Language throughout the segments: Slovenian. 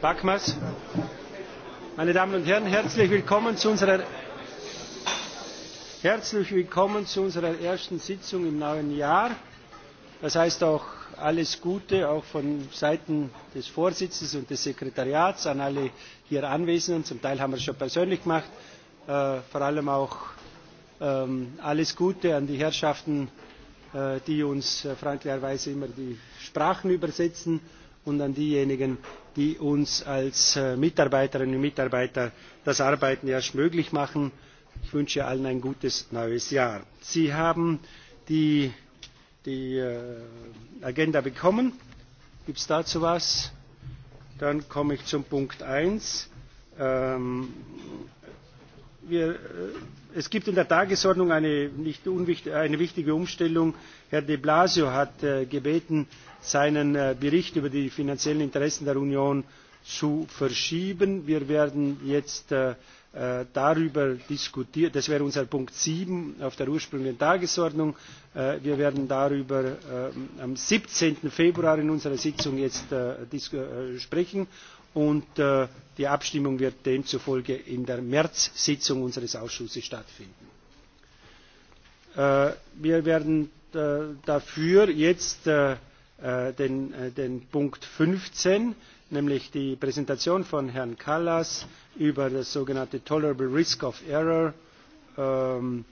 backmaß meine damen und herren herzlich willkommen zu unserer herzlich willkommen zu unserer ersten sitzung im neuen jahr das heißt auch alles gute auch von seiten des vorsitzes und des sekretariats an alle hier anwesenden zum teil haben wir es schon persönlich gemacht äh, vor allem auch ähm, alles gute an die herrschaften äh, die uns äh, freundlicherweise immer die sprachen übersetzen und an diejenigen die uns als äh, mitarbeiterinnen und mitarbeiter das arbeiten erst möglich machen ich wünsche allen ein gutes neues jahr! sie haben die tagesordnungspunkt äh, bekommen. gibt es dazu etwas? dann komme ich zu punkt eins. Ähm, äh, es gibt in der tagesordnung eine wichtige umstellung herr de blasio hat äh, gebeten seinen äh, bericht über die finanziellen interessen der union zu verschieben. wir werden jetzt äh, darüber diskutieren das wäre unser punkt sieben auf der ursprünglichen tagesordnung wir werden darüber ähm, am. siebzehn februar in unserer sitzung sprechen und äh, die Abstimmung wird demzufolge in der März-Sitzung unseres Ausschusses stattfinden. Äh, wir werden äh, dafür jetzt den, den Punkt 15, nämlich die Präsentation von Herrn Callas über das sogenannte Tolerable Risk of Error, ähm,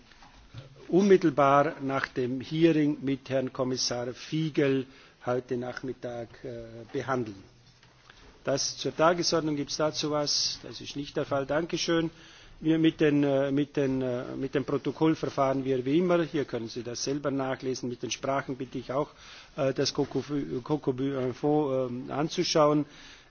unmittelbar nach dem Hearing mit Herrn Kommissar Fiegel heute Nachmittag behandeln das zur Tagesordnung. Gibt es dazu was? Das ist nicht der Fall. Dankeschön. Wir mit, den, äh, mit, den, äh, mit dem Protokoll verfahren wir er wie immer. Hier können Sie das selber nachlesen. Mit den Sprachen bitte ich auch, äh, das Coco ähm, anzuschauen.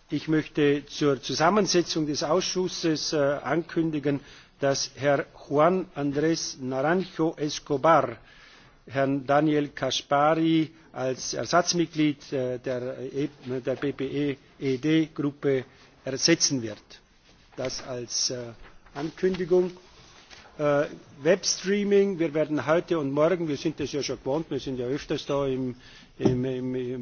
Ich möchte zur Zusammensetzung des Ausschusses ankündigen, dass Herr Juan Andrés Naranjo Escobar herrn daniel caspary als ersatzmitglied äh, der äh, e, ppe ed gruppe ersetzen wird. das als äh, ankündigung. webstreaming wir werden heute und morgen wir sind es ja schon gewohnt wir sind ja öfters da im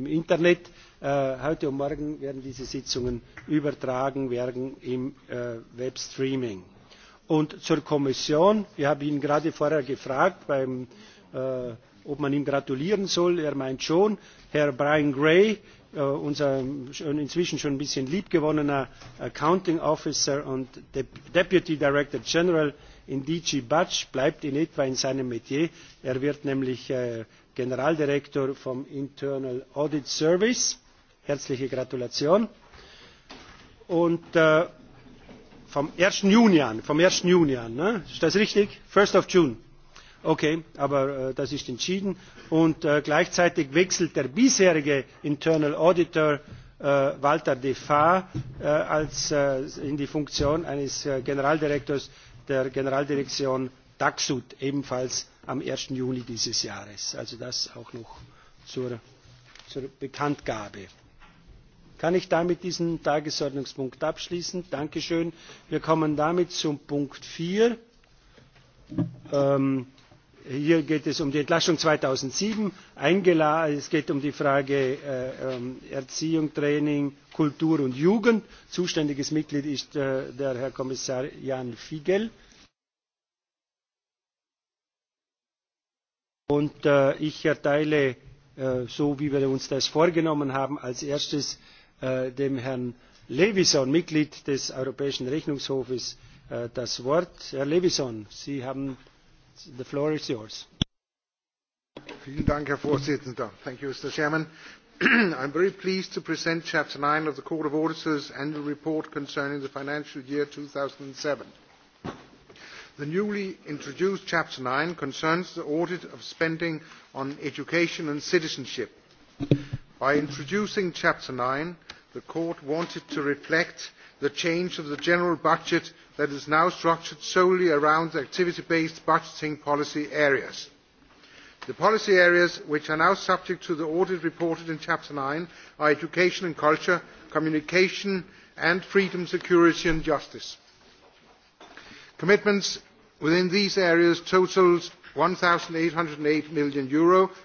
internet heute und morgen werden diese sitzungen übertragen werden im webstreaming. und zur kommission ich habe ihnen gerade vorher gefragt äh, ob man ihm gratulieren soll. Er meint schon, Herr Brian Gray, äh, unser schon inzwischen schon ein bisschen liebgewonnener Accounting Officer und De Deputy Director General in DG Batch, bleibt in etwa in seinem Metier. Er wird nämlich äh, Generaldirektor vom Internal Audit Service. Herzliche Gratulation. Und äh, vom 1. Juni an, vom 1. Juni an, ne? ist das richtig? 1. June. Okay, aber äh, das ist entschieden. Und äh, gleichzeitig wechselt der bisherige Internal Auditor äh, Walter de äh, als äh, in die Funktion eines äh, Generaldirektors der Generaldirektion Taxut, ebenfalls am 1. Juli dieses Jahres. Also das auch noch zur, zur Bekanntgabe. Kann ich damit diesen Tagesordnungspunkt abschließen? Dankeschön. Wir kommen damit zum Punkt 4. Ähm, hier geht es um die entlastung zweitausendsieben es geht um die frage äh, ähm, erziehung training kultur und jugend zuständiges mitglied ist äh, der herr kommissar jn fige und äh, ich erteile so wie wir uns das vorgenommen haben als erstes dem herrn levisson mitglied des europäischen rechnungshofs das wort. herr levisson sie haben vielen dank herr präsident! thank you mr chairman. i'm very pleased to present chapter nine of the court of auditors annual report concerning the financial year. two thousand and seven the newly introduced chapter nine concerns the audit of spending on education and citizenship. by introducing chapter nine the court wanted to reflect the change of the general budget that is now structured solely around activity based budgeting policy areas. the policy areas which are now subject to the audit reported in chapter nine are education and culture communication and freedom security and justice. commitments within these areas totalled eur one thousand eight hundred and eight million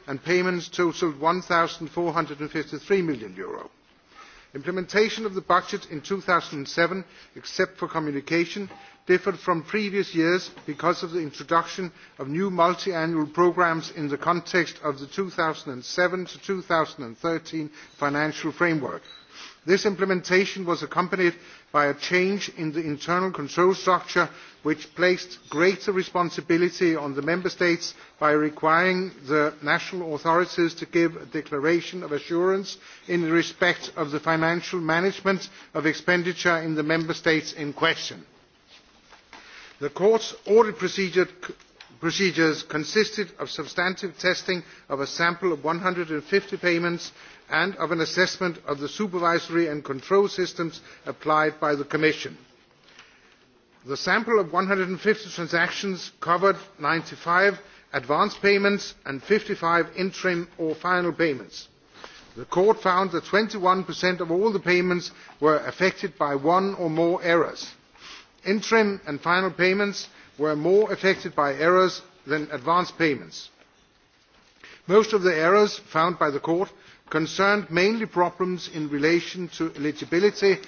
and payments totalled eur one thousand four hundred and fifty three million implementation of the budget in two thousand and seven except for communication differed from previous years because of the introduction of new multiannual programmes in the context of the two thousand and seven two thousand and thirteen financial framework this implementation was accompanied by a change in the internal control structure which placed greater responsibility on the member states by requiring the national authorities to give a declaration of assurance in respect of the financial management of expenditure in the member states in question. the court's audit procedure procedures consisted of substantive testing of a sample of one hundred and fifty payments and of an assessment of the supervisory and control systems applied by the commission. the sample of one hundred and fifty transactions covered ninety five advance payments and fifty five interim or final payments. the court found that twenty one of all the payments were affected by one or more errors. interim and final payments were more affected by errors than advance payments. most of the errors found by the court concerned mainly problems in relation to eligibility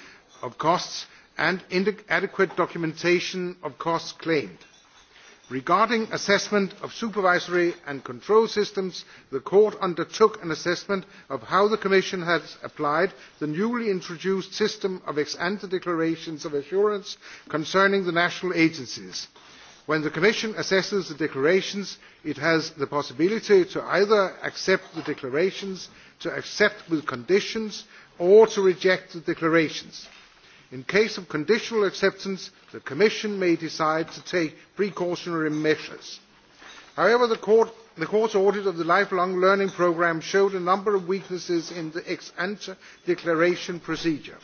of costs and inadequate documentation of costs claimed. regarding assessment of supervisory and control systems the court undertook an assessment of how the commission has applied the newly introduced system of ex ante declarations of assurance concerning the national agencies when the commission assesses the declarations it has the possibility to either accept the declarations to accept with conditions or to reject the declarations. in case of conditional acceptance the commission may decide to take precautionary measures. however the court's audit of the lifelong learning programme showed a number of weaknesses in the ex ante declaration procedure.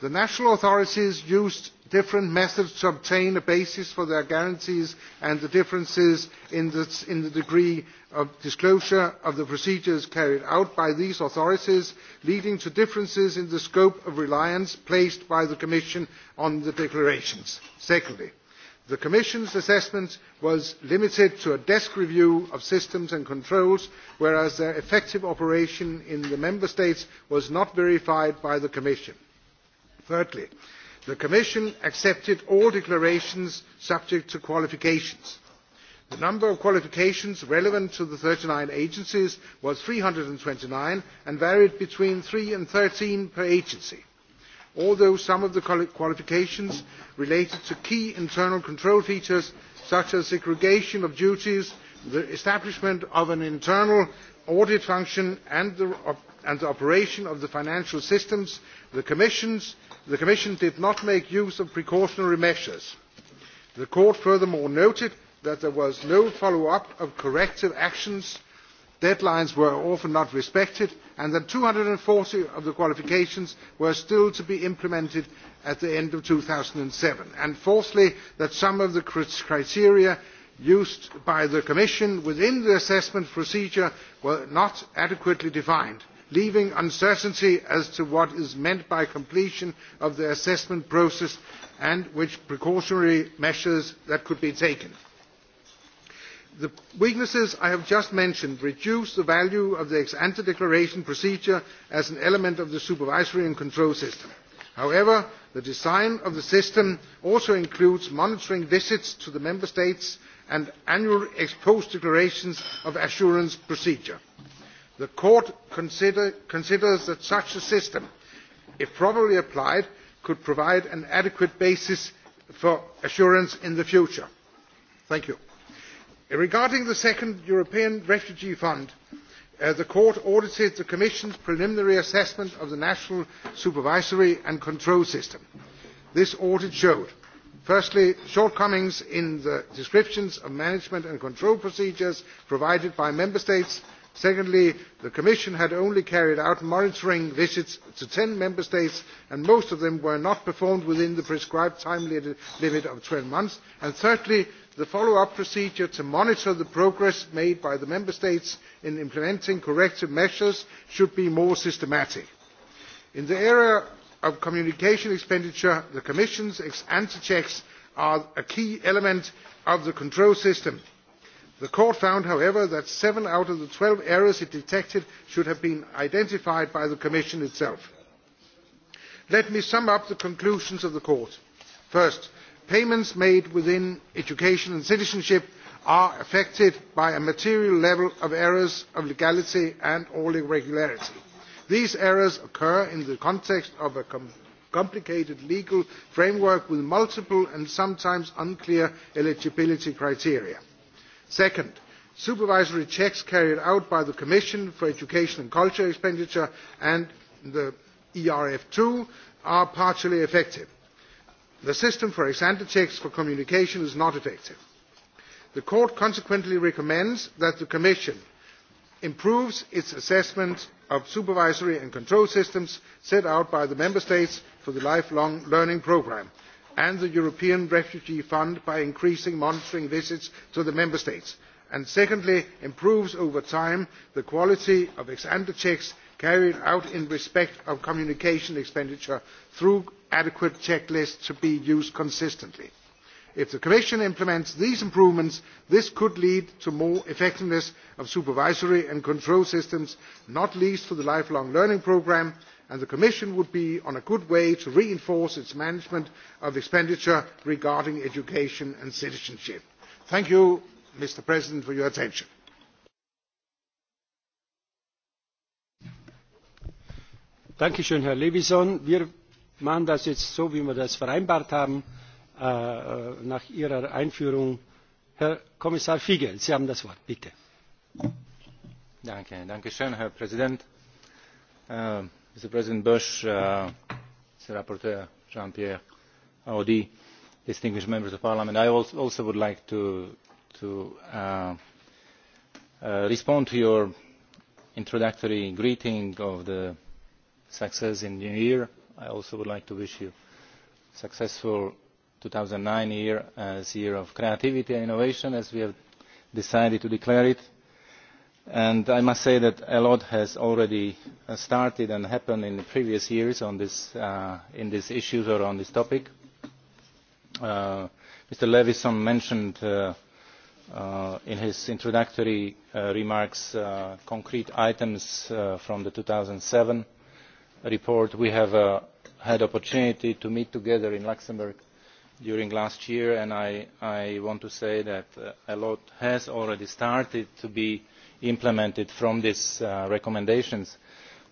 the national authorities used different methods to obtain a basis for their guarantees and the differences in the degree of disclosure of the procedures carried out by these authorities leading to differences in the scope of reliance placed by the commission on the declarations. secondly the commission's assessment was limited to a desk review of systems and controls whereas their effective operation in the member states was not verified by the commission. thirdly the commission accepted all declarations subject to qualifications. the number of qualifications relevant to the thirty nine agencies was three hundred and twenty nine and varied between three and thirteen per agency. although some of the qualifications related to key internal control features such as segregation of duties the establishment of an internal audit function and the operation of the financial systems the commission did not make use of precautionary measures. the court furthermore noted that there was no follow up of corrective actions deadlines were often not respected and that two hundred and forty of the qualifications were still to be implemented at the end of two thousand and seven and fourthly that some of the criteria used by the commission within the assessment procedure were not adequately defined leaving uncertainty as to what is meant by completion of the assessment process and which precautionary measures could be taken. the weaknesses i have just mentioned reduce the value of the ex ante declaration procedure as an element of the supervisory and control system. however the design of the system also includes monitoring visits to the member states and annual ex post declarations of assurance procedures the court considers that such a system if properly applied could provide an adequate basis for assurance in the future. regarding the second european refugee fund uh, the court audited the commission's preliminary assessment of the national supervisory and control system. this audit showed firstly shortcomings in the descriptions of management and control procedures provided by member states; secondly the commission had only carried out monitoring visits to ten member states and most of them were not performed within the prescribed time limit of twelve months and thirdly the follow up procedure to monitor the progress made by the member states in implementing corrective measures should be more systematic. in the area of communication expenditure the commission's ex ante checks are a key element of the control system the court found however that seven out of the twelve errors it detected should have been identified by the commission itself. let me sum up the conclusions of the court. first payments made within education and citizenship are affected by a material level of errors of legality and or irregularity. these errors occur in the context of a com- complicated legal framework with multiple and sometimes unclear eligibility criteria second supervisory checks carried out by the commission for education and culture expenditure and the erf ii are partially effective. the system for ex ante checks for communication is not effective. the court consequently recommends that the commission improve its assessment of supervisory and control systems set out by the member states for the lifelong learning programme and the european refugee fund by increasing monitoring visits to the member states and secondly improves over time the quality of ex ante checks carried out in respect of communication expenditure through adequate checklists to be used consistently. if the commission implements these improvements this could lead to more effectiveness of supervisory and control systems not least through the lifelong learning programme and the commission would be on a good way to reinforce its management of expenditure regarding education and citizenship. thank you mr president for your attention. herr levinson wir machen das jetzt so wie wir das vereinbart haben äh, äh, nach ihrer einführung. herr kommissar figel sie haben das wort bitte. herr präsident! Äh, monsieur le président bush uh, monsieur le rapporteur jean pierre audy distinguished members of parliament i also would like to uh, uh, respond to your introductory greeting of the success in the new year. i also would like to wish you a successful two thousand and nine year as a year of creativity and innovation as we have decided to declare it i must say that a lot has already uh, started and happened in previous years on this uh, issue or on this topic. Uh, mr levinson mentioned in his introductory remarks concrete items from the two thousand and seven report. we have had the opportunity to meet together in luxembourg during last year and i want to say that a lot has already started to be implemented from these uh, recommendations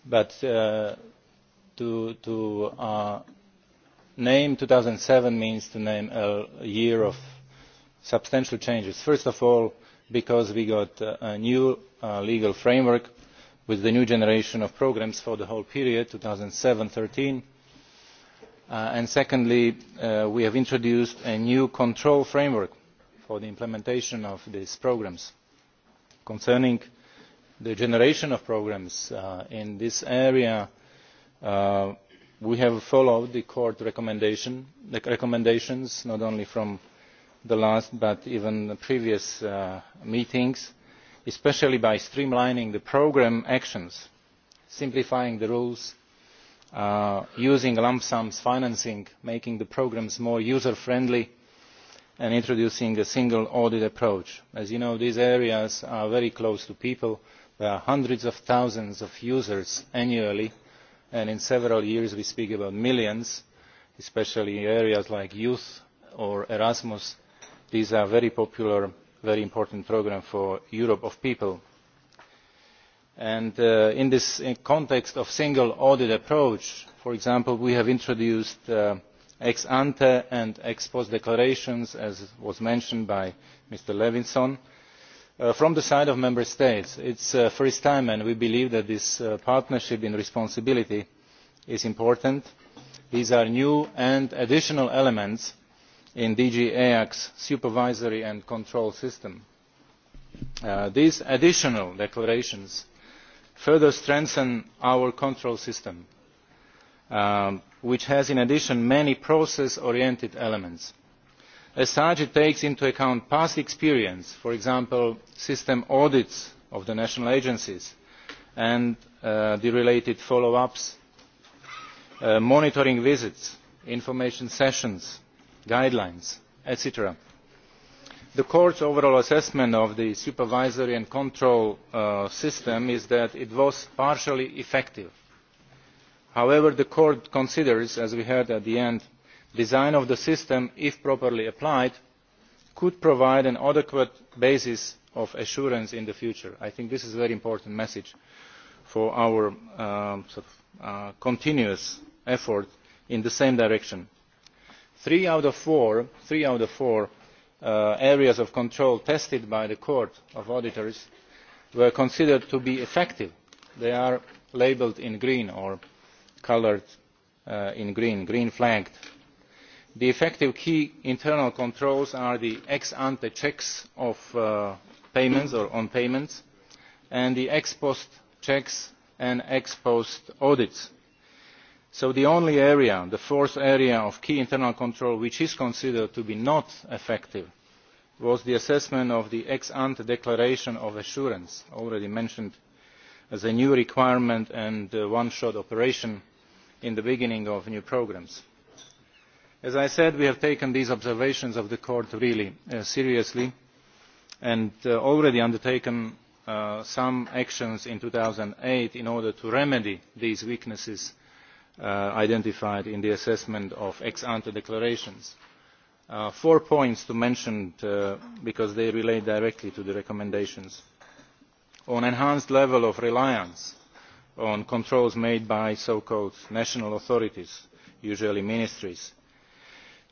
but uh, to uh, name two thousand and seven means to name a year of substantial changes first of all because we got a new legal framework with the new generation of programmes for the whole period two thousand and seven two thousand and thirteen and secondly we have introduced a new control framework for the implementation of these programmes concerning the generation of programmes uh, in this area uh, we have followed the court recommendations not only from the last but even the previous uh, meetings especially by streamlining the programme actions simplifying the rules using lump sum financing making the programmes more user friendly and introducing a single audit approach. as you know these areas are very close to people there are hundreds of thousands of users annually and in several years we speak about millions especially in areas like youth or erasmus. these are very popular very important programmes for a europe of people. Uh, in this context of a single audit approach for example we have introduced uh, ex ante and ex post declarations as was mentioned by mr levinson uh, from the side of member states. it is the uh, first time and we believe that this uh, partnership in responsibility is important. these are new and additional elements in dg eeas's supervisory and control system. these additional declarations further strengthen our control system. Um, which has in addition many process oriented elements. as such it takes into account past experience for example system audits of the national agencies and uh, the related follow ups uh, monitoring visits information sessions guidelines etc. the court's overall assessment of the supervisory and control uh, system is that it was partially effective however the court considers as we heard at the end that the design of the system if properly applied could provide an adequate basis of assurance in the future. i think this is a very important message for our um, uh, continuous efforts in the same direction. three out of four uh, areas of control tested by the court of auditors were considered to be effective. they are labelled in green coloured uh, in green green flagged. the effective key internal controls are the ex ante checks of uh, payments or on payments and the ex post checks and ex post audits. so the only area the fourth area of key internal control which is considered to be not effective was the assessment of the ex ante declaration of assurance already mentioned as a new requirement and uh, one shot operation in the beginning of new programmes. as i said we have taken these observations of the court very uh, seriously and uh, already undertaken uh, some actions in two thousand and eight in order to remedy these weaknesses identified in the assessment of ex ante declarations. four points to mention because they relate directly to the recommendations on enhanced level of reliance on controls made by so called national authorities usually ministries.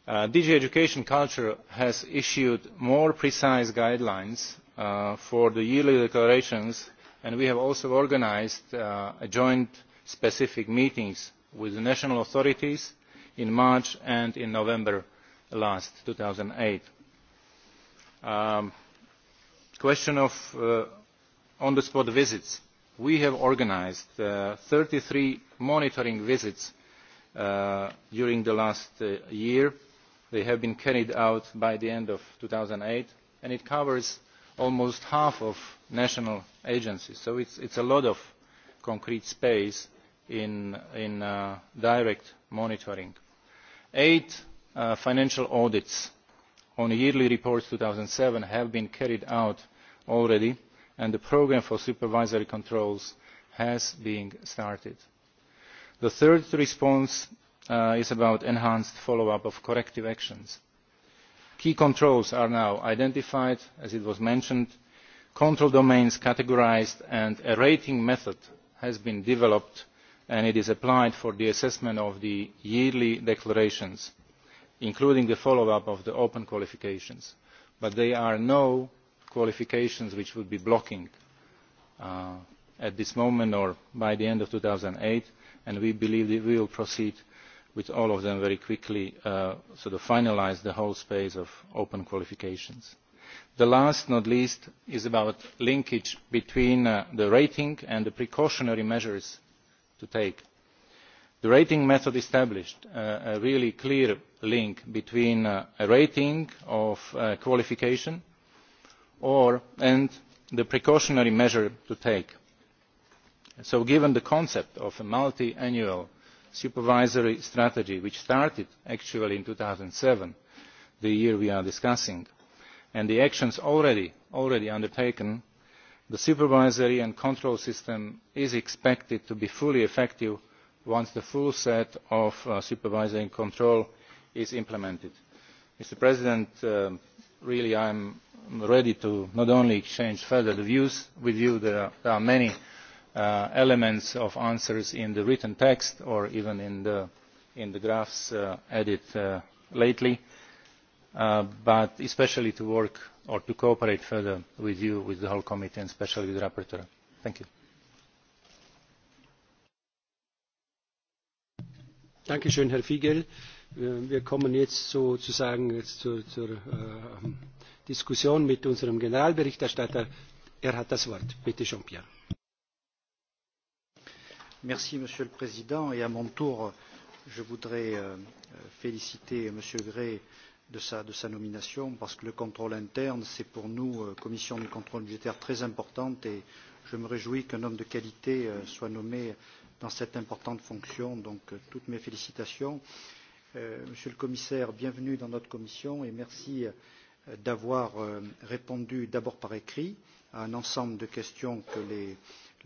Uh, dg education culture has issued more precise guidelines uh, for the yearly declarations and we have also organised uh, joint specific meetings with the national authorities in march and in november two thousand and eight. the um, question of on the spot visits we have organised uh, thirty three monitoring visits uh, during the last uh, year. they have been carried out by the end of two thousand and eight and it covers almost half of national agencies so it is a lot of concrete space in direct monitoring. eight financial audits on yearly reports two thousand and seven have been carried out already and the programme for supervisory controls has been started. the third response uh, is about enhanced follow up of corrective actions. key controls are now identified as was mentioned control domains categorised and a rating method has been developed and it is applied for the assessment of the yearly declarations including the follow up of the open qualifications but there are no qualifications which would be blocking uh, at this moment or by the end of two thousand and eight and we believe that we will proceed with all of them very quickly uh, to finalise the whole space of open qualifications. last but not least is about the linkage between uh, the rating and the precautionary measures to take. the rating method established a really clear link between a rating of a qualification and the precautionary measure to take. so given the concept of a multiannual supervisory strategy which started actually in two thousand and seven the year we are discussing and the actions already undertaken the supervisory and control system is expected to be fully effective once the full set of uh, supervisory and control is implemented really i am ready to not only exchange further views with you there are many uh, elements of answers in the written text or even in the drafts added uh, uh, lately but especially to work or to cooperate further with you with the whole committee and especially the rapporteur. thank you. Äh, wir kommen jetzt sozusagen jetzt zur, zur äh, Diskussion mit unserem Generalberichterstatter. Er hat das Wort. Bitte, Jean-Pierre. Merci, Monsieur le Président. Et à mon tour, je voudrais euh, féliciter Monsieur Gray de sa, de sa nomination, parce que le contrôle interne, c'est pour nous, euh, Commission du contrôle budgétaire, très importante. Et je me réjouis qu'un homme de qualité euh, soit nommé dans cette importante fonction. Donc, euh, toutes mes félicitations. Euh, Euh, monsieur le commissaire, bienvenue dans notre commission et merci euh, d'avoir euh, répondu d'abord par écrit à un ensemble de questions que les,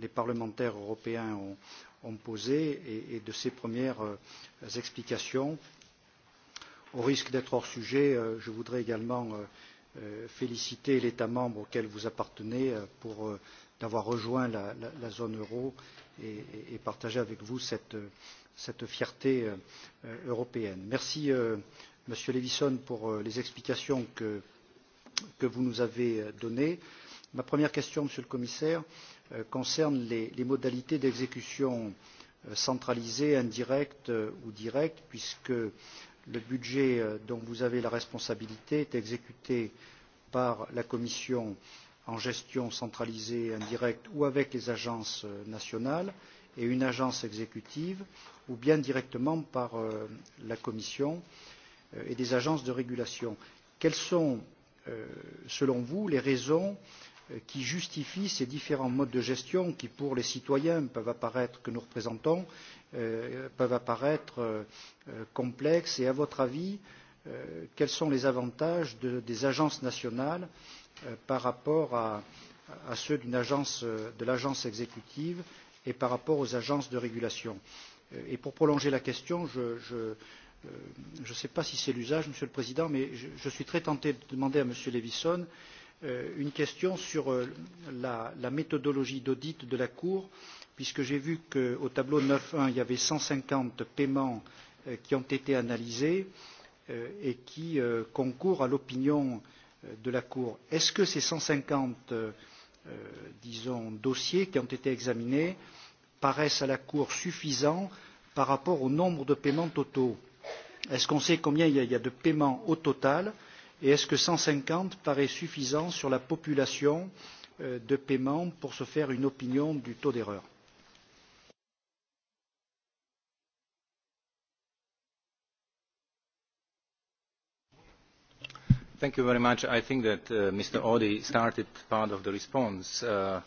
les parlementaires européens ont, ont posées et, et de ces premières explications. Au risque d'être hors sujet, je voudrais également féliciter l'État membre auquel vous appartenez pour d'avoir rejoint la, la, la zone euro et, et partager avec vous cette, euh, cette fierté euh, européenne. Merci euh, Monsieur Levison pour euh, les explications que, que vous nous avez données. Ma première question, Monsieur le Commissaire, concerne les, les modalités d'exécution centralisée, indirecte ou directe, puisque le budget dont vous avez la responsabilité est exécuté par la Commission en gestion centralisée, indirecte ou avec les agences nationales et une agence exécutive ou bien directement par euh, la Commission euh, et des agences de régulation. Quelles sont, euh, selon vous, les raisons qui justifient ces différents modes de gestion qui, pour les citoyens peuvent apparaître, que nous représentons, peuvent apparaître complexes Et à votre avis, quels sont les avantages de, des agences nationales par rapport à, à ceux agence, de l'agence exécutive et par rapport aux agences de régulation. Euh, Et pour prolonger la question, je ne euh, sais pas si c'est l'usage, Monsieur le Président, mais je, je suis très tenté de demander à Monsieur Levison euh, une question sur euh, la, la méthodologie d'audit de la Cour, puisque j'ai vu qu'au tableau 9.1, il y avait 150 paiements euh, qui ont été analysés euh, et qui euh, concourent à l'opinion euh, de la Cour. Est-ce que ces 150, euh, euh, disons, dossiers qui ont été examinés euh, paraissent à la Cour suffisants par rapport au nombre de paiements totaux. Est-ce qu'on sait combien il y a de paiements au total Et est-ce que 150 paraît suffisant sur la population euh, de paiements pour se faire une opinion du taux d'erreur Thank you very much. I think that uh, Mr. Audi started part of the response. Uh,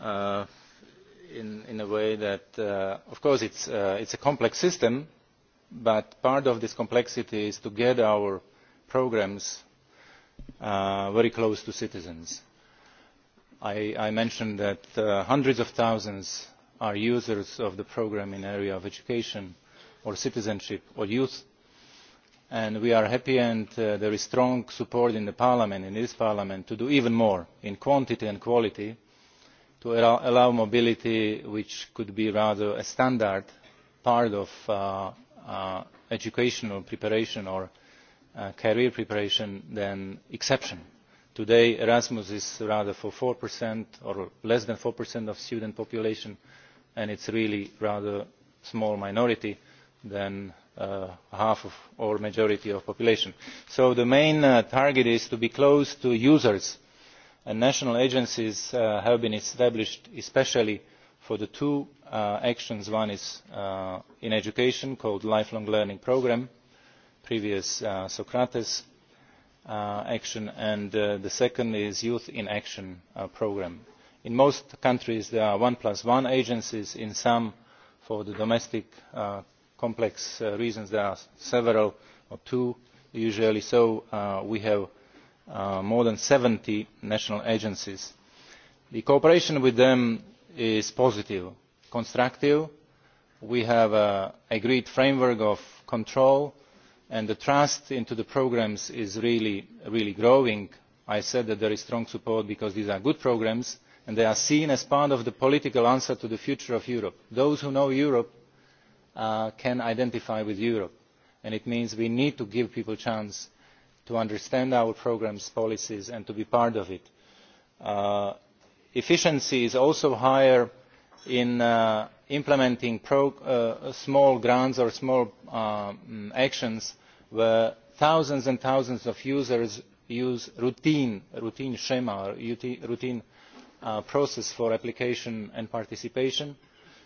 uh, in a way that uh, of course it uh, is a complex system but part of this complexity is to get our programmes uh, very close to citizens. i mentioned that hundreds of thousands are users of the programme in the area of education or citizenship or youth and we are happy and there is strong support in parliament in this parliament to do even more in quantity and quality to allow mobility which could be rather a standard part of uh, uh, educational preparation or uh, career preparation than an exception. today erasmus is rather for four or less than four of the student population and it is really rather a small minority than half or majority of the population. so the main target is to be close to users and national agencies uh, have been established especially for the two uh, actions one is uh, in education called the lifelong learning programme previously the socrates action and the second is the youth in action programme. in most countries there are one plus one agencies in some for domestic complex reasons there are several or two usually so we have Uh, more than seventy national agencies. the cooperation with them is positive and constructive. we have an uh, agreed framework of control and the trust in the programmes is really growing. i said that there is strong support because these are good programmes and they are seen as part of the political answer to the future of europe. those who know europe uh, can identify with europe and it means we need to give people a chance to understand our programmes policies and to be part of it. Uh, efficiency is also higher in uh, implementing uh, small grants or small um, actions where thousands and thousands of users use routine routine schema or routine process for application and participation.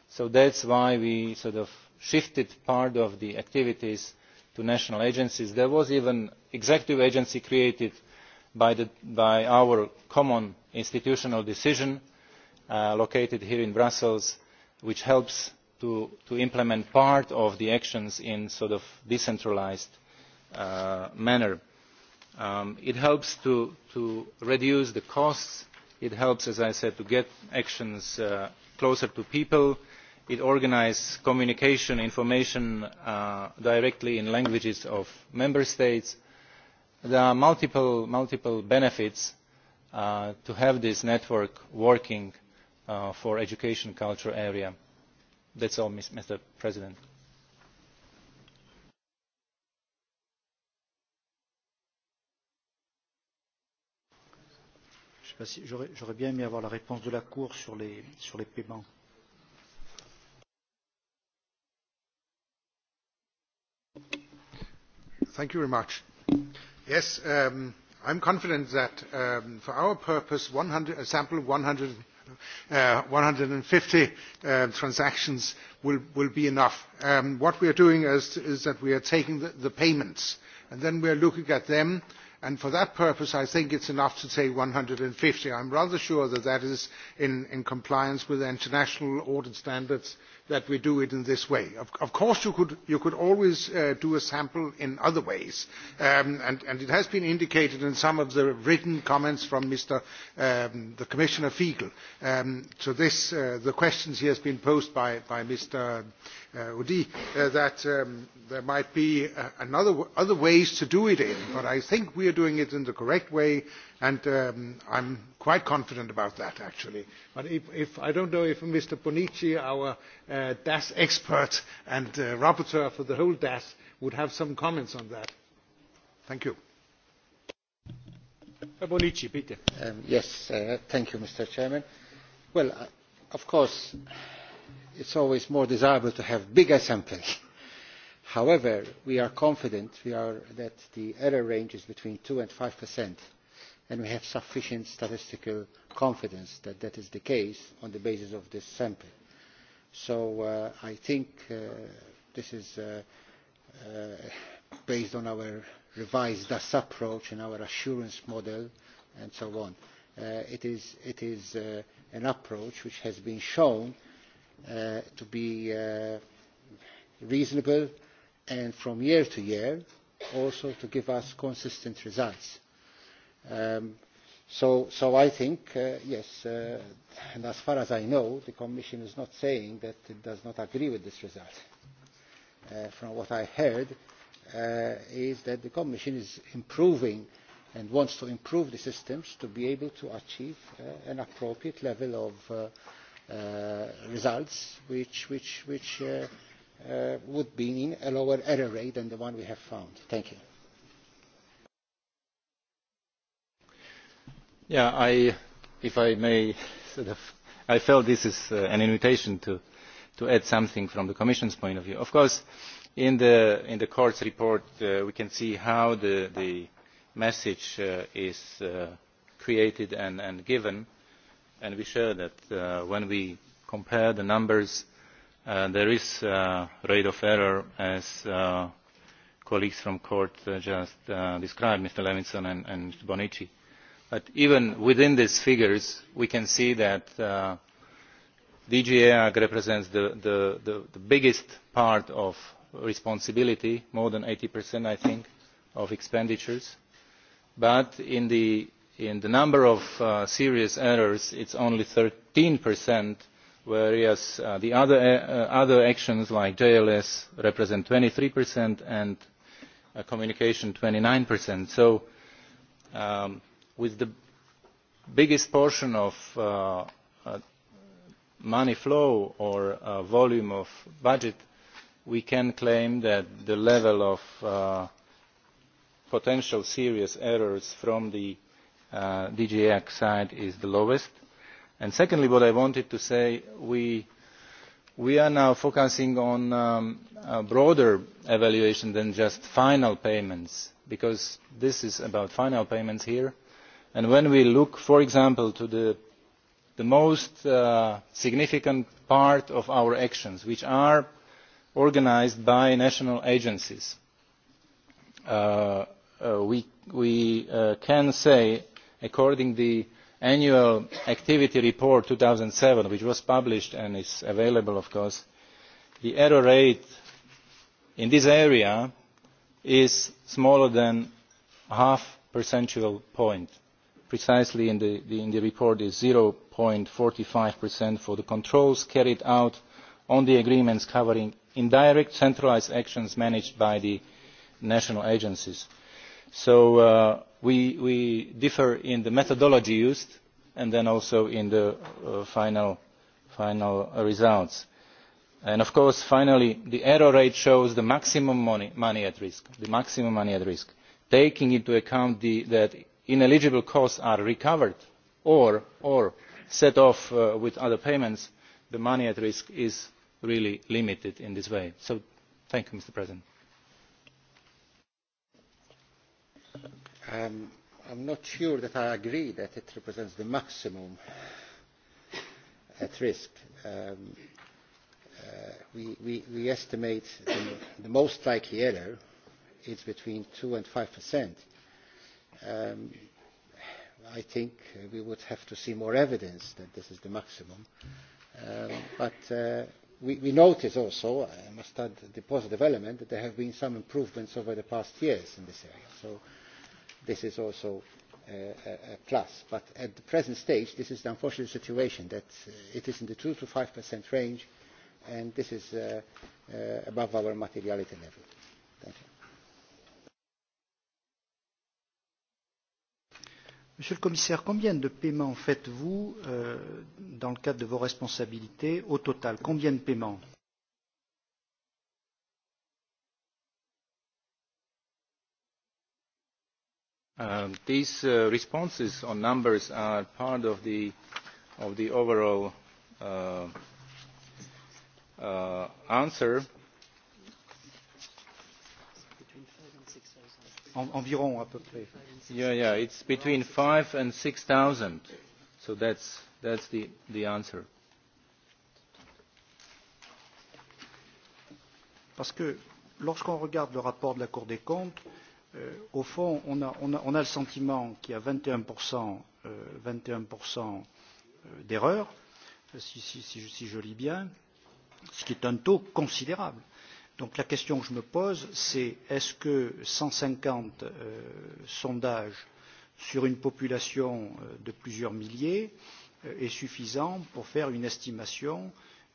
so that is why we sort of shifted part of the activities to national agencies. there was even an executive agency created by our common institutional decision uh, located here in brussels which helps to implement part of the actions in a sort of decentralised uh, manner. Um, it helps to reduce the costs it helps as i said to get actions uh, closer to people it organises communication and information uh, directly in the languages of member states. there are multiple benefits uh, to having this network working uh, for the education and culture area. that is all mr president. thank you very much. yes, i am um, confident that um, for our purpose, 100, a sample of 100, uh, 150 uh, transactions will, will be enough. Um, what we are doing is, is that we are taking the, the payments and then we are looking at them. And for that purpose, I think it's enough to say 150. I'm rather sure that that is in, in compliance with international audit standards that we do it in this way. Of, of course, you could, you could always uh, do a sample in other ways. Um, and, and it has been indicated in some of the written comments from Mr. Um, the Commissioner Fiegel. Um, to this, uh, the questions he has been posed by, by Mr. Uh, uh, Udi, uh, that um, there might be uh, another w- other ways to do it in, but I think we are doing it in the correct way, and um, I'm quite confident about that, actually. But if, if I don't know if Mr. Bonici, our uh, DAS expert and uh, rapporteur for the whole DAS, would have some comments on that. Thank you. Mr. Uh, Bonici, bitte. Um, yes, uh, thank you, Mr. Chairman. Well, uh, of course it is always more desirable to have bigger samples. however we are confident that the error ranges between two and five and we have sufficient statistical confidence that that is the case on the basis of this sample. so uh, i think uh, this is uh, based on our revised das approach and our assurance model and so on. it is an approach which has been shown Uh, to be uh, reasonable and from year to year also to give us consistent results. Um, so, so I think, uh, yes, uh, and as far as I know, the Commission is not saying that it does not agree with this result. Uh, from what I heard uh, is that the Commission is improving and wants to improve the systems to be able to achieve uh, an appropriate level of uh, Uh, results which, which, which uh, uh, would be in a lower error rate than the one we have found. Thank you. Yeah, I, if I may, sort of, I felt this is uh, an invitation to, to add something from the Commission's point of view. Of course, in the, in the court's report, uh, we can see how the, the message uh, is uh, created and, and given. Uh, and we share that uh, when we compare the numbers uh, there is a uh, rate of error as colleagues from the court just described mr levinson and mr bonnici. but even within these figures we can see that dg eib represents the biggest part of responsibility more than eighty i think of expenditures but in the in the number of uh, serious errors it is only thirteen whereas uh, the uh, other actions like jls represent twenty three and communication. twenty nine so um, with the biggest portion of money flow or volume of budget we can claim that the level of potential serious errors from the Uh, dg ag side is the lowest. secondly what i wanted to say is that we are now focusing on um, a broader evaluation than just final payments because this is about final payments here. when we look for example at the most uh, significant part of our actions which are organised by national agencies uh, we can say according to the annual activity report two thousand and seven which was published and is available of course the error rate in this area is smaller than a half percentage point precisely in the report is. zero forty five for the controls carried out on the agreements covering indirect centralised actions managed by the national agencies. so uh, we differ in the methodology used and then also in the uh, final results. of course finally the error rate shows the maximum money at risk the maximum money at risk taking into account that ineligible costs are recovered or set off uh, with other payments the money at risk is really limited in this way. thank you mr president. i am um, not sure that i agree that it represents the maximum uh, at risk. Um, uh, we, we, we estimate the, the most likely error is between 2 and 5 percent. Um, i think uh, we would have to see more evidence that this is the maximum. Um, but uh, we, we notice also, i must add the positive element, that there have been some improvements over the past years in this area. So, uh, this is also a plus. but at the present stage this is the unfortunate situation that uh, it is in the two to five percent range and this is uh, uh, above our materiality level. Thank you. Monsieur le Commissaire, combien de paiements faites-vous euh, dans le cadre de vos responsabilités au total Combien de paiements Um, these uh, responses on numbers are part of the overall uh, uh, answer environ it is between five and six thousand so that's that's the the answer parce que lorsqu'on regarde le rapport de la cour des comptes euh, au fond, on a, on, a, on a le sentiment qu'il y a 21%, euh, 21 euh, d'erreurs, si, si, si, si, si je lis bien, ce qui est un taux considérable. Donc la question que je me pose, c'est est-ce que 150 euh, sondages sur une population euh, de plusieurs milliers euh, est suffisant pour faire une estimation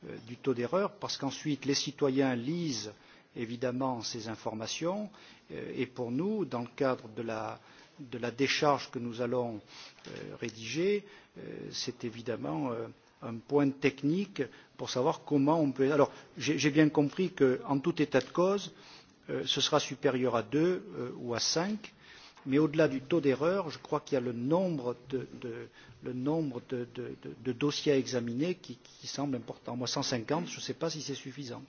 euh, du taux d'erreur Parce qu'ensuite, les citoyens lisent évidemment ces informations euh, et pour nous dans le cadre de la, de la décharge que nous allons euh, rédiger euh, c'est évidemment euh, un point technique pour savoir comment on peut alors j'ai bien compris que en tout état de cause euh, ce sera supérieur à deux euh, ou à cinq mais au delà du taux d'erreur je crois qu'il y a le nombre de, de le nombre de, de, de, de dossiers à examiner qui, qui semble important. Moi, 150, je ne sais pas si c'est suffisant.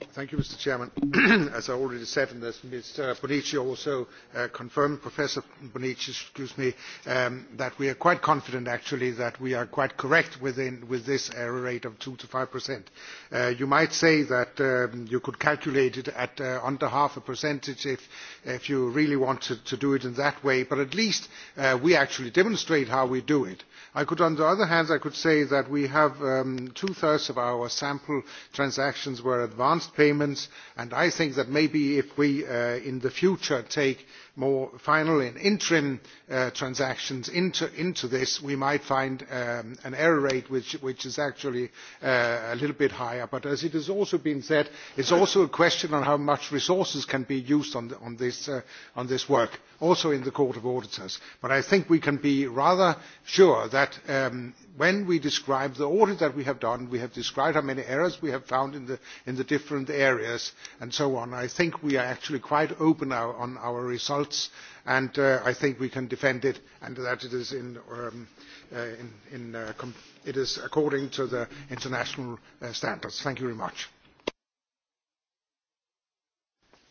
mr president as i already said and as mr bonici also uh, confirmed professor bonici um, that we are quite confident actually that we are quite correct with this error rate of two to five percent. Uh, you might say that um, you could calculate it at uh, under half a percentage if you really wanted to do it in that way but at least we actually demonstrate how we do it. on the other hand i could say that um, two thirds of our sample transactions were advanced advance payments and i think that maybe if we uh, in the future take more final and interim uh, transactions into this we might find um, an error rate which is actually uh, a little bit higher but as has also been said it is also a question of how much resources can be used uh, on this work also in the court of auditors but i think we can be rather sure that um, when we describe the audit that we have done we have described how many errors we have found in the different areas and so on i think we are actually quite open on our results results, and uh, I think we can defend it, and that it is, in, um, uh, in, in, uh, com it is according to the international uh, standards. Thank you very much.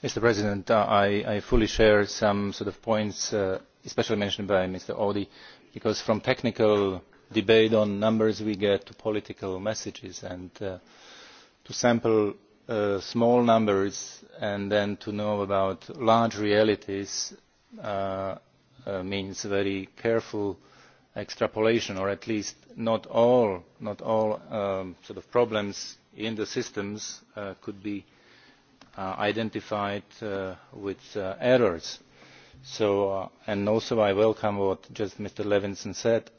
Mr. President, uh, I, I fully share some sort of points, uh, especially mentioned by Mr. Audi, because from technical debate on numbers we get to political messages and uh, to sample small numbers and then to know about large realities uh, uh, means very careful extrapolation or at least not all um, problems in the systems uh, could be identified with errors. also i welcome what mr levinson said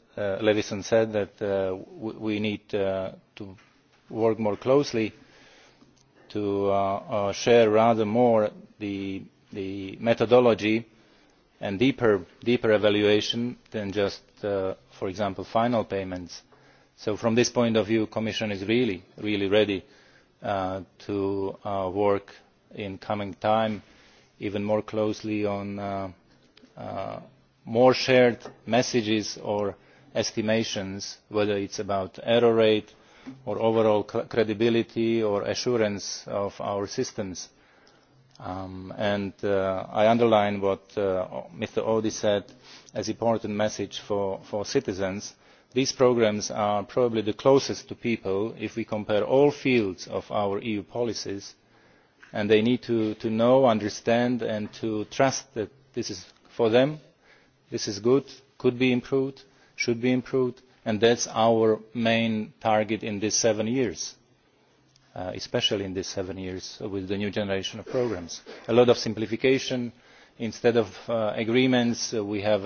that we need to work more closely to uh, uh, share rather more the methodology and deeper evaluation than just uh, for example final payments. so from this point of view the commission is really ready to work in the coming time even more closely on more shared messages or estimations whether it is about error rate or overall credibility or assurance of our systems. Um, uh, i underline what uh, mr audy said as an important message for citizens these programmes are probably the closest to people if we compare all fields of our eu policies and they need to know understand and trust that this is for them this is good could be improved should be improved and that is our main target in these seven years uh, especially in these seven years with the new generation of programmes a lot of simplification. instead of uh, agreements uh, we have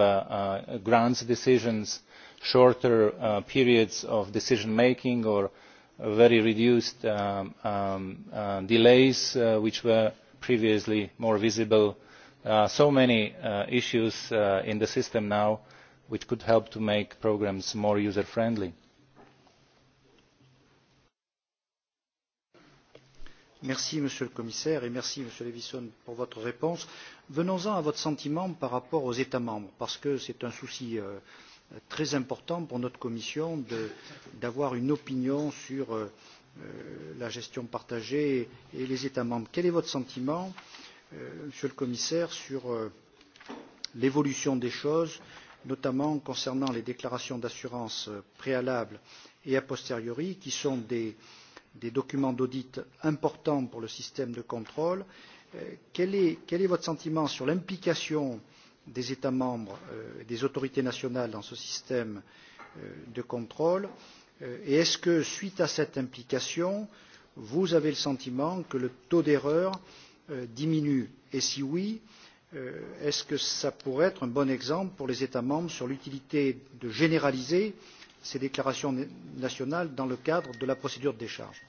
grants decisions shorter periods of decision making or very reduced um, um, delays which were previously more visible. there are so many issues in the system now which could help to make programmes more user friendly. Merci Monsieur le Commissaire et merci Monsieur Levison pour votre réponse. Venons en à votre sentiment par rapport aux États membres, parce que c'est un souci euh, très important pour notre Commission d'avoir une opinion sur euh, euh la gestion partagée et, et les États membres. Quel est votre sentiment, euh, Monsieur le Commissaire, sur euh, l'évolution des choses, notamment concernant les déclarations d'assurance euh, préalables et a posteriori, qui sont des, des documents d'audit importants pour le système de contrôle. Euh, quel, est, quel est votre sentiment sur l'implication des États membres euh, et euh, des autorités nationales dans ce système euh, de contrôle euh, Et est-ce que, suite à cette implication, vous avez le sentiment que le taux d'erreur euh, diminue Et si oui, euh, Euh, est ce que ça pourrait être un bon exemple pour les états membres sur l'utilité de généraliser ces déclarations nationales dans le cadre de la procédure de décharge?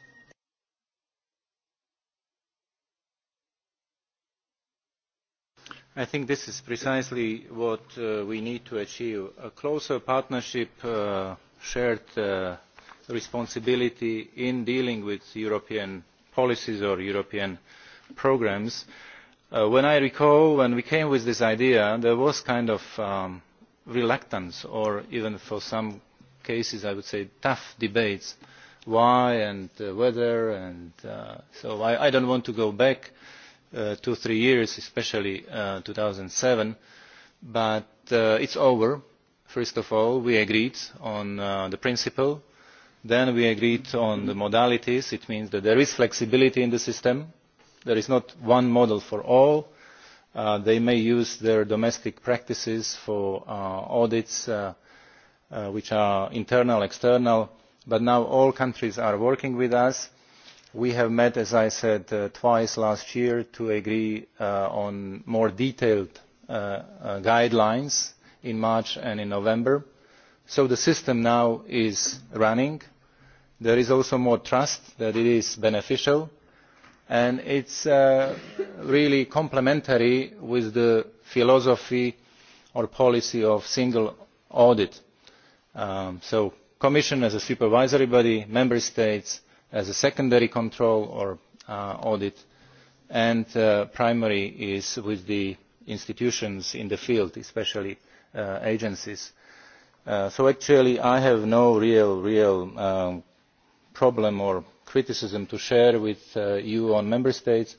I think this is precisely what uh, we need to achieve a closer partnership, uh, shared uh, responsibility in dealing with European policies or European programs. Uh, Uh, when i recall when we came with this idea there was a kind of um, reluctance or even for some cases i would say tough debates why and uh, whether and uh, so on. i do not want to go back two or three years especially two thousand and seven but it is over. first of all we agreed on the principle then we agreed on the modalities. it means that there is flexibility in the system there is not one model for all uh, they may use their domestic practices for uh, audits uh, which are internal and external but now all countries are working with us. we have met as i said twice last year to agree on more detailed guidelines in march and in november so the system now is running. there is also more trust that it is beneficial and it is uh, really complementary with the philosophy or policy of single audit um, so the commission as a supervisory body member states as a secondary control or uh, audit and the uh, primary is with the institutions in the field especially agencies. so actually i have no real um, problem or criticism to share with uh, you on member states.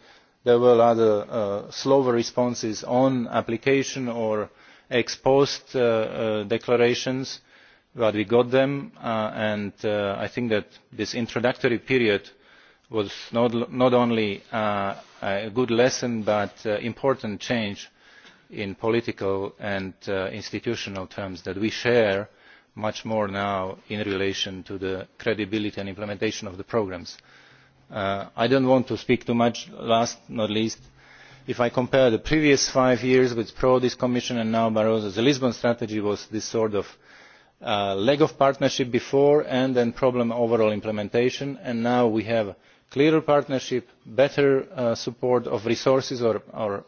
there were other uh, slower responses on application or ex post uh, declarations but we got them and i think that this introductory period was not only a good lesson but an important change in political and institutional terms that we share much more now in relation to the credibility and implementation of the programmes. Uh, i do not want to speak too much but last but not least if i compare the previous five years with prodi's commission and now barroso's the lisbon strategy was this sort of uh, leg of partnership before and then problem overall implementation and now we have clearer partnership better uh, support of resources or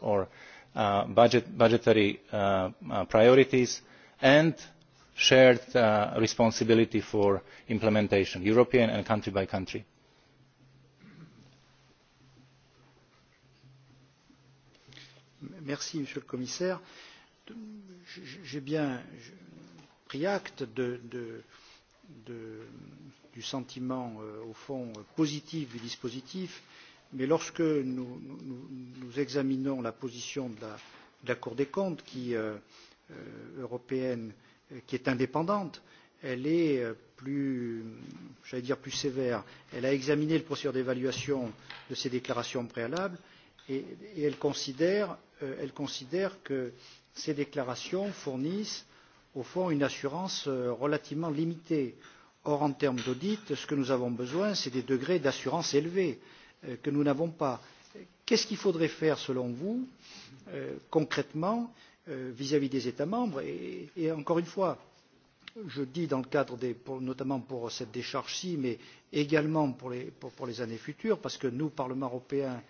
budgetary priorities and shared uh, responsibility for implementation at european and country by country level. monsieur le commissaire j'ai bien pris acte du sentiment euh, au fond positif du dispositif mais lorsque nous examinons la position de la cour des comptes qui euh, euh, européenne qui est indépendante, elle est euh, plus, j'allais dire, plus sévère. Elle a examiné le procédure d'évaluation de ces déclarations préalables et, et elle, considère, euh, elle considère que ces déclarations fournissent, au fond, une assurance euh, relativement limitée. Or, en termes d'audit, ce que nous avons besoin, c'est des degrés d'assurance élevés euh, que nous n'avons pas. Qu'est-ce qu'il faudrait faire, selon vous, euh, concrètement, euh, vis à vis des états membres et encore une fois je dis dans le cadre des, pour, notamment pour cette décharge ci mais également pour les, pour, pour les années futures parce que nous parlement européen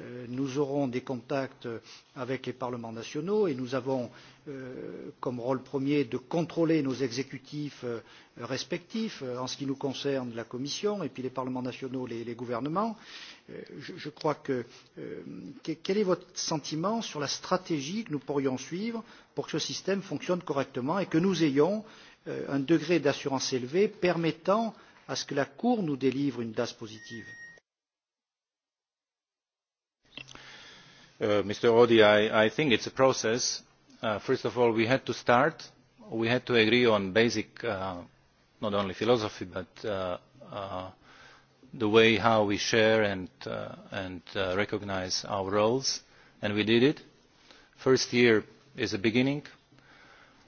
Euh, nous aurons des contacts avec les parlements nationaux et nous avons euh, comme rôle premier de contrôler nos exécutifs euh, respectifs en ce qui nous concerne la commission et puis les parlements nationaux et les gouvernements. je crois que quel est votre sentiment sur la stratégie que nous pourrions suivre pour que ce système fonctionne correctement et que nous ayons un degré d'assurance élevé permettant à ce que la cour nous délivre une das positive? Uh, mr audy i think it is a process. Uh, first of all we had to start we had to agree on basic uh, not only philosophy but the way in which we share and recognise our roles and we did it. the first year is a beginning.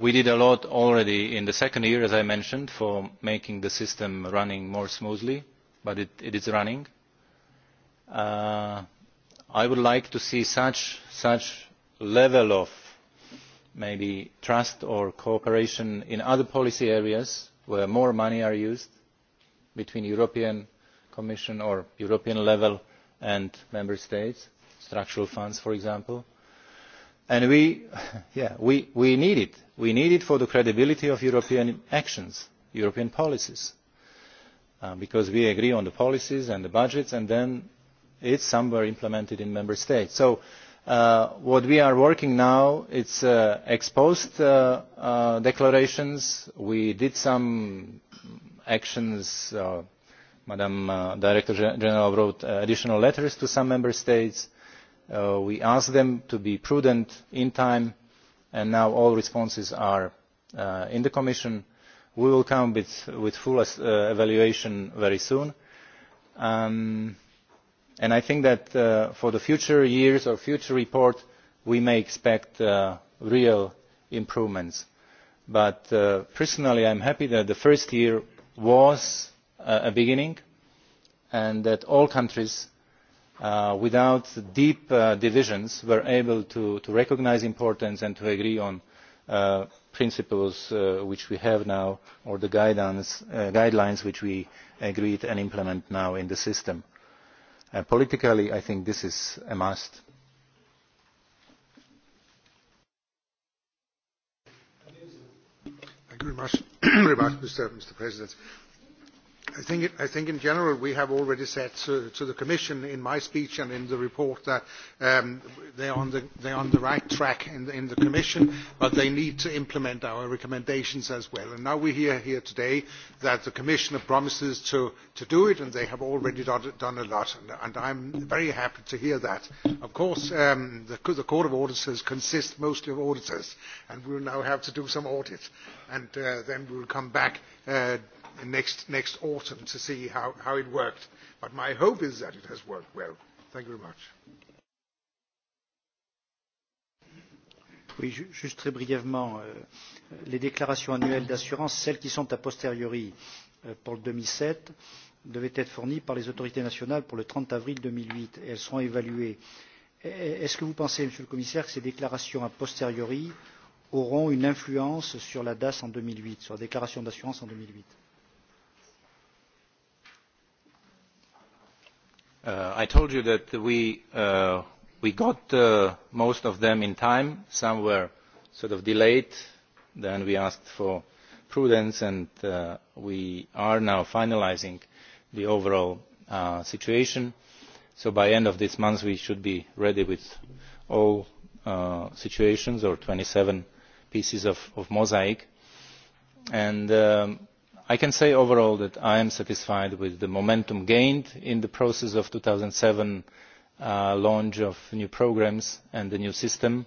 we did a lot already in the second year as i mentioned for making the system run more smoothly but it is running i would like to see such a level of maybe trust or cooperation in other policy areas where more money is used between the european commission or european level and member states structural funds for example. we need it. we need it for the credibility of european actions european policies uh, because we agree on the policies and the budgets and then is somewhere implemented in member states. so uh, what we are working on now is uh, ex post uh, declarations. we did some actions madam director general wrote additional letters to some member states. we asked them to be prudent in time and now all responses are in the commission. we will come with a full evaluation very soon. Um, i think that uh, for the future years or future reports we may expect uh, real improvements but uh, personally i am happy that the first year was a beginning and that all countries without deep divisions were able to recognise the importance and to agree on the principles which we have now or the guidelines which we agreed and implement now in the system. Uh, politically i think this is a must. I think in general we have already said to, to the Commission in my speech and in the report that um, they're, on the, they're on the right track in the, in the Commission, but they need to implement our recommendations as well. And now we hear here today that the Commissioner promises to, to do it and they have already done, done a lot. And, and I'm very happy to hear that. Of course, um, the, the Court of Auditors consists mostly of auditors and we'll now have to do some audits and uh, then we'll come back uh, next autumn to see how it worked. My hope is that it has worked well. Thank you very much. Oui, juste très brièvement, euh, euh, les déclarations annuelles d'assurance, celles qui sont a posteriori euh, pour le 2007, devaient être fournies par les autorités nationales pour le 30 avril 2008, et elles seront évaluées. E, e, est-ce que vous pensez, monsieur le commissaire, que ces déclarations a posteriori auront une influence sur la DAS en 2008, sur la déclaration d'assurance en 2008? Uh, i told you that we uh, got uh, most of them in time some were sort of delayed then we asked for prudence and we are now finalising the overall situation so by the end of this month we should be ready with all situations or twenty seven pieces of mosaic and um, i can say overall that i am satisfied with the momentum gained in the process of the two thousand and seven uh, launch of new programmes and the new system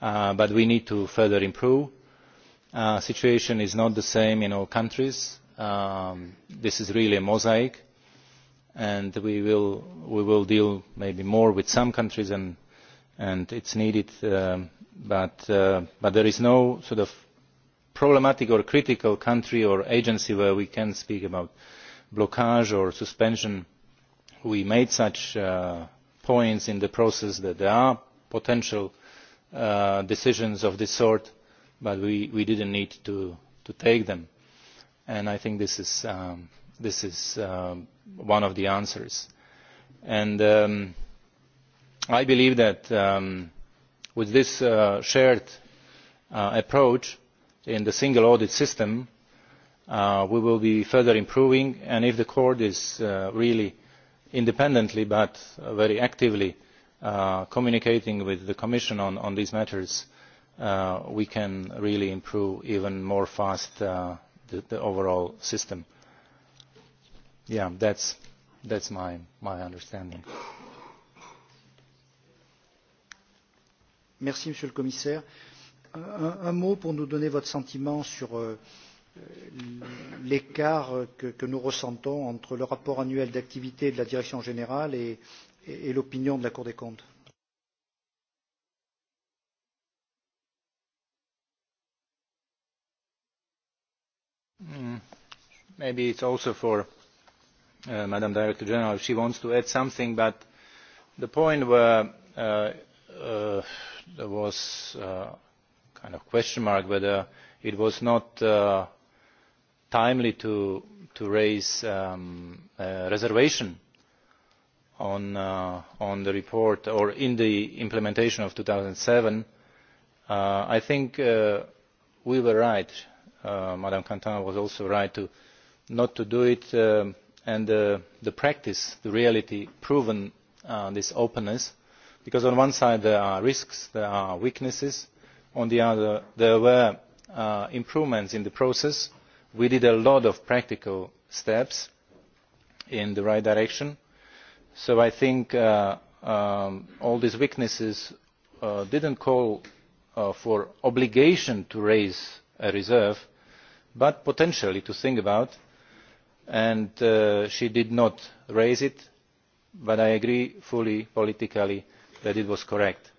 uh, but we need to further improve. the uh, situation is not the same in all countries. Um, this is really a mosaic and we will maybe deal more with some countries and it is needed um, but there is no problematic or critical country or agency where we can speak about blockage or suspension we made such uh, points in the process that there are potential uh, decisions of this sort but we did not need to take them and i think this is um, um, one of the answers. Um, i believe that with this uh, shared approach in the single audit system uh, we will be further improving and if the court is uh, really independently but very actively uh, communicating with the commission on these matters we can really improve even more faster the overall system. that is my understanding. thank you commissioner un mot pour nous donner votre sentiment sur euh, l'écart que nous ressentons entre le rapport annuel d'activité de la direction générale et l'opinion de la Cour des comptes. Mm. Maybe it's also for uh, Madam Director General if she wants to add something, but the point where uh, uh, there was uh, kind of question mark whether it was not uh, timely to to raise um, a reservation on uh, on the report or in the implementation of 2007 uh, i think uh, we were right uh, madam cantana was also right to not to do it um, and uh, the practice the reality proven uh, this openness because on one side there are risks there are weaknesses on the other there were uh, improvements in the process. we took a lot of practical steps in the right direction so i think uh, um, all these weaknesses uh, did not call for an obligation to raise a reserve but potentially to think about and she did not raise it but i agree fully politically that it was correct.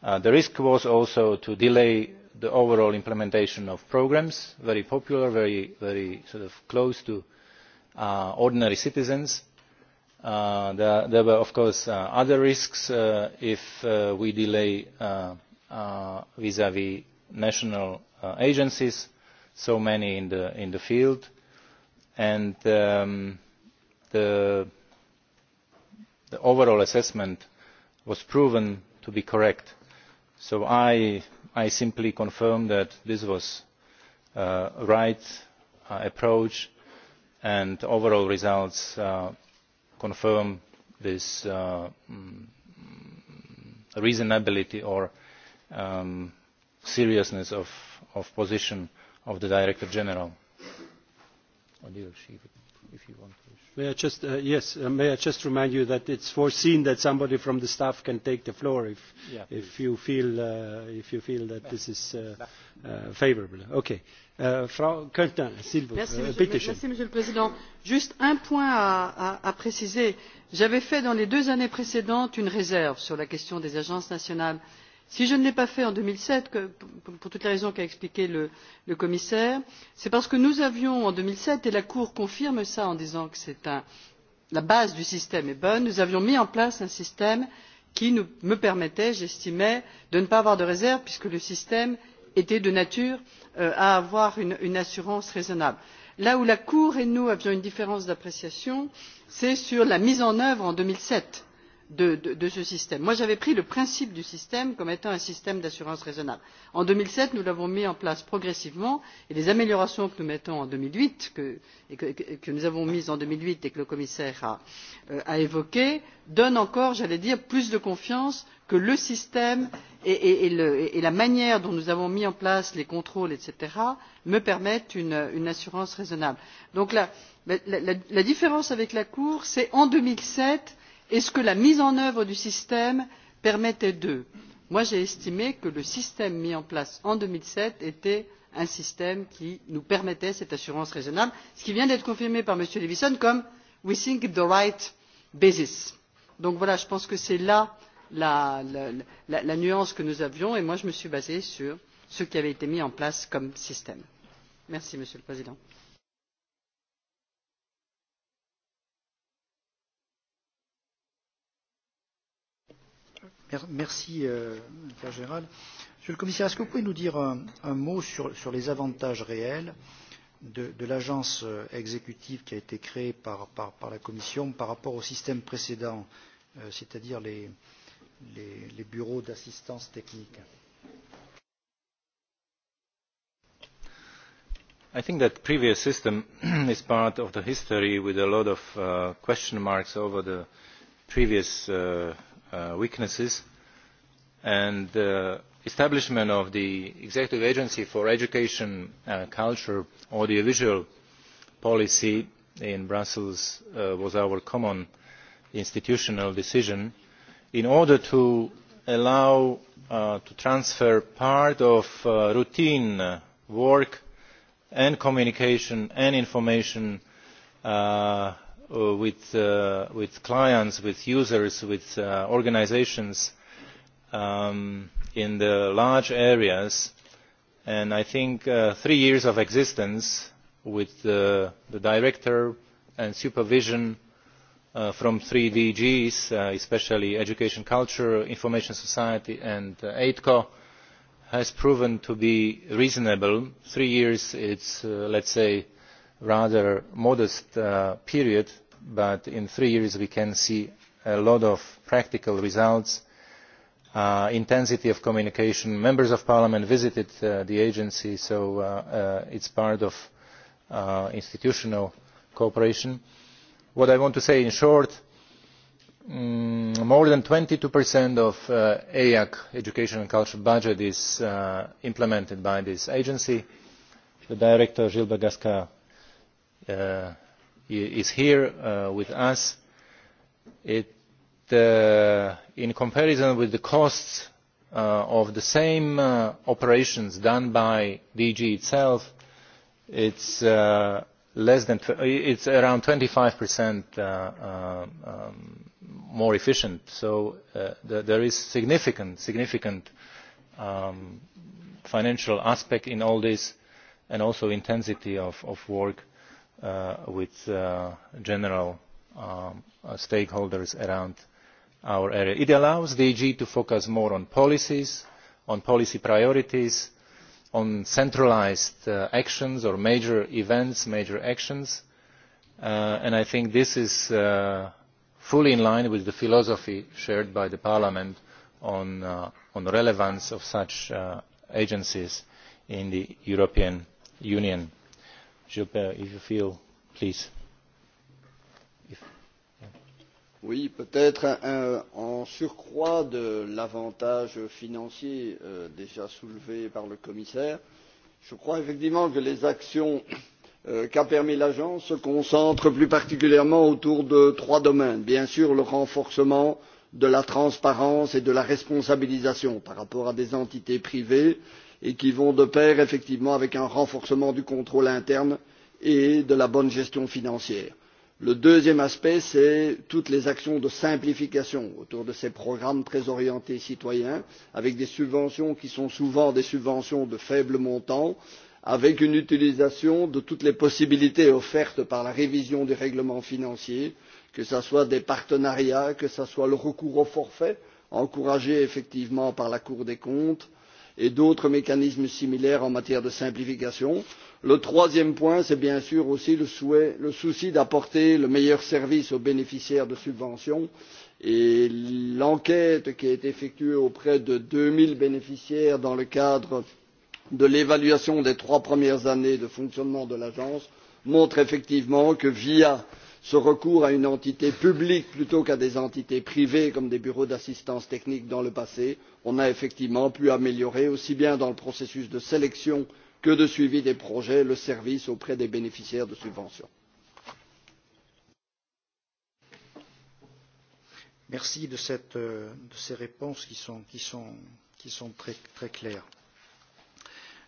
Uh, the risk was also to delay the overall implementation of programmes very popular very close to uh, ordinary citizens. Uh, there were of course other risks if we delay vis vis national agencies so many in the field and um, the overall assessment was proven to be correct so i simply confirm that this was the uh, right uh, approach and the overall results uh, confirm this mm, reasonability or um, seriousness of the position of the director general if you want to. May I, just, uh, yes, uh, may I just remind you that it's foreseen that somebody from the staff can take the floor if, yeah, if, you, feel, uh, if you feel that this is uh, uh, favorable. Okay. Uh, Frau Köntner, s'il vous plaît. Merci, euh, Merci, Monsieur le Président. Juste un point à, à, à préciser. J'avais fait dans les deux années précédentes une réserve sur la question des agences nationales si je ne l'ai pas fait en deux mille sept pour toutes les raisons qu'a expliquées le commissaire c'est parce que nous avions en deux mille sept et la cour confirme cela en disant que la base du système est bonne mis en place un système qui me permettait j'estimais de ne pas avoir de réserve puisque le système était de nature euh, à avoir une assurance raisonnable. là où la cour et nous avions une différence d'appréciation c'est sur la mise en œuvre en deux mille sept de ce système. j'avais pris le principe du système comme étant un système d'assurance raisonnable. en deux mille sept nous l'avons mis en place progressivement et les améliorations que nous avons apportées en deux mille huit et que le commissaire a euh, évoquées donnent encore j'allais dire plus de confiance que le système et la manière dont nous avons mis en place les contrôles etc. me permettent une assurance raisonnable. donc la différence avec la cour c'est qu'en deux mille sept est ce que la mise en œuvre du système permettait d'eux? moi j'ai estimé que le système mis en place en deux mille sept était un système qui nous permettait cette assurance raisonnable ce qui vient d'être confirmé par m. levinson comme we think the right basis. donc voilà je pense que c'est là la, la, la, la nuance que nous avions et moi je me suis basé sur ce qui avait été mis en place comme système. merci monsieur le président. Merci, euh, Pierre Gérald. Monsieur le Commissaire, est-ce que vous pouvez nous dire un, un mot sur, sur les avantages réels de, de l'agence euh, exécutive qui a été créée par, par, par la Commission par rapport au système précédent, euh, c'est-à-dire les, les, les bureaux d'assistance technique I think that previous system is part of the history with a lot of uh, question marks over the previous. Uh, Uh, weaknesses and the establishment of the executive agency for education uh, culture and audiovisual policy in brussels uh, was our common institutional decision in order to allow the transfer of part of routine work and communication and information Uh, uh, with clients with users with uh, organisations um, in the large areas and i think three years of existence with the director and supervision from three dgs especially education culture information society and aidco has proven to be reasonable. three years is let us say rather modest uh, period but in three years we can see a lot of practical results uh, intensity of communication members of parliament visited uh, the agency so it is part of institutional cooperation. what i want to say in short mm, more than twenty two of the eeas education and culture budget is implemented by this agency. director gilbert Uh, is here uh, with us uh, in comparison with the costs of the same operations done by dg itself is around twenty five um, more efficient so there is a significant um, financial aspect in all this and also intensity of work Uh, with uh, general um, uh, stakeholders around our area. it allows the eig to focus more on policies on policy priorities on centralised actions or major events major actions and i think this is fully in line with the philosophy shared by parliament on the relevance of such agencies in the european union gilbert if you feel please. oui peut être euh, en surcroît de l'avantage financier euh, déjà soulevé par le commissaire je crois effectivement que les actions euh, qu'a permises l'agence se concentrent plus particulièrement autour de trois domaines bien sûr le renforcement de la transparence et de la responsabilisation par rapport à des entités privées et qui vont de pair effectivement avec un renforcement du contrôle interne et de la bonne gestion financière. Le deuxième aspect, c'est toutes les actions de simplification autour de ces programmes très orientés citoyens, avec des subventions qui sont souvent des subventions de faible montant, avec une utilisation de toutes les possibilités offertes par la révision des règlements financiers, que ce soit des partenariats, que ce soit le recours au forfait, encouragé effectivement par la Cour des comptes, et d'autres mécanismes similaires en matière de simplification. le troisième point c'est bien sûr aussi le souci d'apporter le meilleur service aux bénéficiaires de subventions et l'enquête qui a été effectuée auprès de deux zéro bénéficiaires dans le cadre de l'évaluation des trois premières années de fonctionnement de l'agence montre effectivement que via ce recours à une entité publique plutôt qu'à des entités privées comme des bureaux d'assistance technique dans le passé on a effectivement pu améliorer aussi bien dans le processus de sélection que de suivi des projets le service auprès des bénéficiaires de subventions. merci de euh, ces réponses qui sont, qui sont, qui sont très, très claires.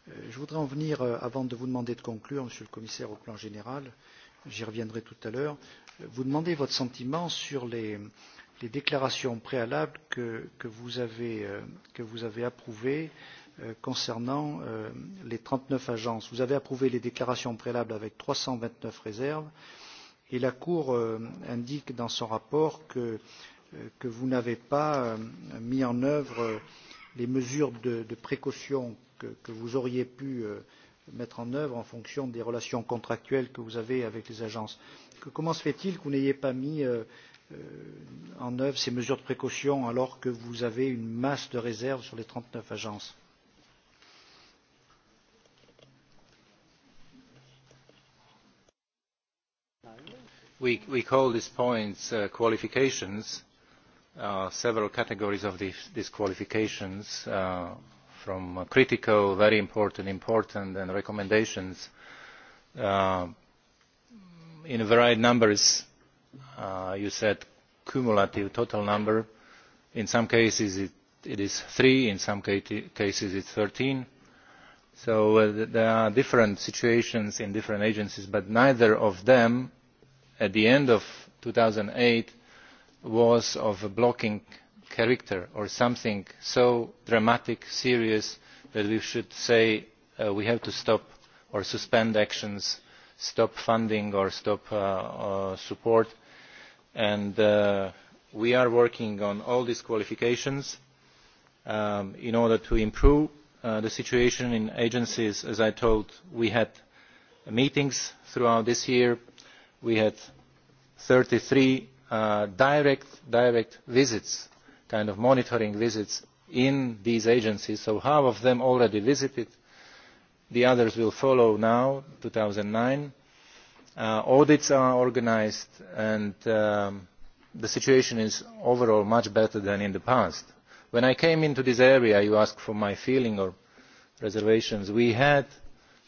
Euh, je voudrais en venir euh, avant de vous demander de conclure monsieur le commissaire au plan général j'y reviendrai tout à l'heure, vous demander votre sentiment sur les, les déclarations préalables que, que, vous avez, euh, que vous avez approuvées euh, concernant euh, les 39 agences. Vous avez approuvé les déclarations préalables avec 329 réserves et la Cour indique dans son rapport que, que vous n'avez pas mis en œuvre les mesures de, de précaution que, que vous auriez pu euh, mettre en œuvre en fonction des relations contractuelles que vous avez avec les agences. Comment se fait-il que vous n'ayez pas mis euh, euh, en œuvre ces mesures de précaution alors que vous avez une masse de réserves sur les 39 agences We, we call these points uh, qualifications. Uh, several categories of these, these qualifications uh, from uh, critical very important important and recommendations uh, in varied numbers uh, you said cumulative total number in some cases it is three in some cases it is thirteen so there are different situations in different agencies but neither of them at the end of two thousand and eight was of a blocking character or something so dramatic and serious that we should say uh, we have to stop or suspend actions stop funding or stop uh, uh, support. we are working on all these qualifications um, in order to improve the situation in agencies. as i told you we had meetings throughout this year. we had thirty three direct visits kind of monitoring visits in these agencies so half of them already visited the others will follow now in. two thousand and nine uh, audits are organised and um, the situation is overall much better than in the past. when i came into this area you asked for my feeling or reservations we had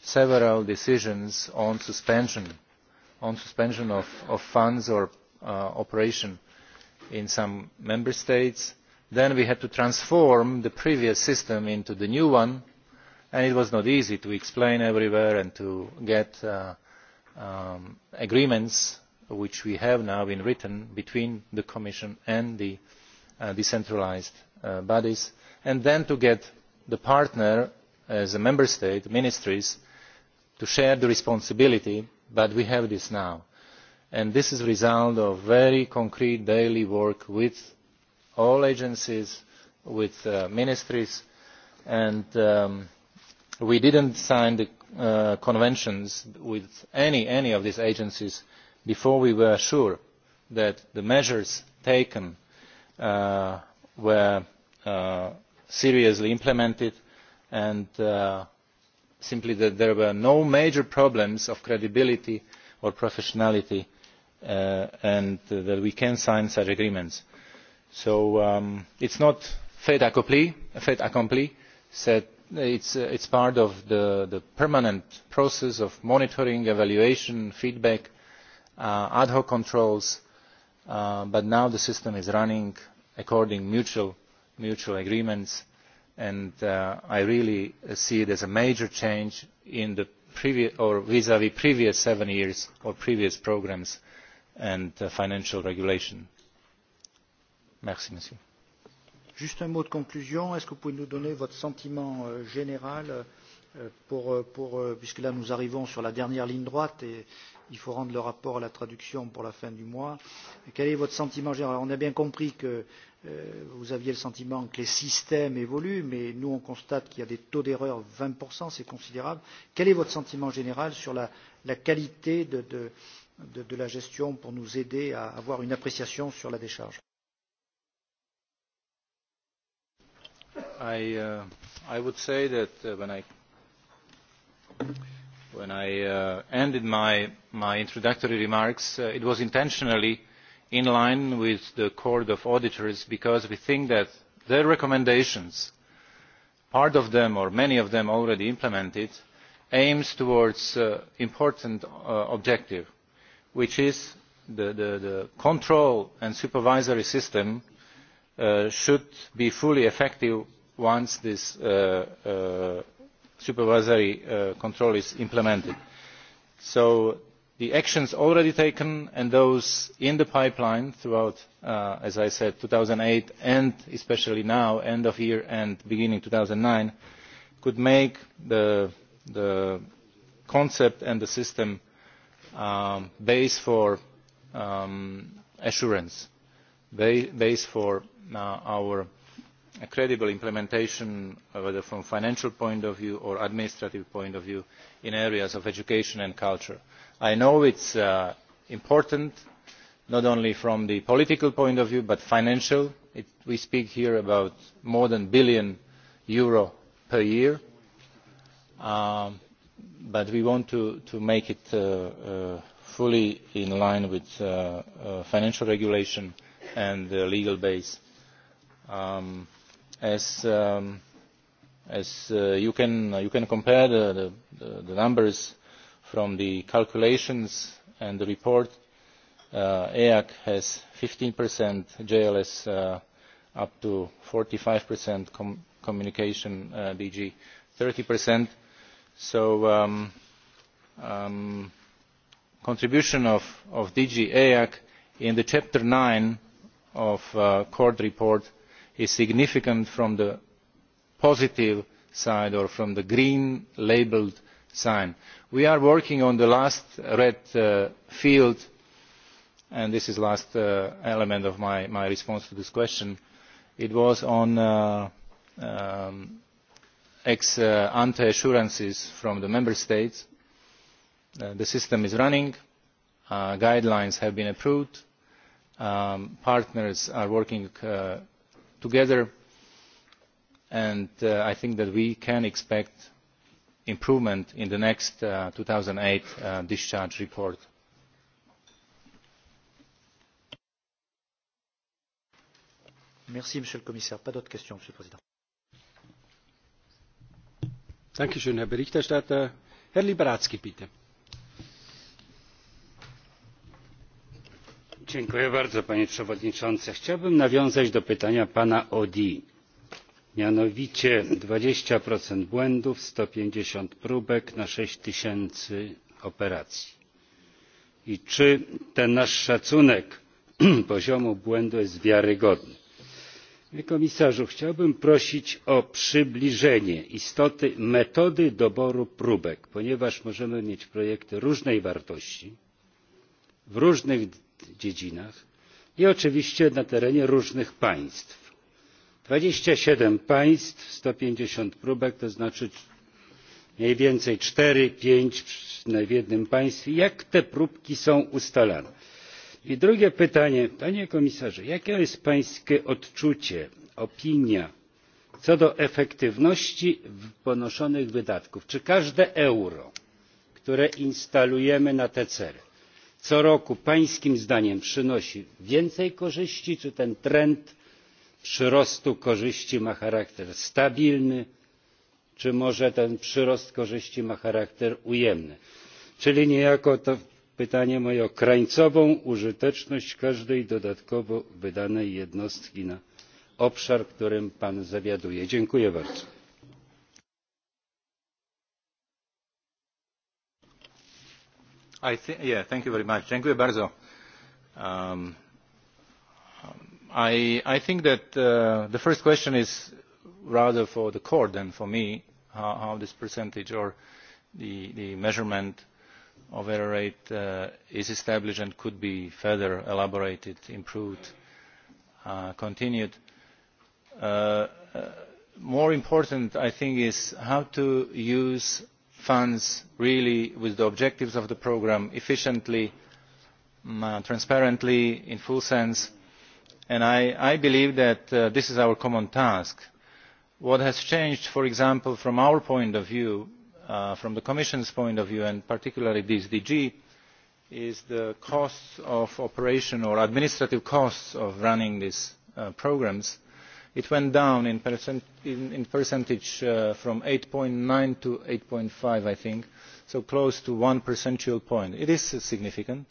several decisions on suspension of funds or uh, operations in some member states then we had to transform the previous system into the new one and it was not easy to explain everywhere and to get uh, um, agreements which we have now in writing between the commission and the uh, decentralised uh, bodies and then to get the partner as a member state ministries to share the responsibility but we have this now this is the result of very concrete daily work with all agencies with uh, ministries and um, we did not sign the uh, conventions with any of these agencies before we were sure that the measures taken uh, were seriously implemented and simply that there were no major problems of credibility or professionality Uh, and that we can sign such agreements. so um, it is not fait accompli it is uh, part of the permanent process of monitoring evaluation feedback uh, ad hoc controls but now the system is running according to mutual agreements and i really see it as a major change vis vis previous seven years or previous programmes and uh, financial regulation. just euh, euh, euh, a word in conclusion can you give us your sentiment general since we are approaching the last straight line and we have to present the report and the translation by the end of the month what is your sentiment general? we have understood that you had the feeling that the systems evolve but we are constating that there are errors of twenty percent which is considerable. what is your sentiment general on the quality of de, de la gestion pour nous aider à avoir une appréciation sur la décharge. I, uh, I would say that uh, when I, when I uh, ended my, my introductory remarks, uh, it was intentionally in line with the Court of Auditors because we think that their recommendations, part of them or many of them already implemented, aims towards uh, important uh, objective which is the control and supervisory system uh, should be fully effective once this uh, uh, supervisory control is implemented. so the actions already taken and those in the pipeline throughout as i said two thousand and eight and especially now at the end of the year and beginning of two thousand and nine could make the concept and the system a um, base for um, assurance a base for uh, our credible implementation whether from a financial point of view or an administrative point of view in the areas of education and culture. i know it is uh, important not only from the political point of view but also financially we speak here about more than a billion euros per year um, but we want to make it uh, uh, fully in line with uh, financial regulation and the legal base. Um, as um, you can compare the numbers from the calculations and the report eac has fifteen jls up to forty five communication dg thirty so the um, um, contribution of dg eac in the chapter nine of the uh, court report is significant from the positive side or from the green labelled side. we are working on the last red uh, field and this is the last uh, element of my response to this question. it was on um, ex uh, ante assurances from the member states uh, the system is running uh, guidelines have been approved um, partners are working together and i think that we can expect improvement in the next two thousand and eight discharge report dankeschön herr berichterstatter herr liberadzki bitte. panie przewodniczący! chciałbym nawiązać do pytania pana audy'ego mianowicie dwadzieścia błędów sto pięćdziesiąt próbek na sześć tysięcy operacji. i czy ten nasz szacunek poziomu błędu jest wiarygodny? panie komisarzu chciałbym prosić o przybliżenie istoty metody doboru próbek ponieważ możemy mieć projekty różnej wartości w różnych dziedzinach i oczywiście na terenie różnych państw dwadzieścia siedem państw sto pięćdziesiąt próbek to znaczy mniej więcej cztery pięć w jednym państwie jak te próbki są ustalane? i drugie pytanie panie komisarzu jakie jest pańskie odczucie opinia co do efektywności ponoszonych wydatków czy każde euro które instalujemy na te cele co roku pańskim zdaniem przynosi więcej korzyści czy ten trend przyrostu korzyści ma charakter stabilny czy może ten przyrost korzyści ma charakter ujemny czyli niejako to pytanie moje o krańcową użyteczność każdej dodatkowo wydanej jednostki na obszar którym pan zawiaduje. dziękuję bardzo. i um, think that uh, the first question is rather for the court than for me how this percentage or the measurement of error rate uh, is established and could be further elaborated improved uh, continued. Uh, more important i think is how to use funds really with the objectives of the programme efficiently mm, transparently in full sense and i believe that this is our common task. what has changed for example from our point of view Uh, from the commission's point of view and particularly this dg is the costs of operation or administrative costs of running these uh, programmes. it went down in percentage uh, from. eight nine to eight five i think so close to one percentage point. it is significant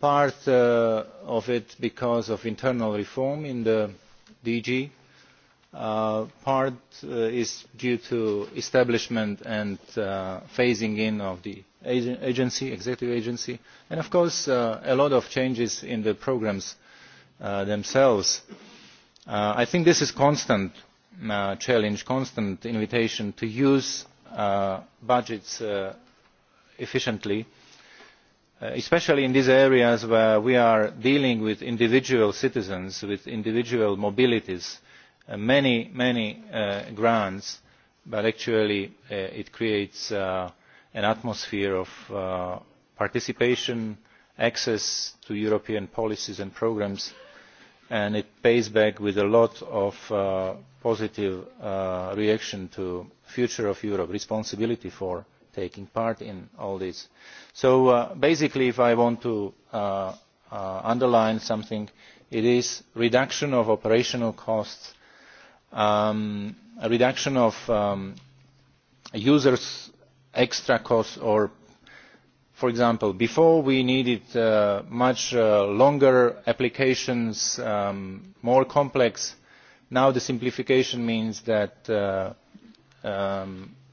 part of it because of internal reform in the dg Uh, part uh, is due to the establishment and uh, phasing in of the agency the executive agency and of course a lot of changes in the programmes themselves. i think this is a constant challenge a constant invitation to use budgets efficiently especially in these areas where we are dealing with individual citizens with individual mobilities many many uh, grants but actually uh, it creates uh, an atmosphere of participation access to european policies and programmes and it pays back with a lot of positive reaction to future of europe responsibility for taking part in all this. so basically if i want to underline something it is reduction of operational costs Um, a reduction of um, users' extra costs or for example before we needed uh, much uh, longer applications um, more complex now the simplification means that uh,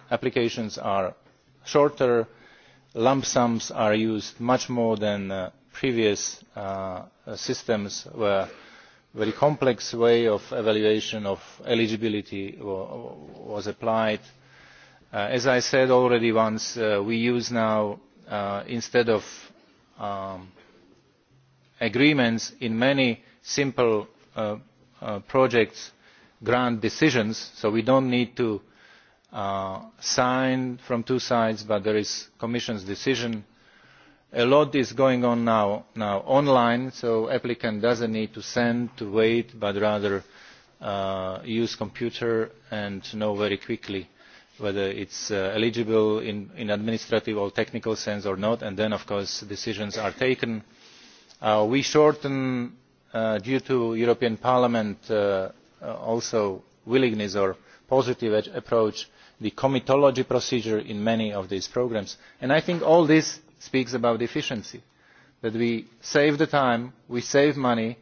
applications are shorter lump sums are used much more than previous systems where very complex way of evaluation of eligibility was applied. Uh, as i said already once uh, we use now uh, instead of um, agreements in many simple projects grand decisions so we do not need to sign from two sides but there is a commission decision a lot is going on now online so the applicant does not need to send to wait but rather uh, use a computer and know very quickly whether it is uh, eligible in an administrative or technical sense or not and then of course decisions are taken. Uh, we shorten due to the european parliament also willingness or positive approach the comitology procedure in many of these programmes and i think all this speaks about efficiency that we save time we save money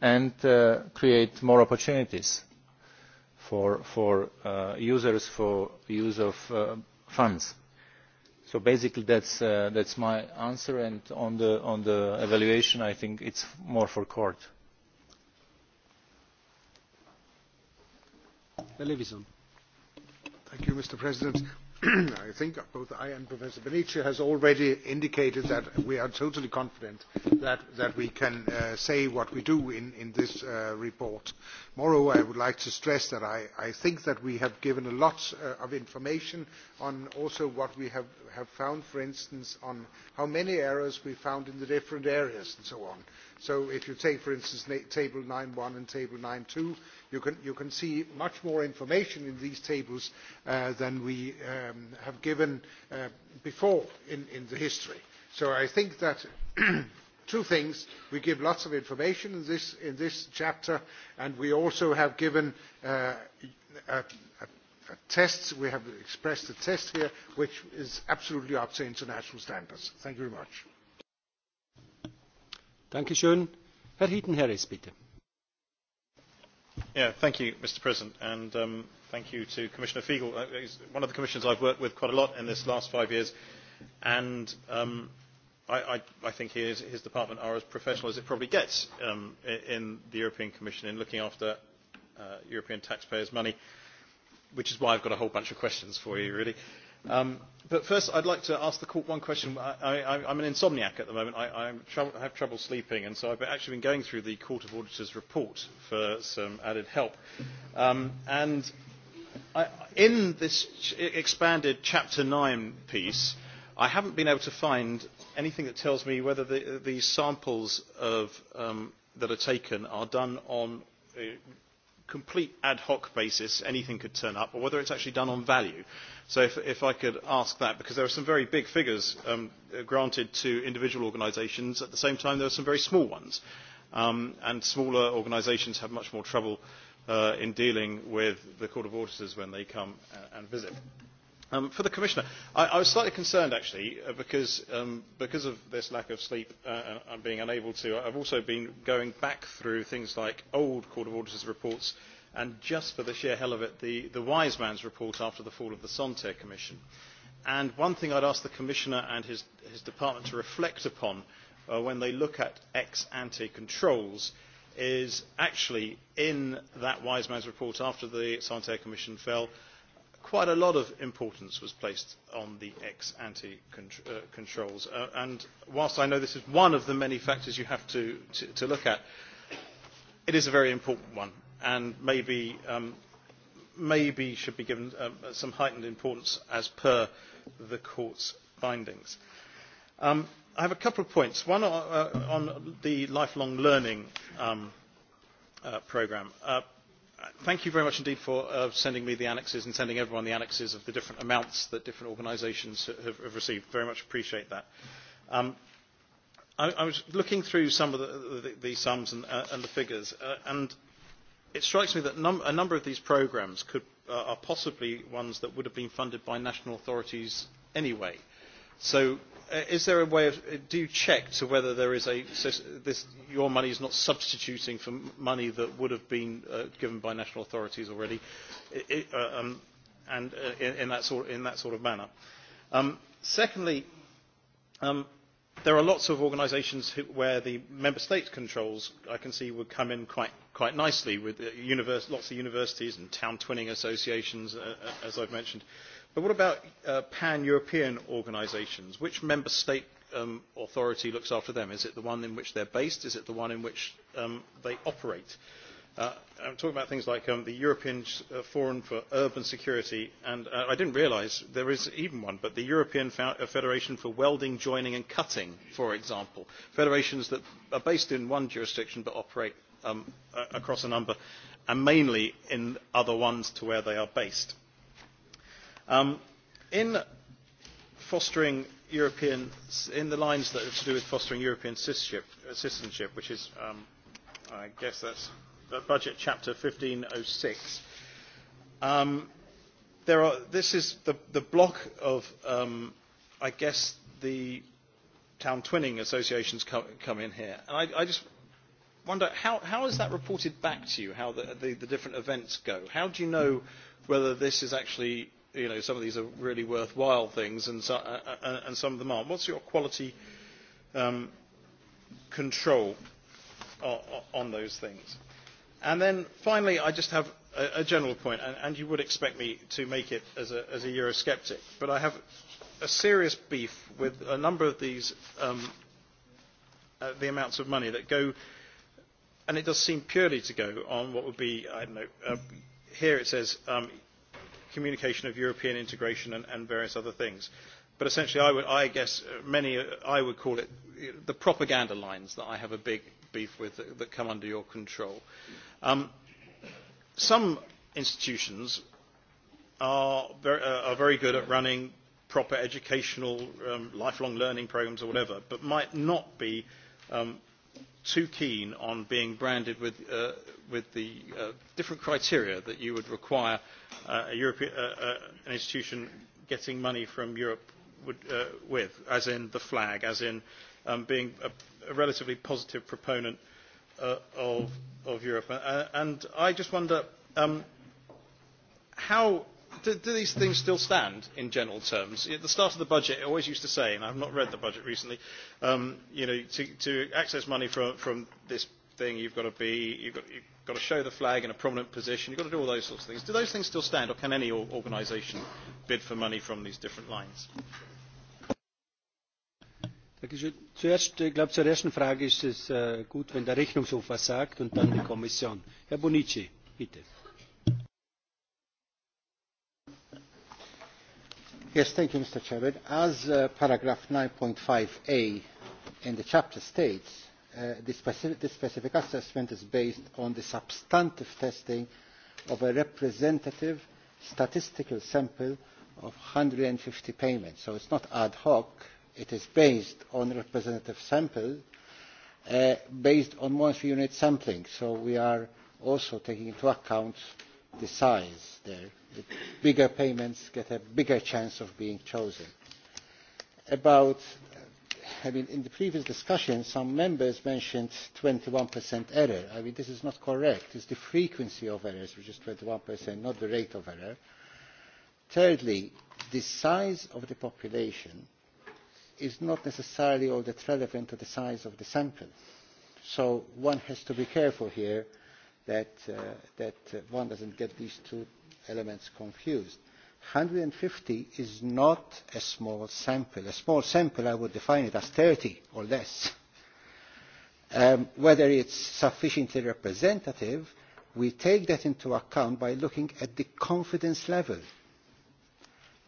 and uh, create more opportunities for uh, users for the use of uh, funds. so basically that is my answer and on the evaluation i think it is more for the court. mr president i think both i and professor bonnici have already indicated that we are totally confident that we can uh, say what we do in this uh, report. moreover i would like to stress that i think that we have given a lot uh, of information on what we have found for instance on how many errors we found in the different areas and so on. so if you take for instance table nine one and table nine two you can, you can see much more information in these tables uh, than we um, have given uh, before in, in the history. So I think that two things, we give lots of information in this, in this chapter and we also have given uh, a, a, a test, we have expressed a test here which is absolutely up to international standards. Thank you very much. Dankeschön. Herr Hieden-Herres, bitte mr president um, thank you to commissioner fle. he uh, is one of the commissioners i have worked with quite a lot in this last five years and um, i think he and his department are as professional as it probably gets um, in the european commission in looking after uh, european taxpayers' money which is why i have got a whole bunch of questions for you really. Um, but first, I'd like to ask the court one question. I, I, I'm an insomniac at the moment. I, I'm tr- I have trouble sleeping, and so I've actually been going through the Court of Auditors report for some added help. Um, and I, in this ch- expanded Chapter 9 piece, I haven't been able to find anything that tells me whether these the samples of, um, that are taken are done on. Uh, complete ad hoc basis, anything could turn up, or whether it's actually done on value. So if, if I could ask that, because there are some very big figures um, uh, granted to individual organisations, at the same time there are some very small ones. Um, and smaller organisations have much more trouble uh, in dealing with the Court of Auditors when they come uh, and visit. Um, for the Commissioner, I, I was slightly concerned actually uh, because, um, because of this lack of sleep uh, and I'm being unable to. I've also been going back through things like old Court of Auditors reports and just for the sheer hell of it, the, the Wise Man's report after the fall of the Sontair Commission. And one thing I'd ask the Commissioner and his, his department to reflect upon uh, when they look at ex ante controls is actually in that Wise Man's report after the Sontair Commission fell quite a lot of importance was placed on the ex ante uh, controls uh, and whilst i know this is one of the many factors you have to look at it is a very important one and maybe um, should be given uh, some heightened importance as per the court's findings. Um, i have a couple of points one on the lifelong learning um, programme thank you very much indeed for uh, sending me the annexes and sending everyone the annexes of the different amounts that different organisations have received. very much appreciate that. Um, I, I was looking through some of the, the, the sums and, uh, and the figures, uh, and it strikes me that num- a number of these programmes uh, are possibly ones that would have been funded by national authorities anyway. so Uh, is there a way of uh, do you check to whether there is a this your money is not substituting for money that would have been uh, given by national authorities already it, uh, um, and uh, in, in that sort in that sort of manner um, secondly um, there are lots of organizations who, where the member state controls I can see would come in quite quite nicely with the uh, universe, lots of universities and town twinning associations uh, as I've mentioned uh, but what about uh, pan european organisations? which member state um, authority looks after them? is it the one in which they are based? is it the one in which um, they operate? Uh, i am talking about things like um, the european uh, forum for urban security and i did not realise there is even one but the european federation for welding joining and cutting for example federations that are based in one jurisdiction but operate across a number and mainly in other ones to where they are based. Um, in fostering european in the lines that are to do with fostering european citizenship uh, which is um, i guess that's budget chapter one thousand five hundred oh and six um, this is the block of i guess the town twinning associations come, come in here and i, I just wonder how, how is that reported back to you how the, the, the different events go how do you know whether this is actually you know, some of these are really worthwhile things and, so, uh, uh, uh and some of them aren't. What's your quality um, control on those things? And then finally, I just have a, a general point, and, and you would expect me to make it as a, as a Eurosceptic, but I have a serious beef with a number of these, um, uh, the amounts of money that go, and it does seem purely to go on what would be, I don't know, uh, here it says um, communication of European integration and, and various other things. But essentially, I, would, I guess uh, many, uh, I would call it the propaganda lines that I have a big beef with that, that come under your control. Um, some institutions are very, uh, are very good at running proper educational um, lifelong learning programs or whatever, but might not be um, too keen on being branded with uh, the uh, different criteria that you would require uh, an institution getting money from europe with as in the flag as in um, being a relatively positive proponent of europe and i just wonder um, how do, do these things still stand in general terms? At the start of the budget, it always used to say, and I've not read the budget recently, um, you know, to, to access money from, from this thing, you've got to be, you've got, you've got to show the flag in a prominent position, you've got to do all those sorts of things. Do those things still stand, or can any organisation bid for money from these different lines? Zuerst, ich glaube, zur ersten Frage ist es äh, gut, wenn der Rechnungshof was sagt und dann die Kommission. Herr Bonici, bitte. mr president as uh, paragraph nine five a in the chapter states uh, the specific assessment is based on the substantive testing of a representative statistical sample of one hundred and fifty payments so it is not ad hoc it is based on a representative sample uh, based on monetary unit sampling so we are also taking into account the size there with bigger payments get a bigger chance of being chosen. in the previous discussion some members mentioned twenty one error. this is not correct. it is the frequency of errors which is twenty one not the rate of error. thirdly the size of the population is not necessarily all that relevant to the size of the sample. So one has to be careful here that, uh, that one doesn't get these two elements confused. One hundred and fifty is not a small sample. A small sample, I would define it as thirty or less. Um, whether it's sufficiently representative, we take that into account by looking at the confidence level.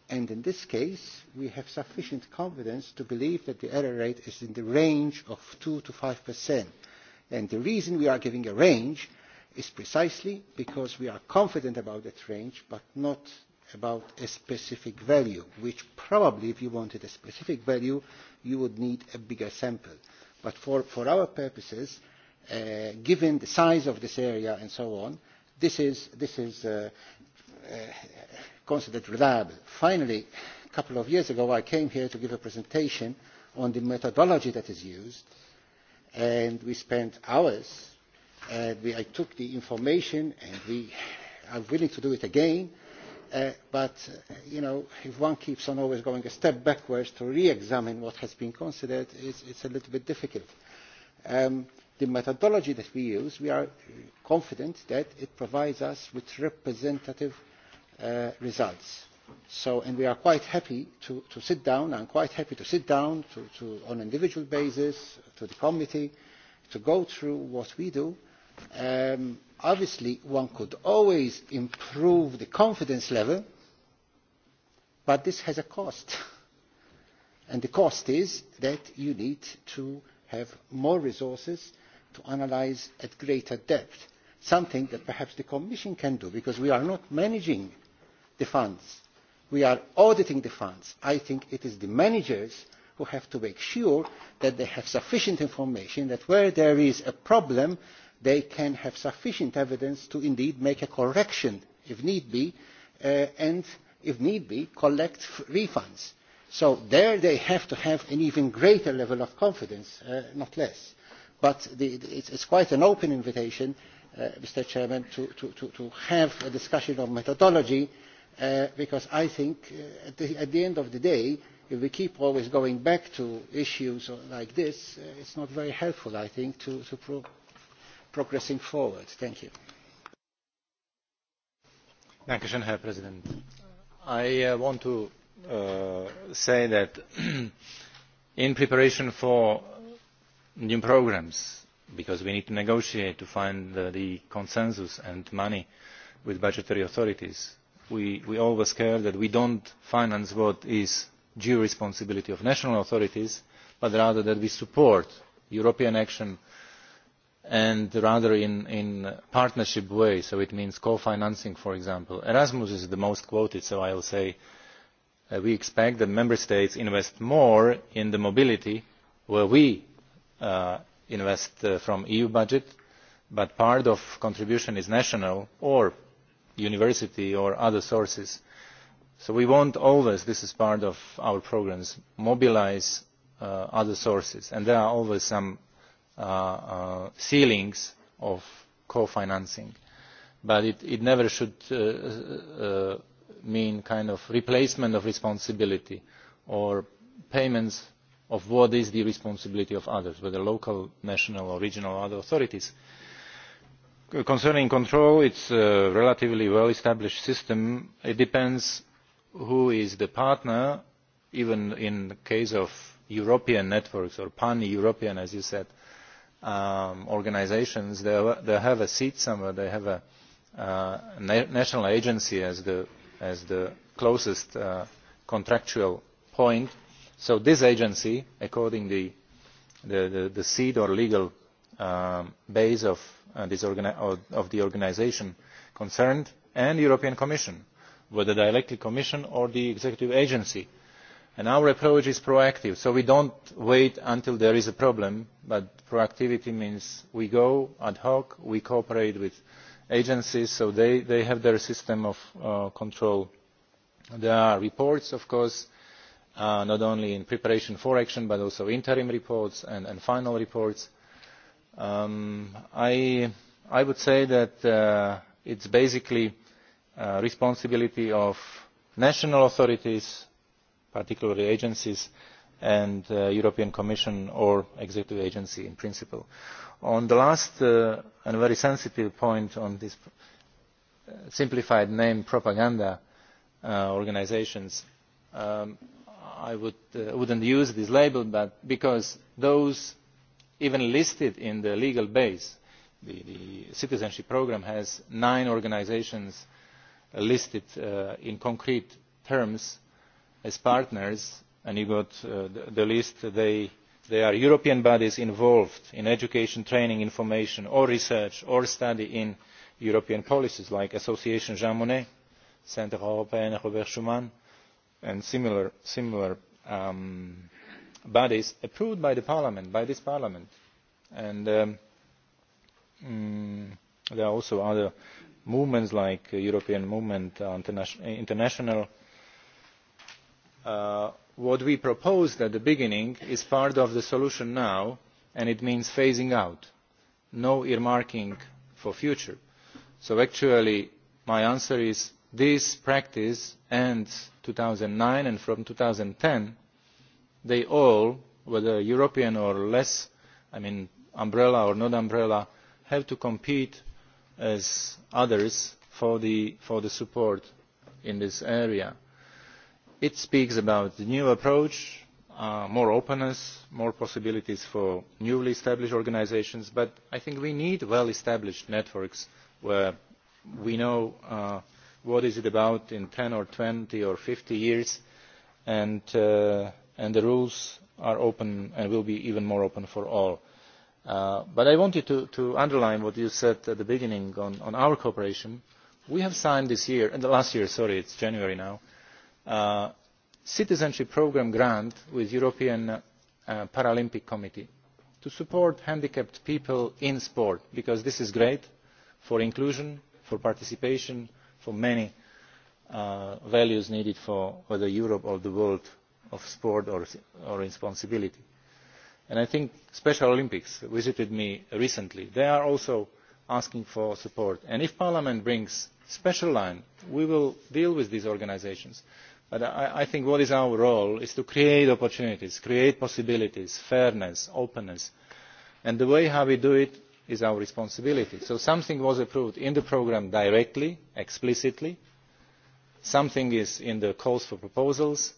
And in this case, we have sufficient confidence to believe that the error rate is in the range of 2 to 5%. And the reason we are giving a range is precisely because we are confident about that range but not about a specific value which probably if you wanted a specific value you would need a bigger sample. But for, for our purposes, uh, given the size of this area and so on, this is, this is uh, uh, considered reliable. Finally, a couple of years ago I came here to give a presentation on the methodology that is used and we spent hours i took the information and i am willing to do it again uh, but uh, if one keeps on always going a step backwards to re examine what has been considered it is a little bit difficult. Um, the methodology that we use we are confident that it provides us with representative uh, results and we are quite happy to sit down i am quite happy to sit down on an individual basis to the committee to go through what we do Um, obviously one could always improve the confidence level but this has a cost and the cost is that you need to have more resources to analyse at greater depth something that perhaps the commission can do because we are not managing the funds we are auditing the funds. i think it is the managers who have to make sure that they have sufficient information that where there is a problem they can have sufficient evidence to indeed make a correction if need be uh, and if need be collect refunds so there they have to have an even greater level of confidence uh, not less but the, the, it's, it's quite an open invitation uh, mr chairman to, to, to, to have a discussion of methodology uh, because i think uh, at, the, at the end of the day if we keep always going back to issues like this, uh, it's not very helpful, I think, to, to pro progressing forward. Thank you. Thank you, Herr President. I uh, want to uh, say that in preparation for new programs, because we need to negotiate to find the, the consensus and money with budgetary authorities, we, we always care that we don't finance what is due responsibility of national authorities, but rather that we support European action uh, and rather in a partnership way so it means co financing for example. erasmus is the most quoted so i will say that uh, we expect that member states invest more in mobility where we uh, invest uh, from the eu budget but part of the contribution is national or university or other sources. so we want always this is part of our programmes to mobilise other sources and there are always some Uh, uh, ceilings of co financing but it never should uh, mean a kind of replacement of responsibility or payments of what is the responsibility of others whether local national or regional or other authorities. concerning control it is a relatively well established system. it depends on who is the partner even in the case of european networks or pan european as you said um, organisations. They, they have a seat somewhere. They have a uh, na national agency as the as the closest uh, contractual point. So this agency, according the the, the, the seed or legal um, base of, uh, this of the organisation concerned, and the European Commission, whether directly Commission or the executive agency our approach is proactive so we do not wait until there is a problem but proactivity means we go ad hoc we cooperate with agencies so they have their system of uh, control. there are reports of course uh, not only in preparation for action but also interim reports and final reports. Um, i would say that uh, it is basically the responsibility of national authorities particularly agencies and the uh, european commission or executive agency in principle. on the last uh, and very sensitive point on this uh, simplified name propaganda organisations um, i would not use this label because those even listed in the legal base the citizenship programme has nine organisations listed in concrete terms as partners and you got uh, the list they are european bodies involved in education training information or research or study in european policies like the association jean monnet the centre europen robert schuman and similar um, bodies approved by parliament by this parliament. Um, mm, there are also other movements like the european movement uh, international Uh, what we proposed at the beginning is part of the solution now and it means phasing out no earmarking for the future. so actually my answer is that this practice ends in two thousand and nine and from two thousand and ten they all whether european or less i mean umbrella or not umbrella have to compete with others for the support in this area it speaks about a new approach uh, more openness more possibilities for newly established organisations but i think we need well established networks where we know uh, what it is about in ten or twenty or fifty years uh, and the rules are open and will be even more open for all. but i wanted to underline what you said at the beginning on our cooperation. we have signed last year it is january now Uh, citizenship programme grant with the european uh, paralympic committee to support handicapped people in sport because this is great for inclusion for participation for many uh, values needed for the europe or the world of sport or responsibility. i think the special olympics visited me recently. they are also asking for support and if parliament brings a special line we will deal with these organisations i think what is our role is to create opportunities create possibilities fairness openness and the way we do it is our responsibility. so something was approved in the programme directly explicitly something is in the calls for proposals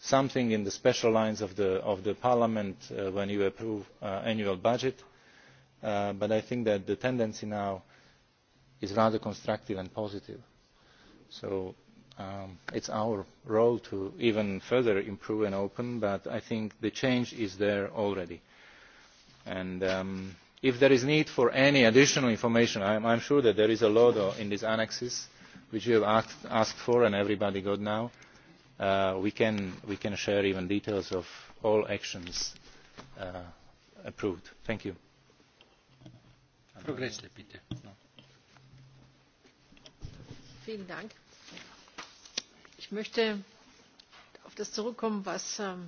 something in the special lines of the parliament uh, when you approve the uh, annual budget uh, but i think that the tendency now is rather constructive and positive. Um, it is our role to even further improve and open but i think the change is there already. Um, if there is need for any additional information i am sure that there is a lot in these annexes which you have asked for and everybody got now uh, we can share even details of all actions uh, approved. thank you möchte auf das zurückkommen, was ähm,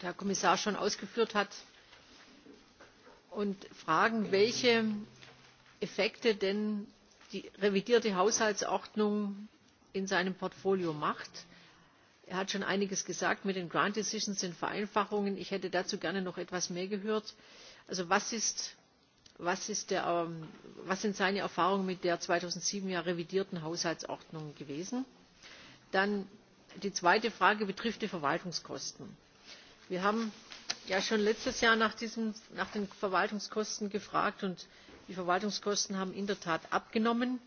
der Herr Kommissar schon ausgeführt hat, und fragen, welche Effekte denn die revidierte Haushaltsordnung in seinem Portfolio macht. Er hat schon einiges gesagt mit den Grant Decisions, den Vereinfachungen. Ich hätte dazu gerne noch etwas mehr gehört. Also was, ist, was, ist der, ähm, was sind seine Erfahrungen mit der 2007 ja revidierten Haushaltsordnung gewesen? die zweite frage betrifft die verwaltungskosten. wir haben ja schon letztes jahr nach den verwaltungskosten gefragt und die verwaltungskosten haben in der tat abgenommen.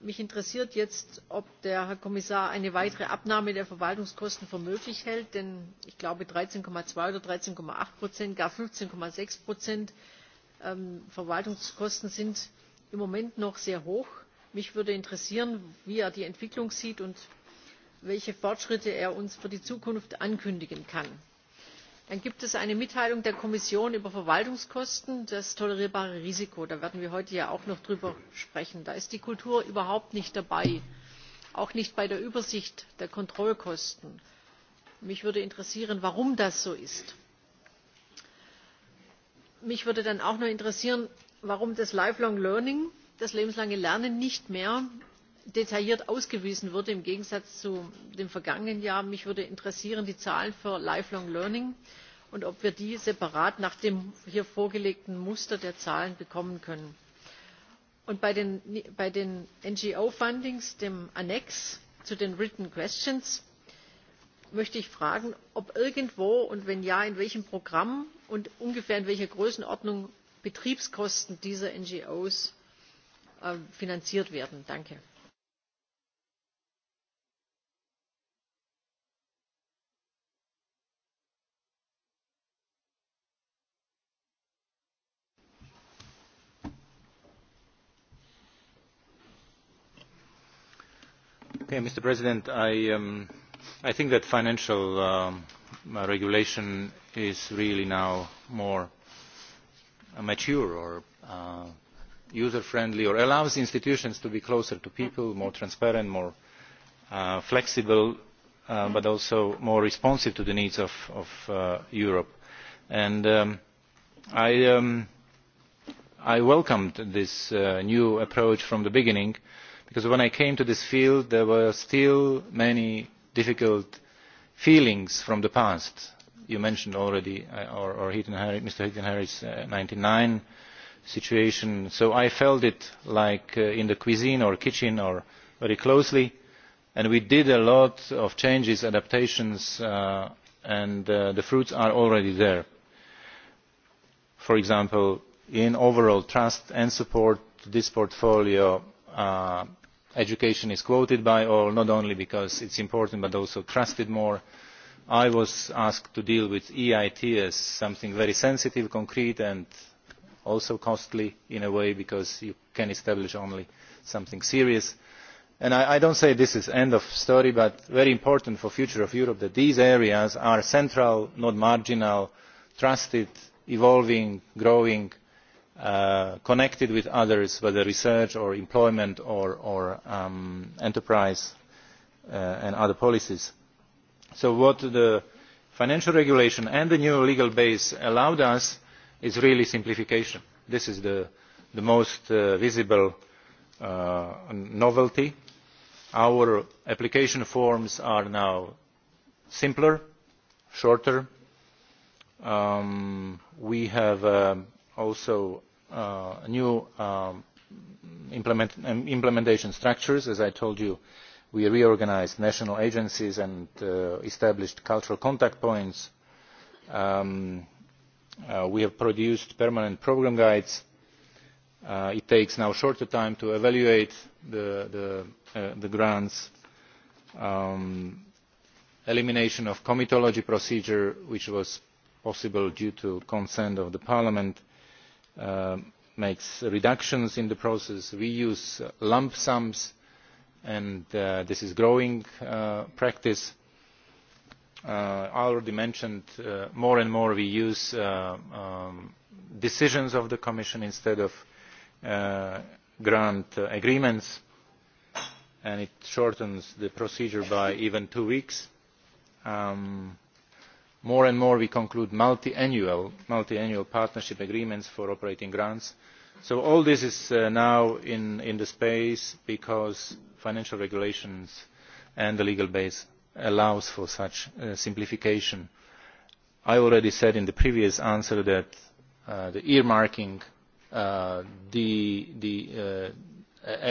mich interessiert jetzt ob der herr kommissar eine weitere abnahme der verwaltungskosten für möglich hält denn ich glaube dreizehn zwei oder dreizehn acht gar fünfzehn sechs ähm, verwaltungskosten sind im moment noch sehr hoch. mich würde interessieren wie er die entwicklung sieht welche fortschritte er uns für die zukunft ankündigen kann. dann gibt es eine mitteilung der kommission über verwaltungskosten das tolerierbare risiko da werden wir heute ja auch noch darüber sprechen. da ist die kultur überhaupt nicht dabei auch nicht bei der übersicht der kontrollkosten. mich würde interessieren warum das so ist. mich würde dann auch noch interessieren warum das lifelong learning das lebenslange lernen nicht mehr detailliert ausgewiesen wurde im gegensatz zu dem vergangenen jahr. mich würde interessieren die zahlen für lifelong learning und ob wir die separat nach dem hier vorgelegten muster der zahlen bekommen können. bei den ngo fundings dem annex zu den written questions möchte ich fragen ob irgendwo und wenn ja in welchem programm und ungefähr in welcher größenordnung betriebskosten dieser ngo äh, finanziert werden. mr president um, i think that financial um, uh, regulation is really now more mature or uh, user friendly or allows institutions to be closer to people more transparent more uh, flexible mm-hmm. but also more responsive to the needs of europe. Um, i welcomed this new approach from the beginning because when i came to this field there were still many difficult feelings from the past. you mentioned already mr uh, hedin harris's one thousand uh, nine hundred and ninety nine situation so i felt it like uh, in the cuisine or kitchen or very closely and we did a lot of changes adaptations and the fruits are already there. for example in overall trust and support this portfolio education is quoted by all not only because it is important but also trusted more. i was asked to deal with eit as something very sensitive concrete and also costly in a way because you can establish only something serious. i do not say this is the end of the story but it is very important for the future of europe that these areas are central not marginal trusted evolving growing Uh, connected with others whether research or employment or um, enterprise uh, and other policies. so what the financial regulation and the new legal base allowed us is really simplification. this is the most uh, visible novelty. our application forms are now simpler shorter. Um, we have um, also Uh, new um, um, implementation structures as i told you we reorganised national agencies and uh, established cultural contact points um, uh, we have produced permanent programme guides it now takes a shorter time to evaluate the grants elimination of the comitology procedure which was possible due to consent of parliament Uh, makes reductions in the process we use lump sums and uh, this is a growing uh, practice. i already mentioned that more and more we use um, decisions of the commission instead of grant agreements and it shortens the procedure by even two weeks. Um, more and more we conclude multiannual partnership agreements for operating grants so all this is uh, now in the space because financial regulations and the legal base allow for such uh, simplification. i already said in the previous answer that uh, the earmarking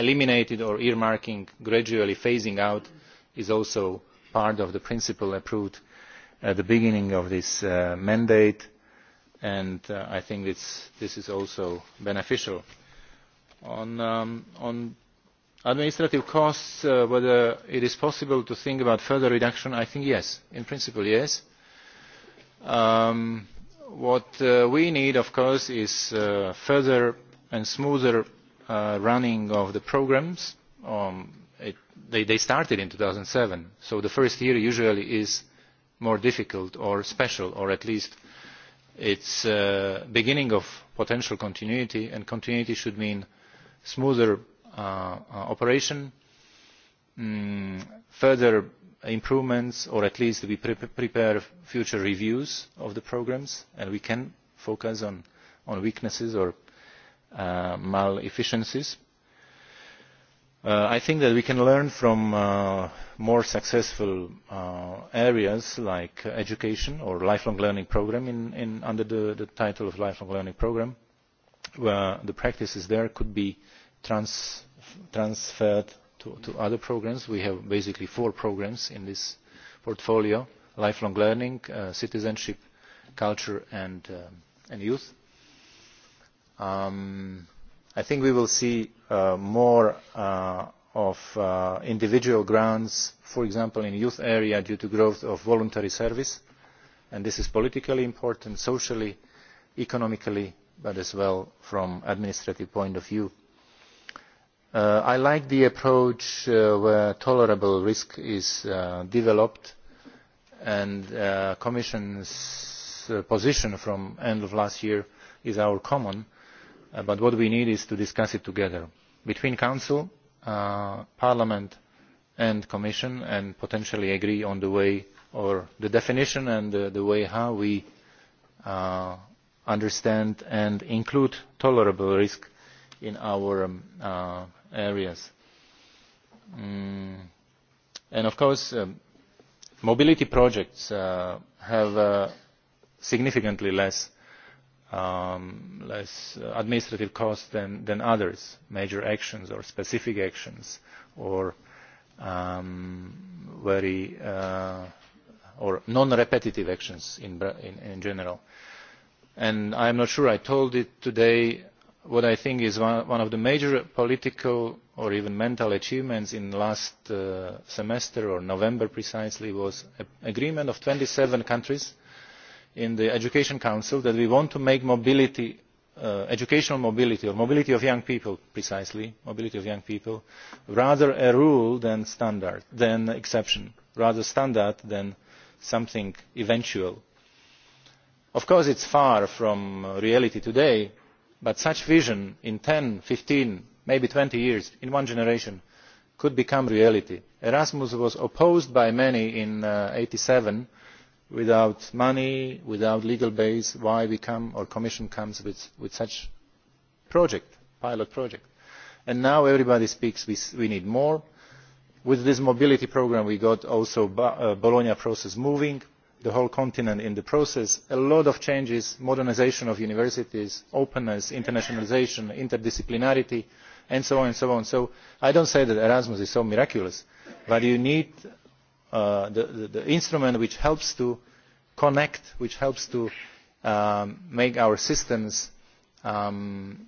eliminating or earmarking gradually phasing out is also part of the principle approved at the beginning of this uh, mandate and uh, i think this is also beneficial. on um, administrative costs uh, whether it is possible to think about further reduction i think yes in principle yes. Um, what we need of course is further and smoother running of the programmes. Um, they started in two thousand and seven so the first year usually more difficult or special or at least it is the uh, beginning of potential continuity and continuity should mean smoother uh, uh, operation mm, further improvements or at least we prepare future reviews of the programmes and we can focus on weaknesses or malefficiencies. i think that we can learn from more successful uh, areas like education or lifelong learning programme under the title of lifelong learning programme where the practices there could be transferred to other programmes. we have basically four programmes in this portfolio lifelong learning uh, citizenship culture and uh, youth. Um, i think we will see more of uh, individual grants for example in the youth area due to the growth of voluntary service and this is politically important socially economically but as well from an administrative point of view. Uh, i like the approach uh, where tolerable risk is developed and the commission's position from the end of last year is our common but what we need is to discuss it together between the council Uh, parliament and the commission and potentially agree on the way or the definition and the way how we uh, understand and include tolerable risk in our um, uh, areas. Mm. of course um, mobility projects have significantly less Um, less administrative costs than others major actions or specific actions or um, uh, non repetitive actions in general. i am not sure i told it today what i think is one of the major political or even mental achievements in the last uh, semester or november precisely was an agreement of twenty seven countries in the education council that we want to make uh, educational mobility or mobility of young people precisely mobility of young people rather a rule than an exception rather standard than something eventual. of course it is far from uh, reality today but such a vision in ten fifteen maybe twenty years in one generation could become reality. erasmus was opposed by many in one thousand uh, nine hundred and eighty seven without money without a legal base why we come or the commission comes with such a pilot project and now everybody speaks we need more. with this mobility programme we got also the uh, bologna process moving the whole continent in the process a lot of changes modernisation of universities openness internationalisation interdisciplinarity and so on and so on. so i do not say that erasmus is so miraculous but you need Uh, the instrument which helps to connect which helps to um, make our systems um,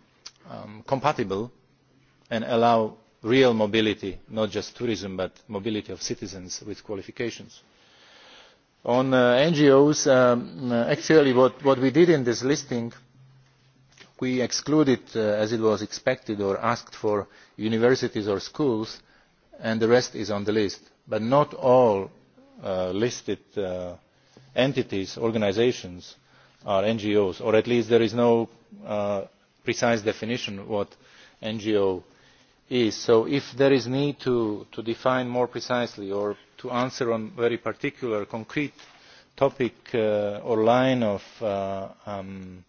um, compatible and allow real mobility not just tourism but mobility of citizens with qualifications. on uh, ngos uh, actually what we did in this listing we excluded as was expected or asked for universities or schools and the rest is on the list but not all uh, listed uh, entities or organisations are ngos or at least there is no uh, precise definition of what an ngo is. so if there is a need to define more precisely or to answer on a very particular concrete topic or line of um,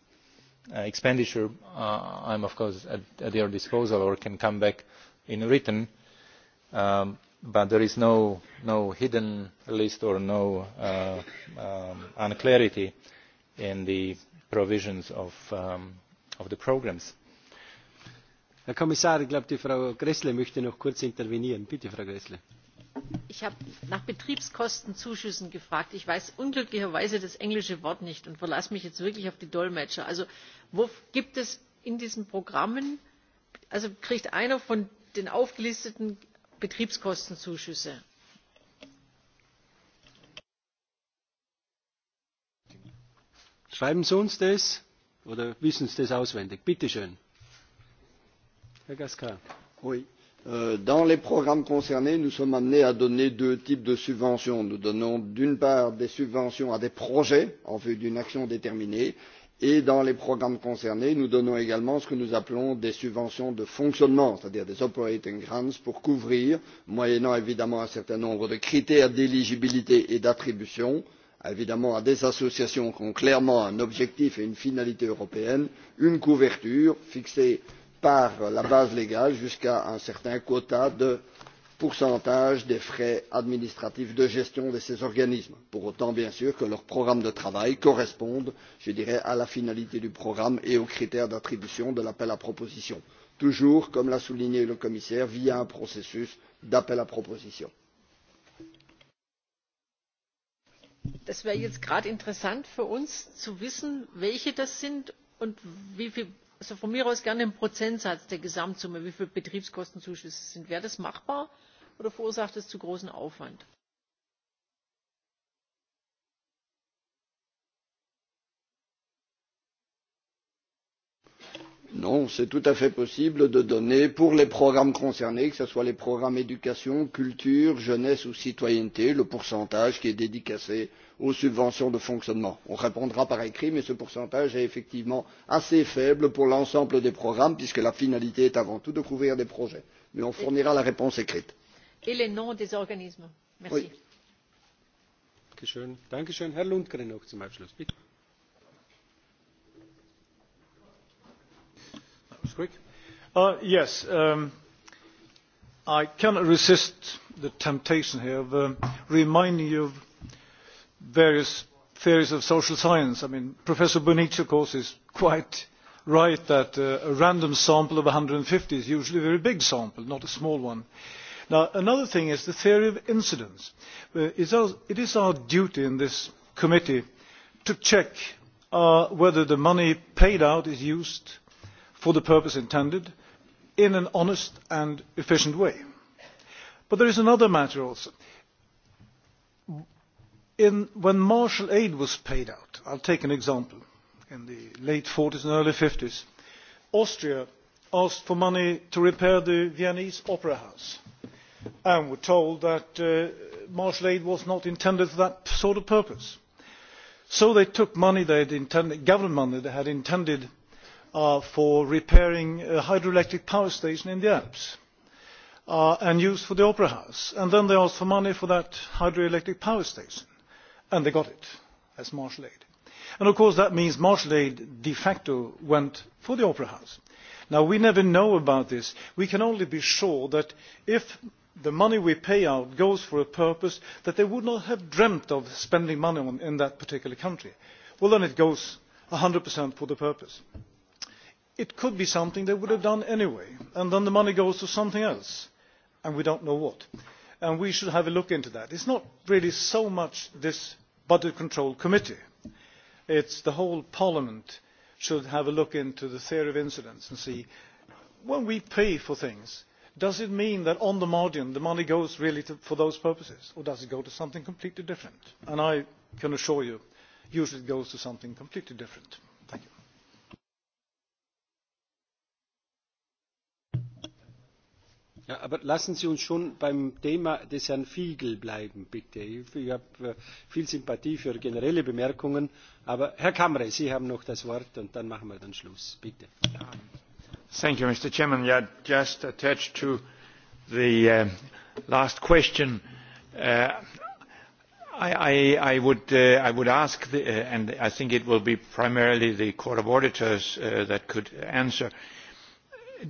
expenditure i am of course at your disposal or can come back in writing. Um, but there is no, no hidden list or no uh, um, unclarity in the provisions of um, the programmes. herr kommissar ich glaube die frau gräßle möchte noch kurz intervenieren. bitte frau gräßle. ich habe nach betriebskostenzuschüssen gefragt. ich weiß unglücklicherweise das englische wort nicht und verlasse mich jetzt wirklich auf die dolmetscher. also gibt es in diesen programmen also kriegt einer von den aufgelisteten betriebskostenzuschüsse. Schreiben Sie uns das oder wissen Sie das auswendig? Bitte schön. Herr Gascar. Oui. Euh, dans les programmes concernés, nous sommes amenés à donner deux types de subventions. Nous donnons d'une part des subventions à des projets en vue d'une action déterminée et dans les programmes concernés nous donnons également ce que nous appelons des subventions de fonctionnement c'est à dire des operating grants pour couvrir moyennant évidemment un certain nombre de critères d'éligibilité et d'attribution évidemment à des associations qui ont clairement un objectif et une finalité européenne une couverture fixée par la base légale jusqu'à un certain quota de pourcentage des frais administratifs de gestion de ces organismes pour autant bien sûr que leur programme de travail corresponde je dirais à la finalité du programme et aux critères d'attribution de l'appel à proposition toujours comme l'a souligné le commissaire via un processus d'appel à proposition. Das wäre jetzt gerade interessant für uns zu wissen, welche das sind und wie viel, also von mir aus gerne im Prozentsatz der Gesamtsumme, wie viel Betriebskostenzuschüsse sind. Wäre das machbar? oder verursacht es zu großen Aufwand? Non, c'est tout à fait possible de donner pour les programmes concernés, que ce soit les programmes éducation, culture, jeunesse ou citoyenneté, le pourcentage qui est dédicacé aux subventions de fonctionnement. On répondra par écrit, mais ce pourcentage est effectivement assez faible pour l'ensemble des programmes, puisque la finalité est avant tout de couvrir des projets. Mais on fournira la réponse écrite et les noms des organismes. merci. Uh, um, i cannot resist the temptation here of um, reminding you of various theories of social science. i mean professor bunitz of course is quite right that uh, a random sample of one hundred and fifty is usually a very big sample not a small one another thing is the theory of incidence. Uh, it is our duty in this committee to check uh, whether the money paid out is used for the purpose intended in an honest and efficient way. but there is another matter also. when martial aid was paid out i will take an example in the late forties and early fifties austria asked for money to repair the viennese opera house and were told that uh, marshall aid was not intended for that sort of purpose. so they took government money they had intended uh, for repairing a hydroelectric power station in the alps uh, and used for the opera house and then they asked for money for that hydroelectric power station and they got it as marshall aid. And of course that means marshall aid de facto went for the opera house. Now we never know about this. We can only be sure that if the money we pay out goes for a purpose that they would not have dreamt of spending money on in that particular country. well then it goes one hundred for the purpose. it could be something they would have done anyway and then the money goes to something else and we do not know what. we should have a look into that. it is not really so much this budget control committee it is the whole parliament should have a look into the theory of incidence and see when we pay for things does it mean that on the margin the money goes really for those purposes or does it go to something completely different? i can assure you that it usually goes to something completely different. thank you. Ja, aber lassen Sie uns schon beim Thema des Herrn Fiegel bleiben, bitte. Ich, ich habe äh, viel Sympathie für generelle Bemerkungen. Aber Herr Kamre, Sie haben noch das Wort und dann machen wir dann Schluss. Bitte. Ja mr president uh, uh, i would just attach to the last question i would ask uh, and i think it will be primarily the court of auditors that could answer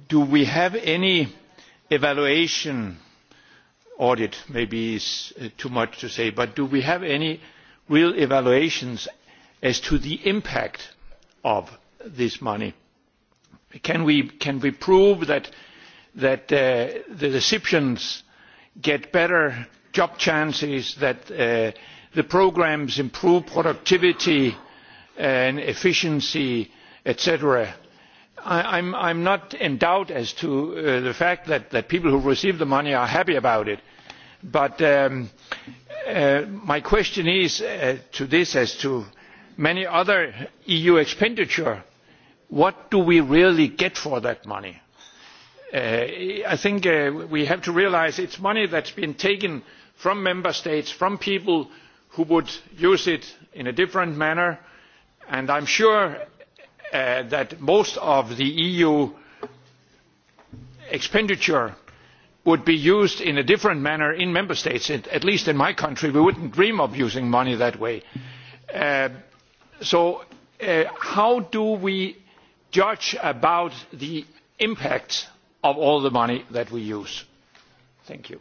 do we have any evaluation audit maybe is too much to say but do we have any real evaluations as to the impact of this money? can we can we prove that that uh, the recipients get better job chances that uh, the programs improve productivity and efficiency etc i'm i'm not in doubt as to uh, the fact that that people who receive the money are happy about it but um, uh, my question is uh, to this as to many other eu expenditure uh, what do we really get for that money? Uh, I think uh, we have to realize it's money that's been taken from member states, from people who would use it in a different manner. And I'm sure uh, that most of the EU expenditure would be used in a different manner in member states. It, at least in my country, we wouldn't dream of using money that way. Uh, so uh, how do we judge about the impact of all the money that we use. thank you.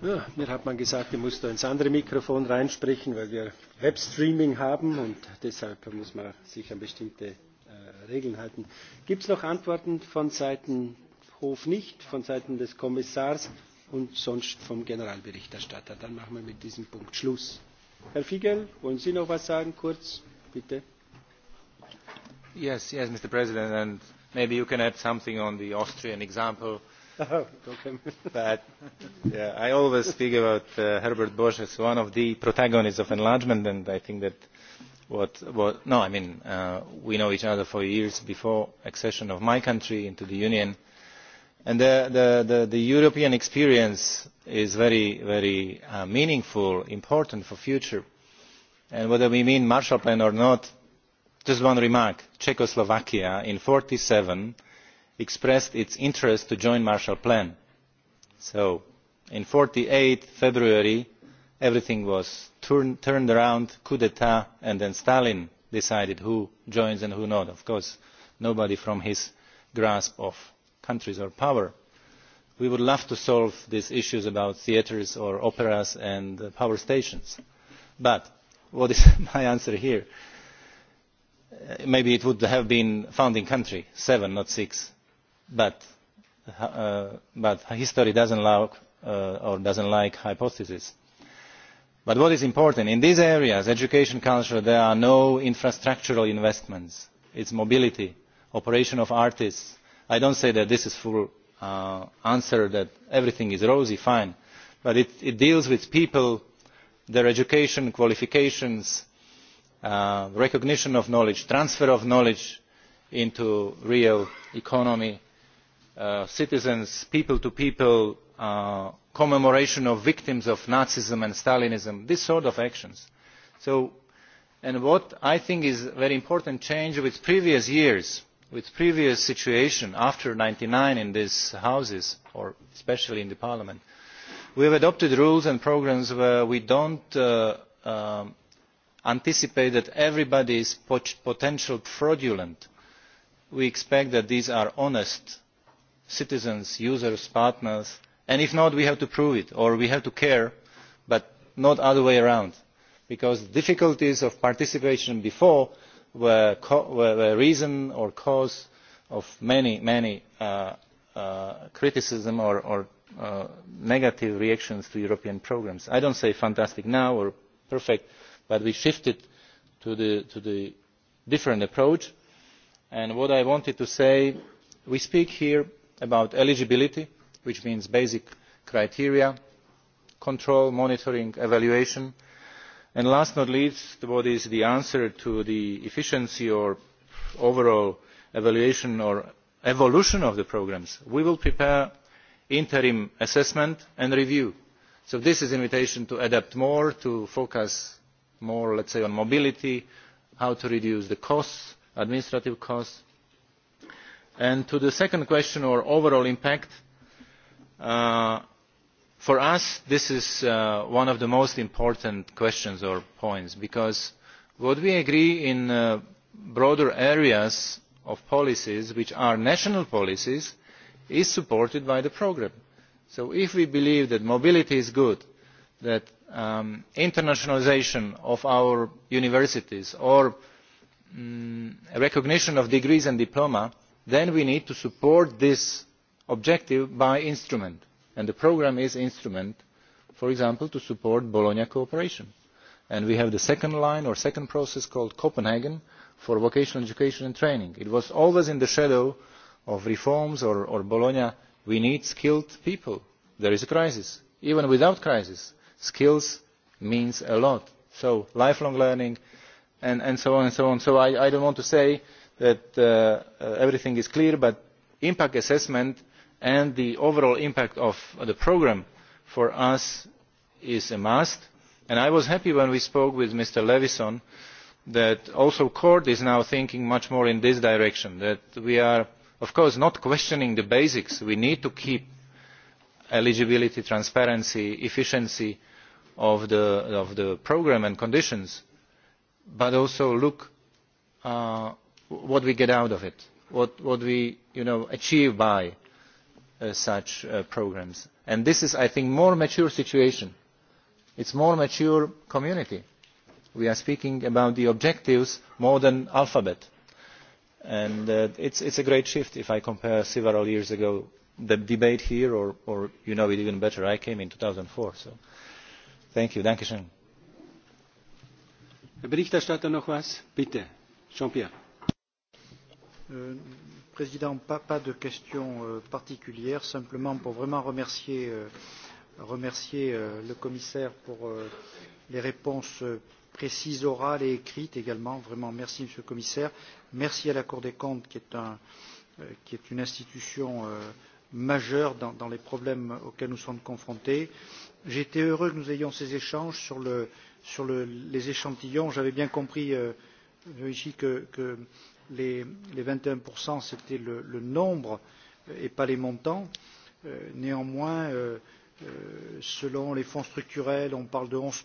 Ja, mir hat man gesagt, ich muss da ins andere Mikrofon reinsprechen, weil wir Webstreaming haben und deshalb muss man sich an bestimmte äh, Regeln halten. Gibt es noch Antworten von Seiten Hof nicht, von Seiten des Kommissars und sonst vom Generalberichterstatter? Dann machen wir mit diesem Punkt Schluss herr figel wollen sie noch etwas sagen kurz bitte? yes yes mr president and maybe you can add something on the austrian example no but yeah, i always speak about uh, herbert bosch as one of the protagonists of enlargement and i think that what, what no i mean uh, we know each other for years before accession of my country into the union the european experience is very uh, meaningful and important for the future and whether we mean the marshall plan or not just one remark czechoslovakia in one thousand nine hundred and forty seven expressed its interest to join the marshall plan so in february one thousand nine hundred and forty eight everything was turned around coup d'tat and then stalin decided who joins and who does not. of course nobody from his grasp of countries or power. we would love to solve these issues about theatres or operas and uh, power stations but what is my answer here? Uh, maybe it would have been founding country seven not six but, uh, but history doesn't like uh, or doesn't like hypotheses. But what is important, in these areas, education, culture, there are no infrastructural investments. It's mobility, operation of artists, i do not say that this is a full uh, answer that everything is rosy and fine but it deals with people their education qualifications uh, recognition of knowledge transfer of knowledge into the real economy uh, citizens people to people commemoration of victims of nazism and stalinism these sort of actions. what i think is a very important change from previous years with the previous situation after one thousand nine hundred and ninety nine in these houses or especially in parliament we have adopted rules and programmes where we do not uh, um, anticipate that everybody is potentially fraudulent. we expect that these are honest citizens users partners and if not we have to prove it or we have to care but not the other way around because the difficulties of participation before were the reason or cause of many many uh, uh, criticisms or uh, negative reactions to european programmes. i do not say fantastic now or perfect but we shifted to a different approach and what i wanted to say we speak here about eligibility which means basic criteria control monitoring evaluation last but not least what is the answer to the efficiency or overall evaluation or evolution of the programmes? we will prepare an interim assessment and review so this is an invitation to adapt more to focus more let us say on mobility how to reduce the costs administrative costs. to the second question or overall impact uh, for us this is uh, one of the most important questions or points because what we agree in uh, broader areas of policies which are national policies is supported by the programme. so if we believe that mobility is good that um, internationalisation of our universities or mm, recognition of degrees and diplomas then we need to support this objective by instruments and the programme is an instrument for example to support bologna cooperation and we have the second line or second process called copenhagen for vocational education and training. it was always in the shadow of reforms or bologna. we need skilled people. there is a crisis. even without a crisis skills mean a lot so lifelong learning and so on and so on. so i do not want to say that uh, uh, everything is clear but impact assessment and the overall impact of the programme for us is a must and i was happy when we spoke with mr levinson that also the court is now thinking much more in this direction that we are of course not questioning the basics we need to keep eligibility transparency efficiency of the programme and conditions but also look at uh, what we get out of it what we achieve by Uh, such uh, programmes and this is i think a more mature situation it is a more mature community. we are speaking about the objectives more than alphabet and uh, it is a great shift if i compare to several years ago the debate here or you know it even better i came in two thousand and four so thank you président pas de question euh, particulière simplement pour vraiment remercier euh, euh, le commissaire pour les réponses précises orales et écrites également vraiment merci monsieur le commissaire merci à la cour des comptes qui est, un, qui est une institution majeure dans, dans les problèmes auxquels nous sommes confrontés j'ai été heureux que nous ayons ces échanges sur, le, sur le, les échantillons j'avais bien compris euh, ici que, que les vingt et un c'était le nombre euh, et pas les montants. Euh, néanmoins euh, selon les fonds structurels on parle de onze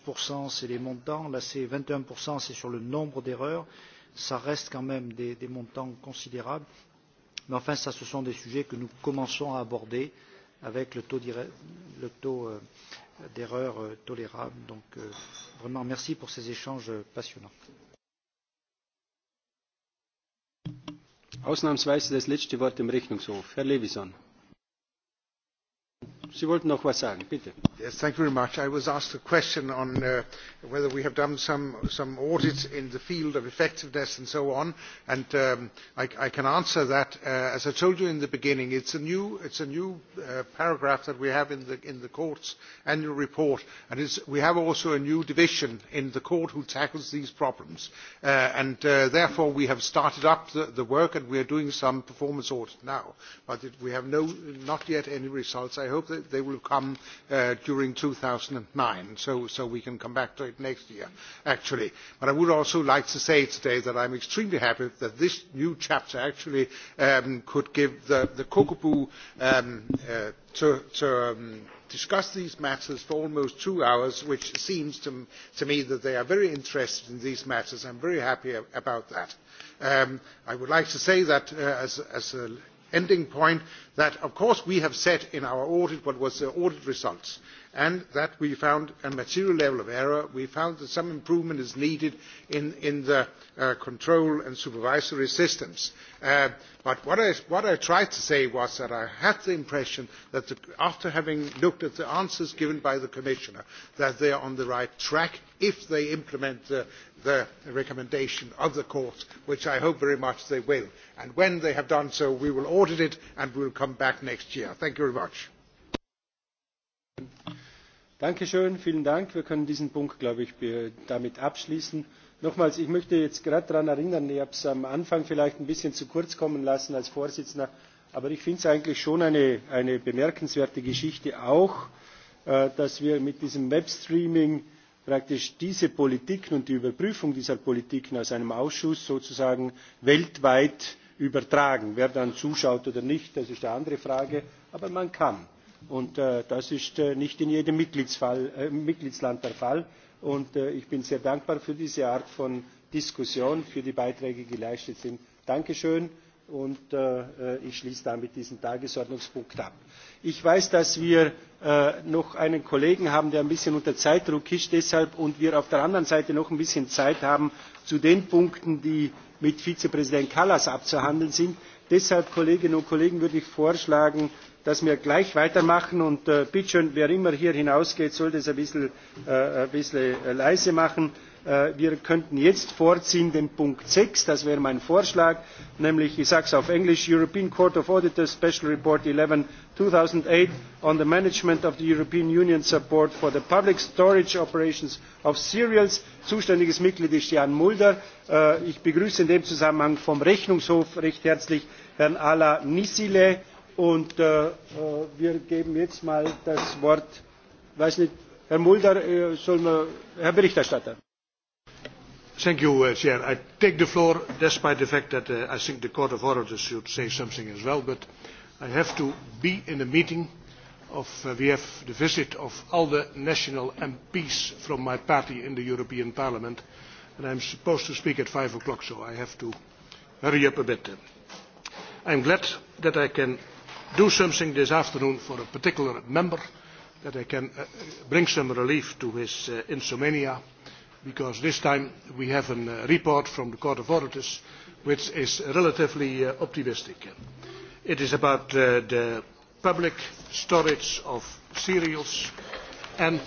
c'est les montants là c'est vingt et un c'est sur le nombre d'erreurs ça reste quand même des montants considérables mais enfin ce sont des sujets que nous commençons à aborder avec le taux d'erreur tolérable. donc vraiment merci pour ces échanges passionnants. ausnahmsweise das letzte wort dem rechnungshof herr levison sie wollten noch etwas sagen bitte. i was asked a question on uh, whether we have done some audits in the field of effectiveness and so on and um, i can answer that. Uh, as i told you in the beginning it is a new uh, paragraph that we have in the court's annual report and we have also a new division in the court who tackles these problems and therefore we have started up the work and we are doing some performance audits now but we have no, not yet any results. i hope that we will have some results they will come uh, during two thousand and nine so we can come back to it next year actually. but i would also like to say today that i am extremely happy that this new chapter actually um, could give the cockapoo um, uh, to um, discuss these matters for almost two hours which seems to me that they are very interested in these matters. i am very happy about that. i would like to say that uh, as ending point that of course we have set in our audit what was the audit results and that we found a material level of error. we found that some improvement is needed in the uh, control and supervisory systems uh, but what i tried to say was that i had the impression that after having looked at the answers given by the commissioner they are on the right track if they implement the recommendation of the court which i hope very much they will and when they have done so we will audit it and we will come back next year wir können diesen punkt damit abschließen. nochmals ich möchte jetzt gerade daran erinnern ich habe es am anfang vielleicht ein bisschen zu kurz kommen lassen als vorsitzender aber ich finde es eigentlich schon eine bemerkenswerte geschichte auch äh, dass wir mit diesem web streaming praktisch diese politiken und die überprüfung dieser politiken aus einem ausschuss sozusagen weltweit übertragen. wer dann zuschaut oder nicht das ist eine andere frage aber man kann und äh, das ist äh, nicht in jedem äh, mitgliedsland der fall. ich bin sehr dankbar für diese art von diskussion für die beiträge die geleistet sind. dankeschön und ich schließe damit diesen tagesordnungspunkt ab. ich weiß dass wir noch einen kollegen haben der ein bisschen unter zeitdruck ist deshalb und wir auf der anderen seite noch ein bisschen zeit haben zu den punkten die mit vizepräsident kallas abzuhandeln sind. deshalb kolleginnen und kollegen würde ich vorschlagen dass wir gleich weitermachen. Und äh, bitte schön, wer immer hier hinausgeht, sollte es ein bisschen, äh, ein bisschen äh, leise machen. Äh, wir könnten jetzt vorziehen den Punkt 6, das wäre mein Vorschlag, nämlich, ich sage es auf Englisch, European Court of Auditors Special Report 11 2008 on the Management of the European Union Support for the Public Storage Operations of Cereals. Zuständiges Mitglied ist Jan Mulder. Äh, ich begrüße in dem Zusammenhang vom Rechnungshof recht herzlich Herrn Ala Nisile und äh, äh, wir geben jetzt mal das wort herr mulder äh, herr berichterstatter. thank you uh, chair. i take the floor despite the fact that uh, i think the court of auditors should say something as well but i have to be in a meeting of uh, we have the visit of all the national mps from my party in the european parliament and i'm supposed to speak at five o'clock so i have to hurry up a bit. i'm glad that i can do something this afternoon for a particular member that i can uh, bring some relief to his uh, insomnia because this time we have a uh, report from the court of auditors which is relatively optimistic. it is about the public storage of cereals and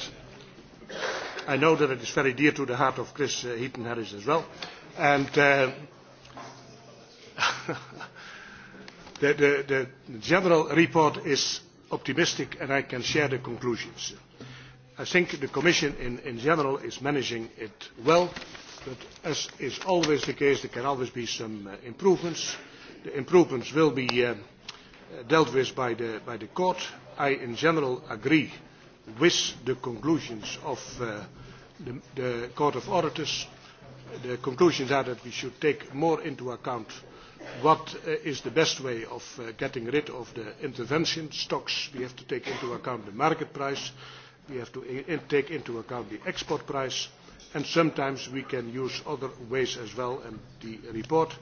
i know that it is very dear to the heart of chris heaton harris as well and the general report is optimistic and i can share the conclusions. i think the commission in general is managing it well but as is always the case there can always be some uh, improvements. the improvements will be uh, dealt with by the court. i in general agree with the conclusions of uh, the court of auditors. the conclusions are that we should take more into account what uh, is the best way of uh, getting rid of the intervention stocks. We have to take into account the market price. We have to uh, in take into account the export price. And sometimes we can use other ways as well. And the report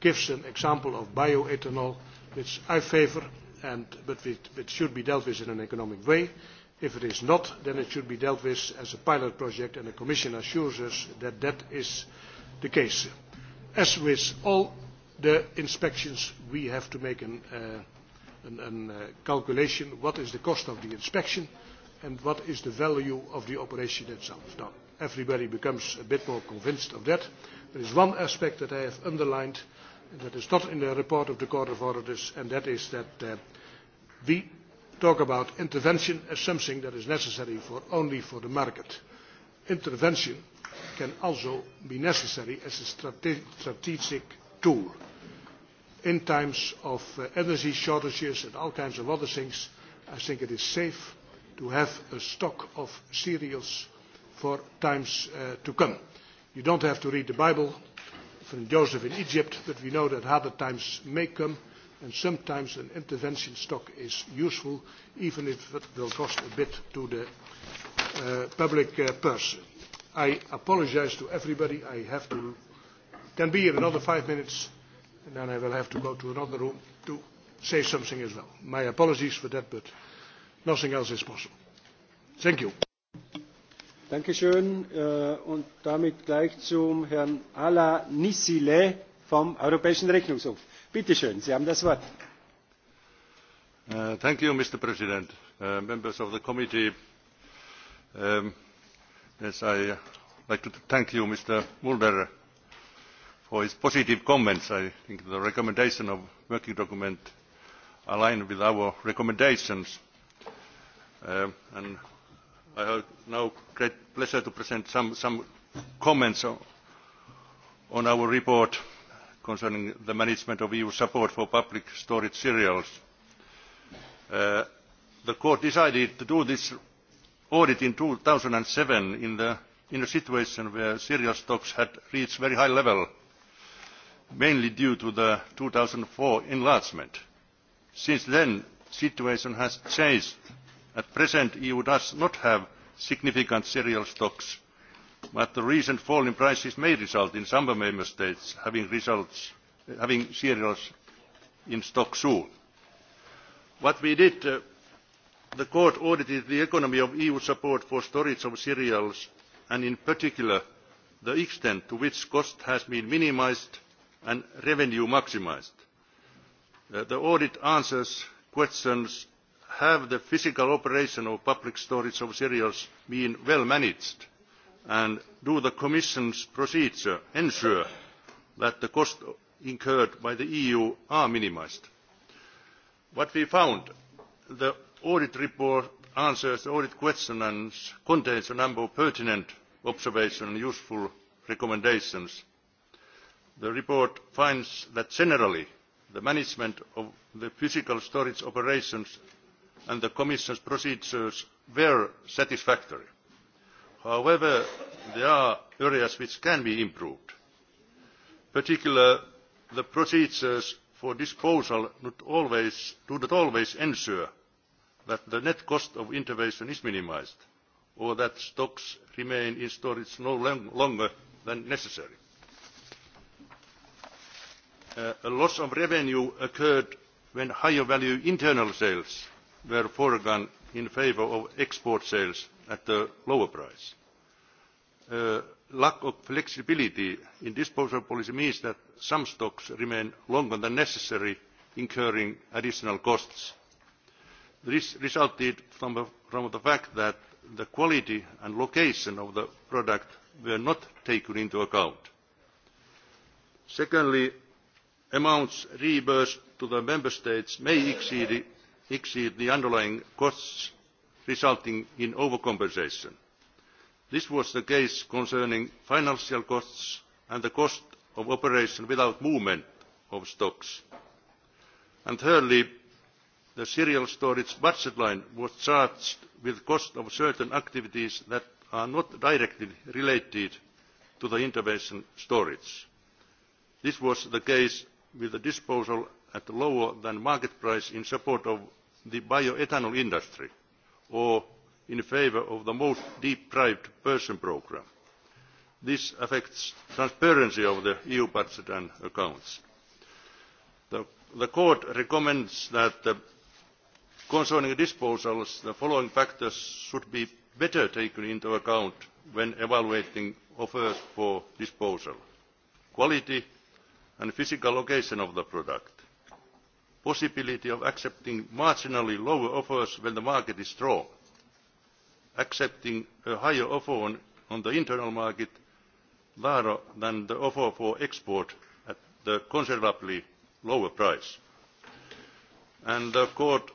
gives an example of bioethanol, which I favor, and, but which should be dealt with in an economic way. If it is not, then it should be dealt with as a pilot project, and the Commission assures us that that is the case. As with all the inspections we have to make a uh, uh, calculation of what is the cost of the inspection and what is the value of the operation itself. now everybody becomes a bit more convinced of that. there is one aspect that i have underlined and that is not in the report of the court of auditors and that is that uh, we talk about intervention as something that is necessary for only for the market. intervention can also be necessary as a strategic tool in times of uh, energy shortages and all kinds of other things i think it is safe to have a stock of cereals for times uh, to come. you don't have to read the bible from joseph in egypt but we know that harder times may come and sometimes an intervention stock is useful even if it will cost a bit to the uh, public uh, purse. I apologize to everybody. I have to can be here another five minutes, and then I will have to go to another room to say something as well. My apologies for that, but nothing else is possible. Thank you. Danke schön. Äh, und damit gleich zum Herrn Alain Nissile vom Europäischen Rechnungshof. Bitte schön, Sie haben das Wort. Uh, thank you, Mr. President. Uh, members of the committee, um, yes, I'd like to thank you, Mr. Mulder, for his positive comments. i think the recommendation of the working document aligns with our recommendations. Uh, i have now the great pleasure to present some comments on our report concerning the management of eu support for public storage cereals. Uh, the court decided to do this audit in two thousand and seven in a situation where cereal stocks had reached a very high level mainly due to the two thousand and four enlargement. since then the situation has changed. at present the eu does not have significant cereal stocks but the recent fall in prices may result in some member states having cereals in stock soon. what we did was uh, the court audited the economy of eu support for storage of cereals and in particular the extent to which cost has been minimised and revenue maximised. Uh, the audit answers questions have the physical operation of public storage of cereals been well managed and do the commission's procedures ensure that the costs incurred by the eu are minimised? what we found the audit report answers the audit questions and contains a number of pertinent observations and useful recommendations the report finds that generally the management of the physical storage operations and the commission's procedures were satisfactory. however there are areas which can be improved. in particular the procedures for disposal do not always ensure that the net cost of intervention is minimised or that stocks remain in storage no longer than necessary. Uh, a loss of revenue occurred when higher value internal sales were foregone in favour of export sales at a lower price. Uh, lack of flexibility in disposal policy means that some stocks remain longer than necessary incurring additional costs. this resulted from the fact that the quality and location of the product were not taken into account. secondly amounts reimbursed to the member states may exceed the underlying costs resulting in over compensation. this was the case concerning financial costs and the cost of operation without movement of stocks. thirdly the cereal storage budget line was charged with the cost of certain activities that are not directly related to the intervention storage. this was the case with the disposal at a lower than market price in support of the bioethanol industry or in favour of the most deprived person programme. this affects the transparency of the eu budget and accounts. the court recommends that uh, concerning disposals the following factors should be better taken into account when evaluating offers for disposal quality and physical location of the product; possibility of accepting marginally lower offers when the market is strong; accepting a higher offer on the internal market rather than the offer for export at the considerably lower price. And the court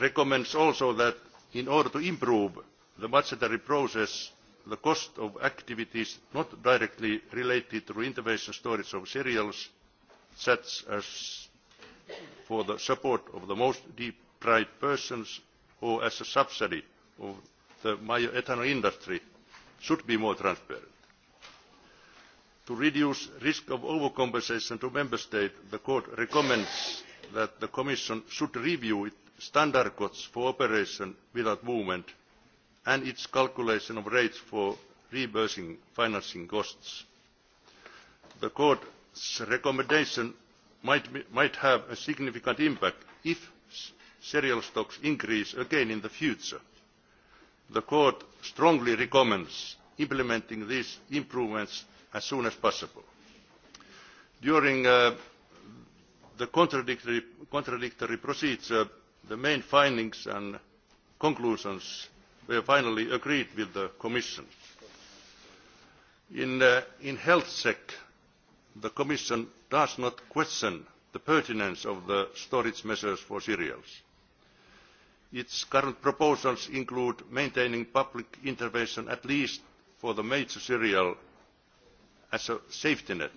recommends also that in order to improve the budgetary process the cost of activities not directly related to intervention storage of cereals such as for the support of the most deprived persons or as a subsidy of the bioethanol industry should be more transparent. To reduce risk of overcompensation to member states, the court recommends that the commission should review its standard costs for operation without movement and its calculation of rates for reimbursing financing costs. the court's recommendation might have a significant impact if cereal stocks increase again in the future. the court strongly recommends implementing these improvements as soon as possible. during uh, the contradictory, contradictory procedure, the main findings and conclusions finally agreed with the commission. in uh, healthsec the commission does not question the pertinence of the storage measures for cereals. its current proposals include maintaining public intervention at least for the major cereal as a safety net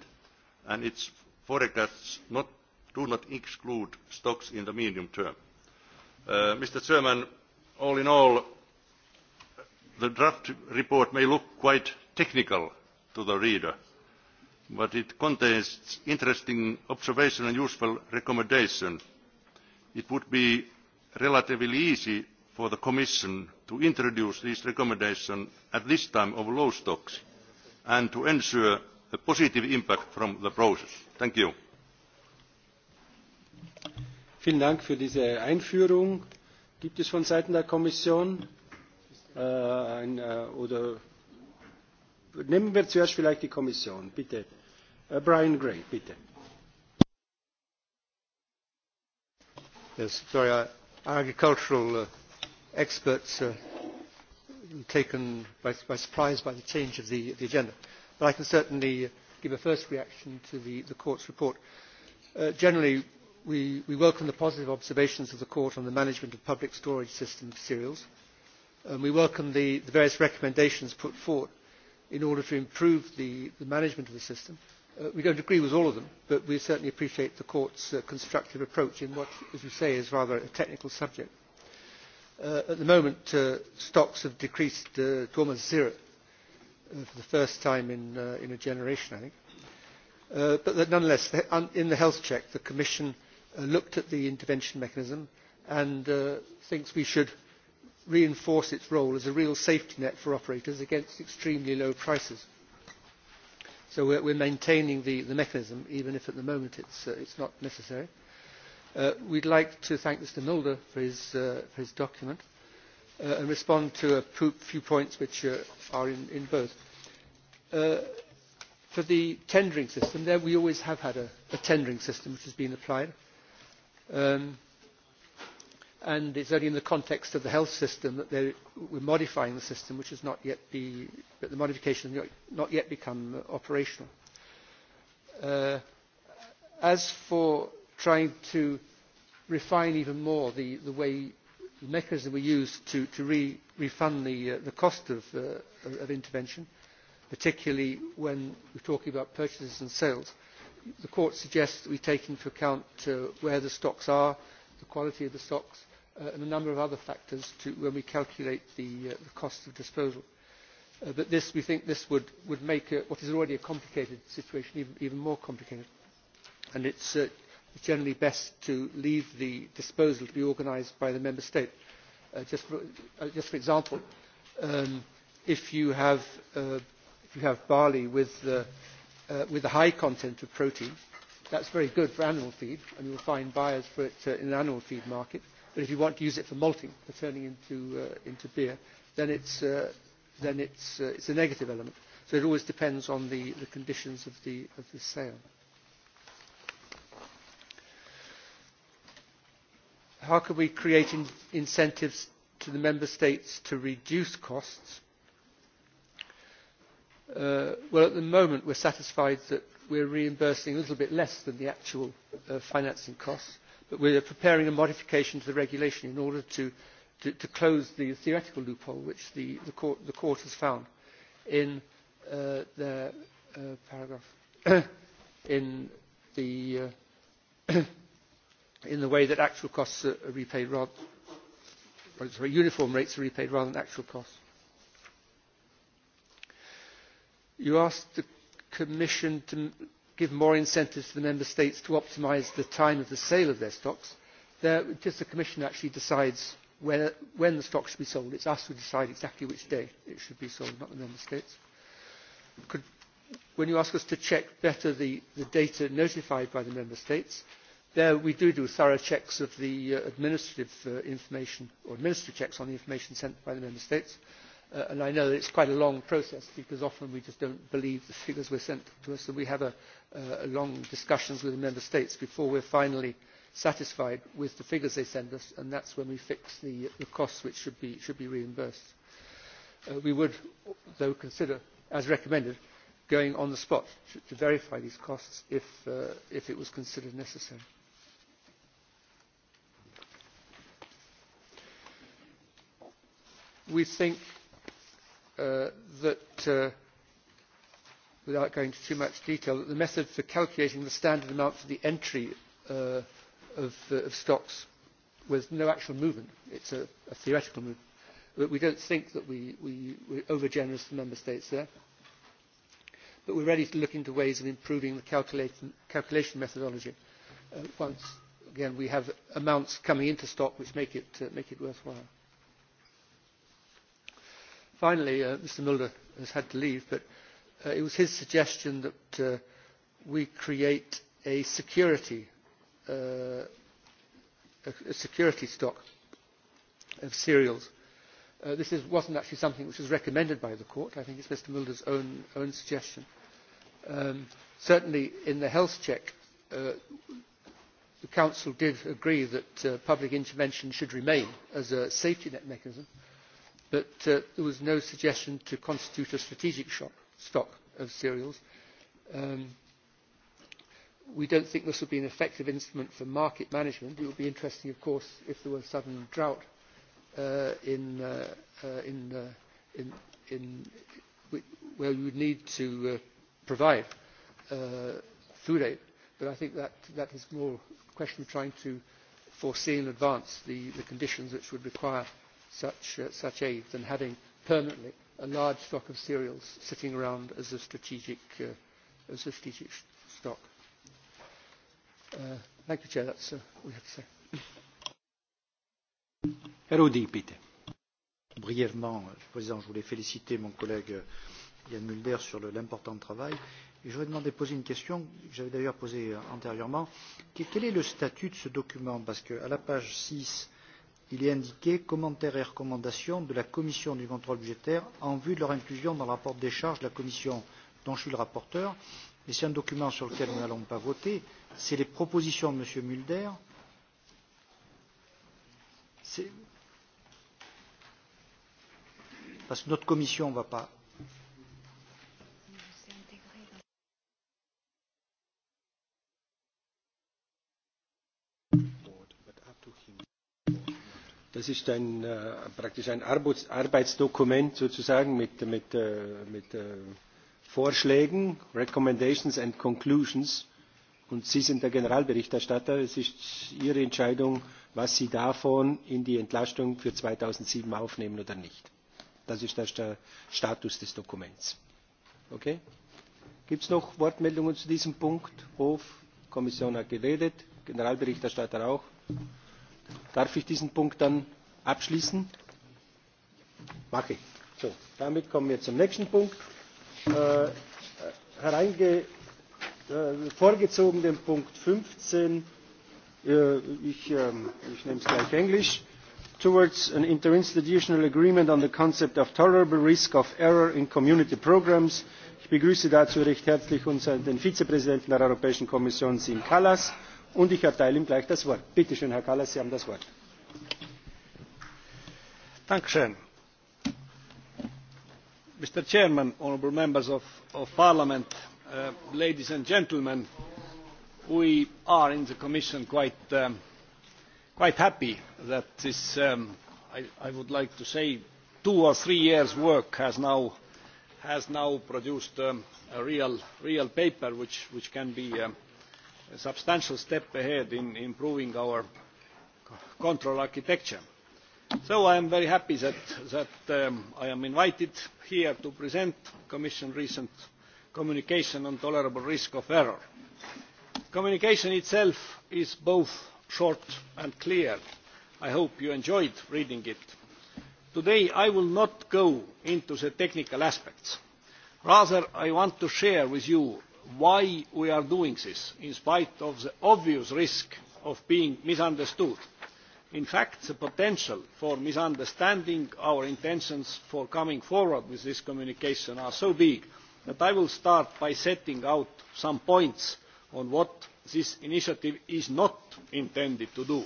and its forecasts not, do not exclude stocks in the medium term. Uh, all in all the draft report may look quite technical to the reader but it contains interesting observations and useful recommendations. it would be relatively easy for the commission to introduce these recommendations at this time of low stocks and to ensure a positive impact from the process. thank you. vielen dank für diese einführung. gibt es von seiten der kommission äh, ein, äh, oder nehmen wir zuerst vielleicht die Kommission. Bitte, äh, Brian Gray, bitte. Yes, sorry, uh, agricultural uh, experts uh, taken by, by surprise by the change of the, the agenda. But I can certainly give a first reaction to the, the court's report. Uh, generally, we, we welcome the positive observations of the court on the management of public storage systems cereals. Uh, we welcome the various recommendations put forward in order to improve the management of the system. Uh, we do not agree with all of them but we certainly appreciate the court's uh, constructive approach in what as you say is rather a technical subject. Uh, at the moment stocks have decreased to almost zero for the first time in a generation i think. but nonetheless in the health check the commission looked at the intervention mechanism and thinks we should reinforce its role as a real safety net for operators against extremely low prices. So we are maintaining the, the mechanism, even if at the moment it is uh, it's not necessary. Uh, we would like to thank Mr Mulder for his, uh, for his document uh, and respond to a few points which uh, are in, in both. Uh, for the tendering system, there we always have had a, a tendering system which has been applied. Um, and it is only in the context of the health system that we are modifying the system which has not yet but the modification has not yet become operational. Uh, as for trying to refine even more the way the mechanism we use to to re refund the uh, the cost of uh, of intervention particularly when we're talking about purchases and sales the court suggests that we take into account uh, where the stocks are the quality of the stocks Uh, and a number of other factors when we calculate the uh, cost of disposal. Uh, but we think this would make what is already a complicated situation even more complicated and it is generally best to leave the disposal to be organised by the member state. just for example um, if you have barley with a high content of protein that is very good for animal feed and you will find buyers for it in the animal feed market but if you want to use it for malting for turning into uh, beer then it uh, is uh, a negative element so it always depends on the conditions of the sale. How can we create in incentives to the member states to reduce costs? Uh, well, at the moment, we're satisfied that we're reimbursing a little bit less than the actual uh, financing costs we are preparing a modification to the regulation in order to close the theoretical loophole which the court has found uh, uh, uh, in the way that actual costs are repaid rather than uniform rates are repaid rather than actual costs. you asked the commission give more incentives to the member states to optimise the time of the sale of their stocks. it is the commission that actually decides when the stocks should be sold. it is us who decide exactly which day it should be sold not the member states. when you ask us to check better the, the data notified by the member states there we do do thorough checks of the uh, administrative uh, information or administrative checks on the information sent by the member states. Uh, and i know it is quite a long process because often we just do not believe the figures we are sent to us and we have uh, long discussions with the member states before we are finally satisfied with the figures they send us and that is when we fix the costs which should be reimbursed. Uh, we would though consider as recommended going on the spot to verify these costs if it was considered necessary. we think Uh, that uh, without going into too much detail the method for calculating the standard amount for the entry uh, of stocks with no actual movement it's a theoretical move but we don't think that we we we're over generous to member states there but we're ready to look into ways of improving the calculation calculation methodology uh, once again we have amounts coming into stock which make it uh, make it worthwhile finally uh, mr mulder has had to leave but uh, it was his suggestion that uh, we create a security stock of cereals. this was not actually something which was recommended by the court i think it is mr mulder's own suggestion. Um, certainly in the health check the council did agree that public intervention should remain as a safety net mechanism but uh, there was no suggestion to constitute a strategic stock of cereals. Um, we do not think this would be an effective instrument for market management. it would be interesting of course if there were a sudden drought uh, uh, where you would need to provide food aid but i think that is more a question of trying to foresee in advance the conditions which would require such, uh, such aids and having permanently a large stock of cereals sitting around as a strategic, uh, as a strategic stock. Uh, thank you, Chair. That's uh, all we have to say. Brièvement, euh, Monsieur le Président, je voulais féliciter mon collègue euh, Yann Mulder sur l'important travail. Et je voudrais demander de poser une question que j'avais d'ailleurs posée euh, antérieurement. Quel est le statut de ce document Parce qu'à la page 6, euh, il est indiqué commentaires et recommandations de la commission du contrôle budgétaire en vue de leur inclusion dans le rapport des charges de la commission dont je suis le rapporteur et c'est un document sur lequel nous n'allons pas voter c'est les propositions de m. mulder parce que notre commission ne va pas das ist ein, äh, praktisch ein Arbeits Arbeitsdokument sozusagen mit, mit, äh, mit äh, Vorschlägen, Recommendations and Conclusions. Und Sie sind der Generalberichterstatter. Es ist Ihre Entscheidung, was Sie davon in die Entlastung für 2007 aufnehmen oder nicht. Das ist der Status des Dokuments. Okay? Gibt es noch Wortmeldungen zu diesem Punkt? Hof, Kommission hat geredet, Generalberichterstatter auch darf ich diesen punkt dann abschließen? mache ich. So, damit kommen wir zum nächsten punkt. Äh, äh, vorgezogen den punkt 15. Äh, ich, äh, ich nehme es gleich englisch. towards an interinstitutional agreement on the concept of tolerable risk of error in community programs. ich begrüße dazu recht herzlich unseren, den vizepräsidenten der europäischen kommission, sim kallas und ich erteile ihm gleich das wort. bitte schön herr kallas sie haben das wort. mr chairman honourable members of, of parliament uh, ladies and gentlemen we are in the commission quite, um, quite happy that this um, I, I would like to say two or three years work has now, has now produced um, a real, real paper which, which can be um, substantial step ahead in improving our control architecture. So I am very happy that, that um, I am invited here to present Commission recent communication on tolerable risk of error. Communication itself is both short and clear. I hope you enjoyed reading it. Today I will not go into the technical aspects. Rather, I want to share with you why we are doing this in spite of the obvious risk of being misunderstood. in fact the potential for misunderstanding our intentions for coming forward with this communication is so big that i will start by setting out some points on what this initiative is not intended to do.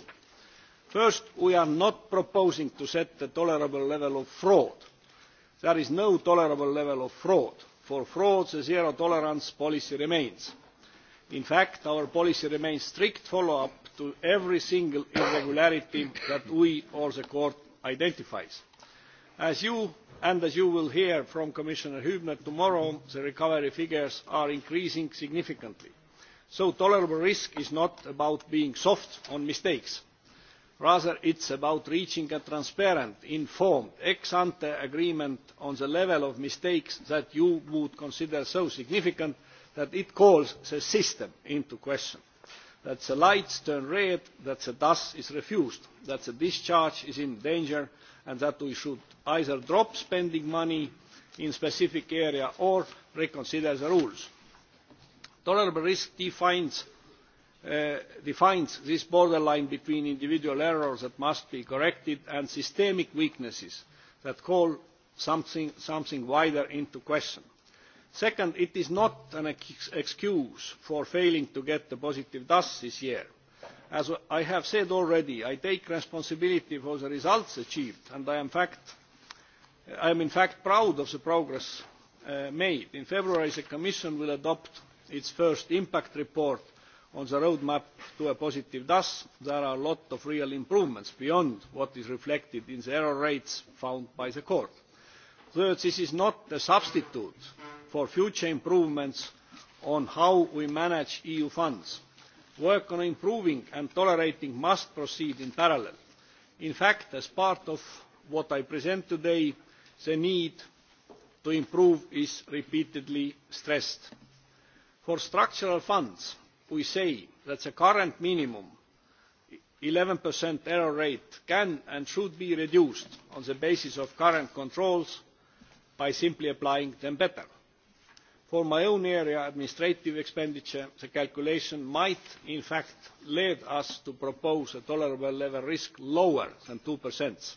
first we are not proposing to set a tolerable level of fraud. there is no tolerable level of fraud for frauds a zero tolerance policy remains. In fact, our policy remains strict follow up to every single irregularity that we or the court identifies. As you and as you will hear from Commissioner Hübner tomorrow, the recovery figures are increasing significantly. So tolerable risk is not about being soft on mistakes rather it is about reaching a transparent informed ex ante agreement on the level of mistakes that you would consider so significant that it calls the system into question that the lights turn red that the gas is refused that the discharge is in danger and that we should either drop spending money in a specific area or reconsider the rules. tolerable risk defines Uh, defines this borderline between individual errors that must be corrected and systemic weaknesses that call something, something wider into question. Second, it is not an ex excuse for failing to get the positive dust this year. As I have said already, I take responsibility for the results achieved and I am, fact, I am in fact proud of the progress uh, made. In February, the Commission will adopt its first impact report on the roadmap to a positive DAS, there are a lot of real improvements beyond what is reflected in the error rates found by the court. Third, this is not a substitute for future improvements on how we manage EU funds. Work on improving and tolerating must proceed in parallel. In fact, as part of what I present today, the need to improve is repeatedly stressed. For structural funds, we say that the current minimum 11% error rate can and should be reduced on the basis of current controls by simply applying them better. For my own area, administrative expenditure, the calculation might in fact lead us to propose a tolerable level risk lower than 2%.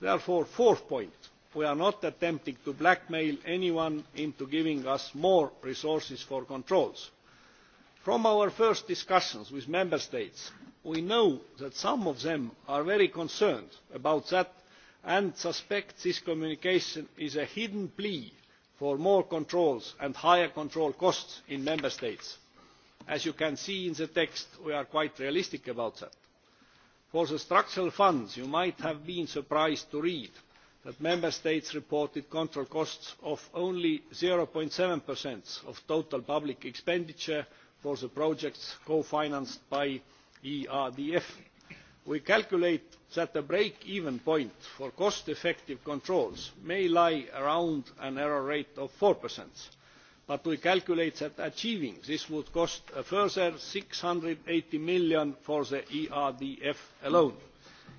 Therefore, fourth point, we are not attempting to blackmail anyone into giving us more resources for controls from our first discussions with member states we know that some of them are very concerned about that and suspect this communication is a hidden plea for more controls and higher control costs in member states. As you can see in the text, we are quite realistic about that. For the structural funds, you might have been surprised to read that member states reported control costs of only 0.7% of total public expenditure for the projects co financed by the erdf. we calculate that the break even point for cost effective controls may lie around an error rate of four but we calculate that achieving this would cost a further eur six hundred and eighty million for the erdf alone.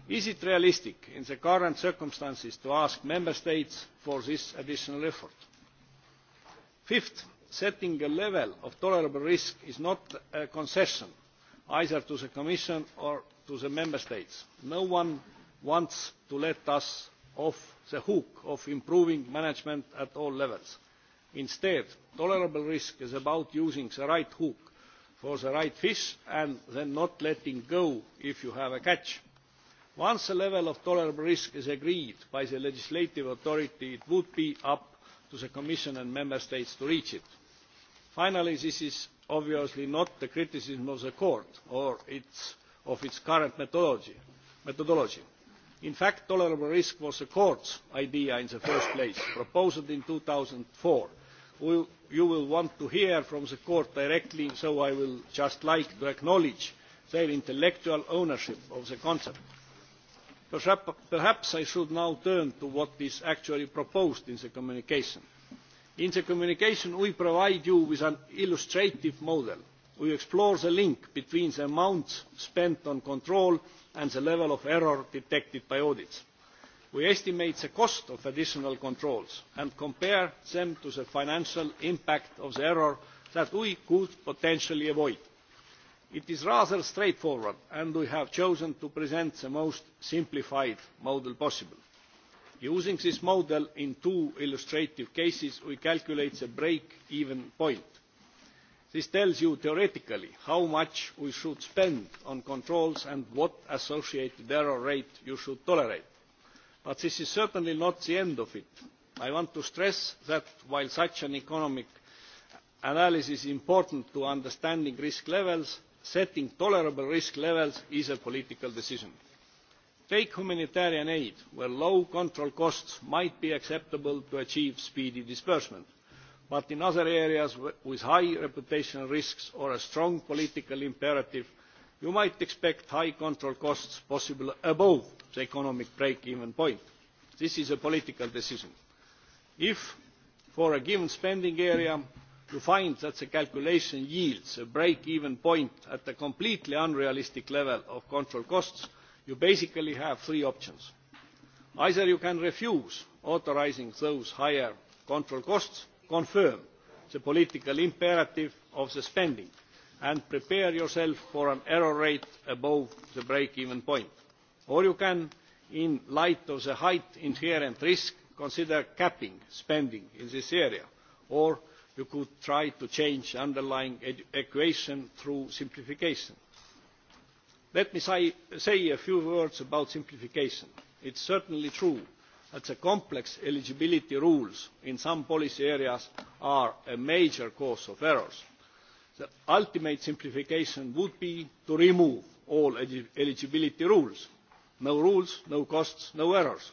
is it realistic in the current circumstances to ask member states for this additional effort? fifthly setting a level of tolerable risk is not a concession either to the commission or to the member states. no one wants to let us off the hook of improving management at all levels. instead tolerable risk is about using the right hook for the right fish and then not letting go if you have a catch. once a level of tolerable risk is agreed by the legislative authority it would be up to the commission and member states to reach finally this is obviously not a criticism of the court or of its current methodology. in fact tolerable risk was the court's idea in the first place proposed in. two thousand and four we'll, you will want to hear from the court directly so i will just like to acknowledge their intellectual ownership of the concept. perhaps i should now turn to what is actually proposed in the communication in the communication we provide you with an illustrative model. we explore the link between the amount spent on control and the level of error detected by audits. we estimate the cost of additional controls and compare them to the financial impact of the error that we could potentially avoid. it is rather straightforward and we have chosen to present the most simplified model possible using this model in two illustrative cases we calculate the break even point. this tells you theoretically how much we should spend on controls and what associated error rate you should tolerate. but this is certainly not the end of it. i want to stress that while such an economic analysis is important to understanding risk levels setting tolerable risk levels is a political decision take humanitarian aid where low control costs might be acceptable to achieve speedy disbursement. But in other areas with high reputational risks or a strong political imperative, you might expect high control costs possible above the economic break-even point. This is a political decision. If, for a given spending area, you find that the calculation yields a break-even point at a completely unrealistic level of control costs, you basically have three options either you can refuse authorising those higher control costs confirm the political imperative of the spending and prepare yourself for an error rate above the break even point or you can in light of the high inherent risk consider capping spending in this area or you could try to change the underlying equation through simplification let me say a few words about simplification. it is certainly true that the complex eligibility rules in some policy areas are a major cause of errors. the ultimate simplification would be to remove all eligibility rules no rules no costs no errors.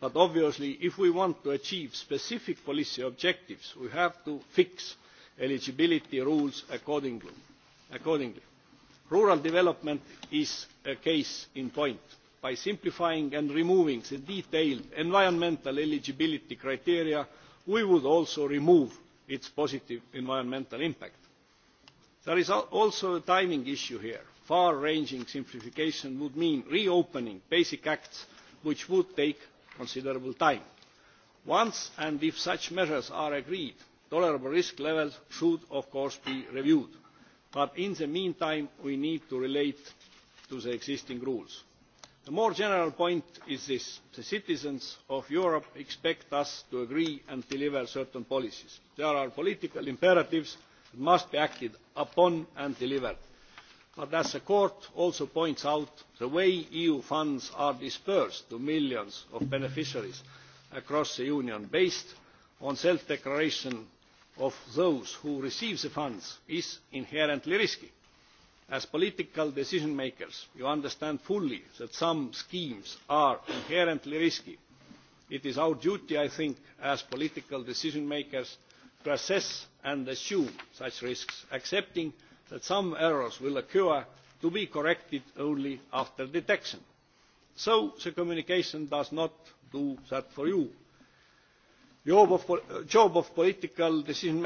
but obviously if we want to achieve specific policy objectives we have to fix eligibility rules accordingly rural development is a case in point. by simplifying and removing the detailed environmental eligibility criteria we would also remove its positive environmental impact. there is also a timing issue here. far ranging simplification would mean reopening basic acts which would take considerable time. once and if such measures are agreed tolerable risk levels should of course be reviewed but in the meantime we need to relate to the existing rules. the more general point is this the citizens of europe expect us to agree and deliver certain policies. there are political imperatives that must be acted upon and delivered but as the court also points out the way eu funds are dispersed to millions of beneficiaries across the union based on self declaration of those who receive the funds is inherently risky. As political decision makers, you understand fully that some schemes are inherently risky. It is our duty, I think, as political decision makers, to assess and assume such risks, accepting that some errors will occur to be corrected only after detection. So the communication does not do that for you job of political decision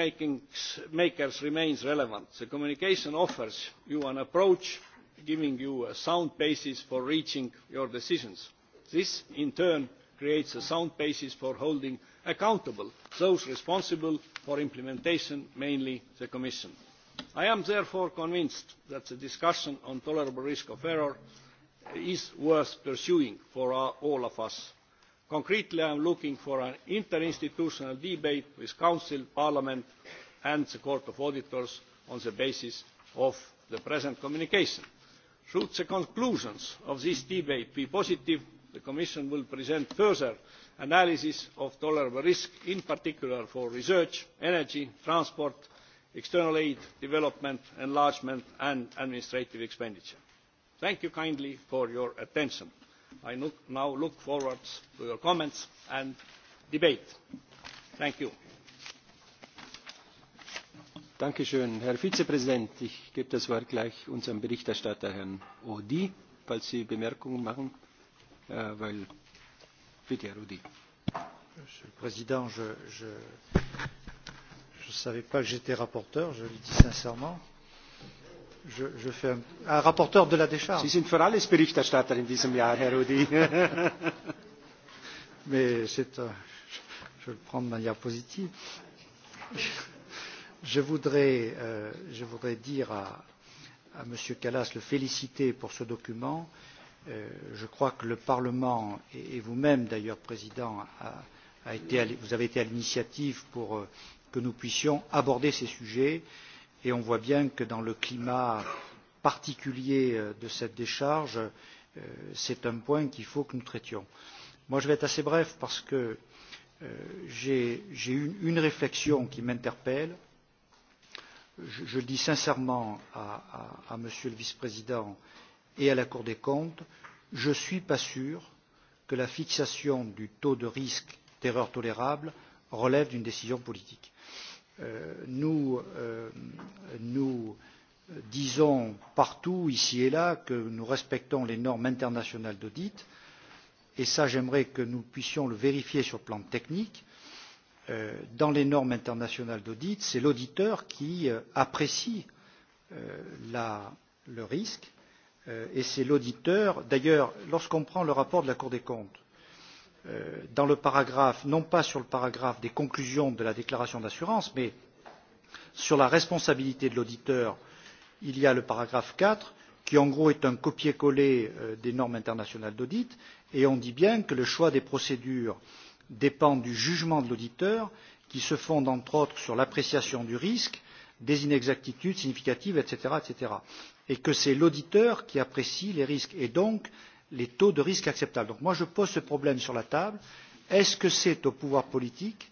makers remains relevant. the communication offers you an approach giving you a sound basis for reaching your decisions. this in turn creates a sound basis for holding accountable those responsible for implementation mainly the commission. i am therefore convinced that the discussion on tolerable risk of error is worth pursuing for all of concretely i am looking for an interinstitutional debate with the council parliament and the court of auditors on the basis of the present communication. should the conclusions of this debate be positive the commission will present further analysis of tolerable risk in particular for research energy transport external aid development enlargement and administrative expenditure. thank you kindly for your attention i now look forward to your comments and debate. thank you. Danke schön. Herr Vizepräsident, ich gebe das Wort gleich unserem Berichterstatter, Herrn Odi, falls Sie Bemerkungen machen. Äh, weil Bitte, Herr Odi. Monsieur le Président, je ne savais pas que j'étais rapporteur, je le dis sincèrement. Euh, je fais un, un rapporteur de la décharge. Sie sind für alles Berichterstatter in diesem Jahr, Herr Rudi. Mais c'est, euh, je, je vais le prendre de manière positive. Je voudrais, euh, je voudrais dire à, à M. Callas le féliciter pour ce document. Euh, je crois que le Parlement, et, et vous-même d'ailleurs, Président, a, a été à, vous avez été à l'initiative pour euh, que nous puissions aborder ces sujets. Euh, et on voit bien que dans le climat particulier euh, de cette décharge euh, c'est un point qu'il faut que nous traitions. Moi, je vais être assez bref parce que euh, j'ai une, une réflexion qui m'interpelle. Je, je le dis sincèrement à, à, à Monsieur le Vice-président et à la Cour des comptes, je ne suis pas sûr que la fixation du taux de risque d'erreur tolérable relève d'une décision politique euh, nous, euh, nous disons partout, ici et là, que nous respectons les normes internationales d'audit, et ça j'aimerais que nous puissions le vérifier sur le plan technique. Euh, dans les normes internationales d'audit, c'est l'auditeur qui euh, apprécie euh, la, le risque, euh, et c'est l'auditeur d'ailleurs, lorsqu'on prend le rapport de la Cour des comptes, Euh, dans le paragraphe non pas sur le paragraphe des conclusions de la déclaration d'assurance mais sur la responsabilité de l'auditeur il y a le paragraphe quatre qui en gros est un copier coller euh, des normes internationales d'audit et on dit bien que le choix des procédures dépend du jugement de l'auditeur qui se fonde entre autres sur l'appréciation du risque des inexactitudes significatives etc. etc. et que c'est l'auditeur qui apprécie les risques et donc qui les taux de risque acceptables. donc je pose ce problème sur la table est ce que c'est au pouvoir politique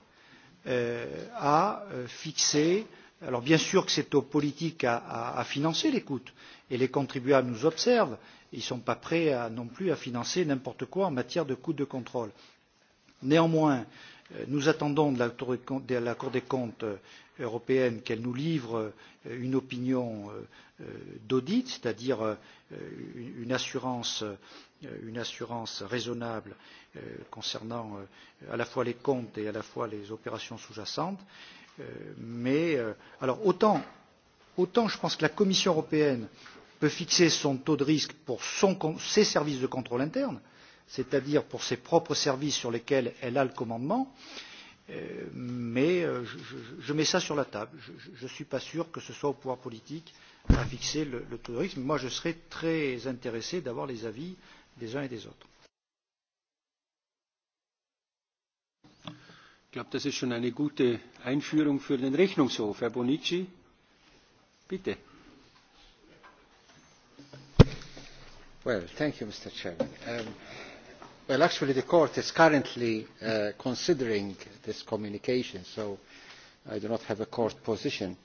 euh, à euh, fixer alors bien sûr que c'est aux politiques à, à, à financer l'écoute et les contribuables nous observent ils ne sont pas prêts à, non plus à financer n'importe quoi en matière de coûts de contrôle. néanmoins euh, nous attendons de la, tour des comptes, de la Cour des comptes européenne qu'elle nous livre une opinion d'audit, c'est à dire une assurance Euh, une assurance raisonnable euh, concernant euh, à la fois les comptes et à la fois les opérations sous jacentes. Mais alors autant, autant je pense que la Commission européenne peut fixer son taux de risque pour son, ses services de contrôle interne, c'est à dire pour ses propres services sur lesquels elle a le commandement, mais je, je, je mets ça sur la table. Je ne suis pas sûr que ce soit au pouvoir politique à fixer le, le taux de risque. Moi, je serais très intéressé d'avoir les avis des uns et des autres. Ich glaube, das ist schon eine gute Einführung für den Rechnungshof. Herr Bonici, bitte. Well, thank you, Mr. Chairman. Um, well, actually, the court is currently uh, considering this communication, so I do not have a court position.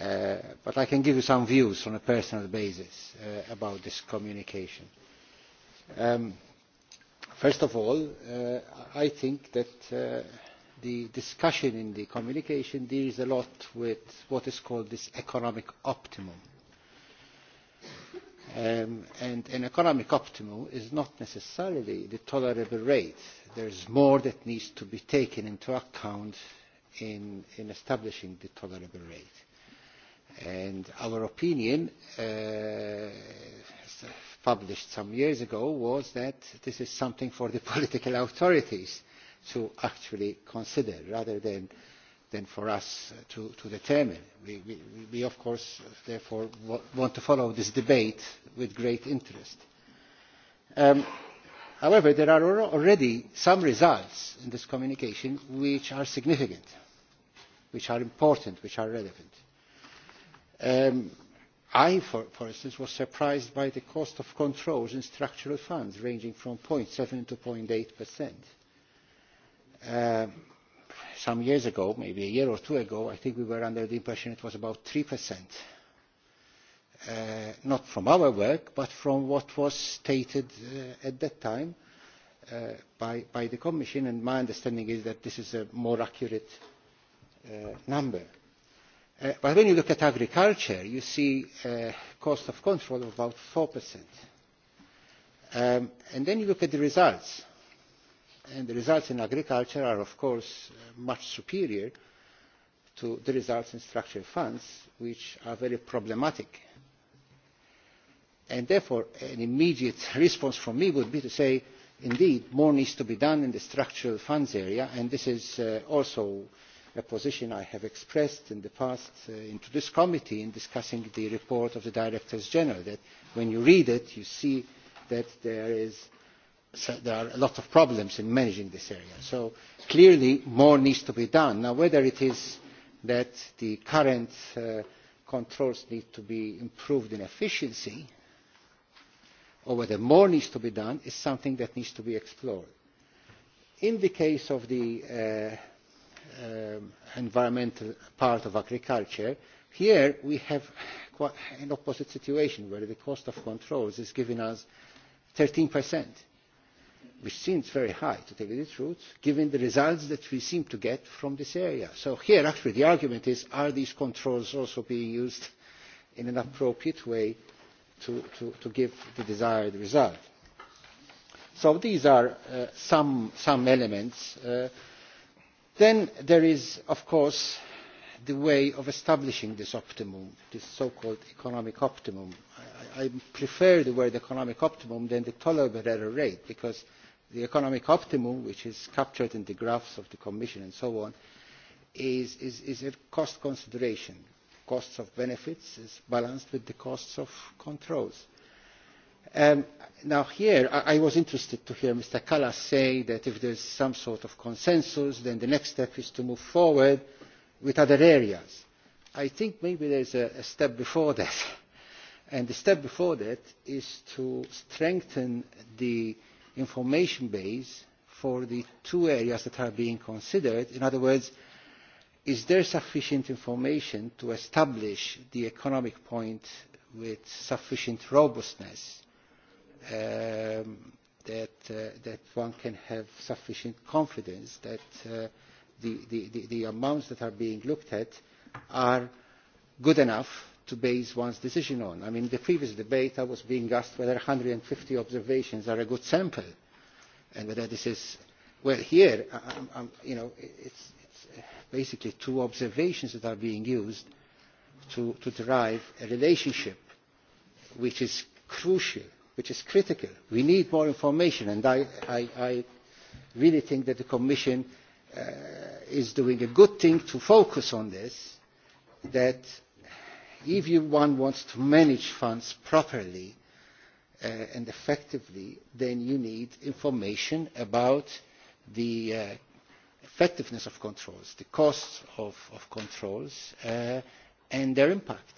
Uh, but I can give you some views on a personal basis uh, about this communication. Um, first of all uh, i think that uh, the discussion in the communication deals a lot with what is called the economic optimum um, and an economic optimum is not necessarily the tolerable rate there is more that needs to be taken into account in establishing the tolerable rate. And our opinion, uh, published some years ago, was that this is something for the political authorities to actually consider rather than, than for us to, to determine. We, we, we, of course, therefore want to follow this debate with great interest. Um, however, there are already some results in this communication which are significant, which are important, which are relevant. Um, I, for, for instance, was surprised by the cost of controls in structural funds ranging from 0.7 to 0.8 percent. Um, some years ago, maybe a year or two ago, I think we were under the impression it was about 3 percent. Uh, not from our work, but from what was stated uh, at that time uh, by, by the Commission, and my understanding is that this is a more accurate uh, number. Uh, but when you look at agriculture you see a uh, cost of control of about four um, and then you look at the results and the results in agriculture are of course uh, much superior to the results in structural funds which are very problematic and therefore an immediate response from me would be to say indeed more needs to be done in the structural funds area and this is also a position i have expressed in the past uh, in this committee in discussing the report of the directors general that when you read it you see that there, is, so there are a lot of problems in managing this area. so clearly more needs to be done. now whether it is that the current uh, controls need to be improved in efficiency or whether more needs to be done is something that needs to be explored. in the case of the uh, Um, environmental part of agriculture here we have an opposite situation where the cost of controls is giving us thirteen which seems very high to tell you the truth given the results that we seem to get from this area. so here actually the argument is are these controls also being used in an appropriate way to, to, to give the desired result? so these are uh, some, some elements uh, then there is of course the way of establishing this optimum this so called economic optimum. i prefer the word economic optimum' rather than the tolerable error rate' because the economic optimum which is captured in the graphs of the commission and so on is a cost consideration costs of benefits balanced with the costs of controls. Um, here i was interested to hear mr kallas say that if there is some sort of consensus then the next step is to move forward with other areas. i think maybe there is a step before that and the step before that is to strengthen the information base for the two areas that are being considered. in other words is there sufficient information to establish the economic point with sufficient robustness um, that uh, that one can have sufficient confidence that uh, the, the, the the amounts that are being looked at are good enough to base one's decision on. I mean, in the previous debate, I was being asked whether 150 observations are a good sample, and whether this is well. Here, I'm, I'm, you know, it's, it's basically two observations that are being used to to derive a relationship, which is crucial which is critical. we need more information and i really think that the commission uh, is doing a good thing to focus on this that if one wants to manage funds properly uh, and effectively, then you need information about the uh, effectiveness of controls, the costs of, of controls, uh, and their impact.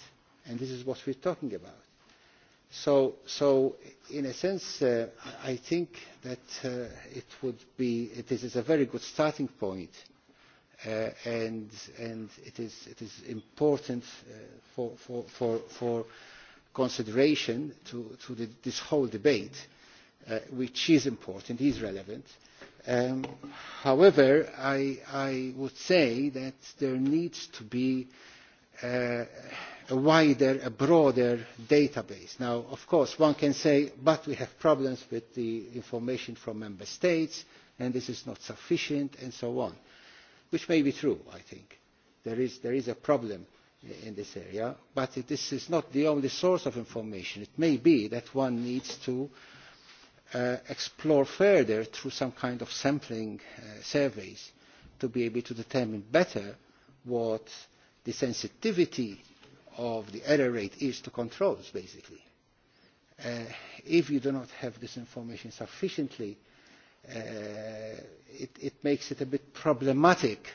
And this is what we're talking about so in a sense uh, i think that uh, it would be this is a very good starting point uh, and and it is it is important for for for consideration to to the, this whole debate uh, which is important is relevant um, however i i would say that there needs to be uh, a wider a broader database. now of course one can say but we have problems with the information from member states and this is not sufficient and so on which may be true i think there is a problem in this area but this is not the only source of information. it may be that one needs to uh, explore further through some kind of sampling uh, surveys to be able to determine better what the sensitivity of the error rate is to controls, basically. Uh, if you do not have this information sufficiently, uh, it, it makes it a bit problematic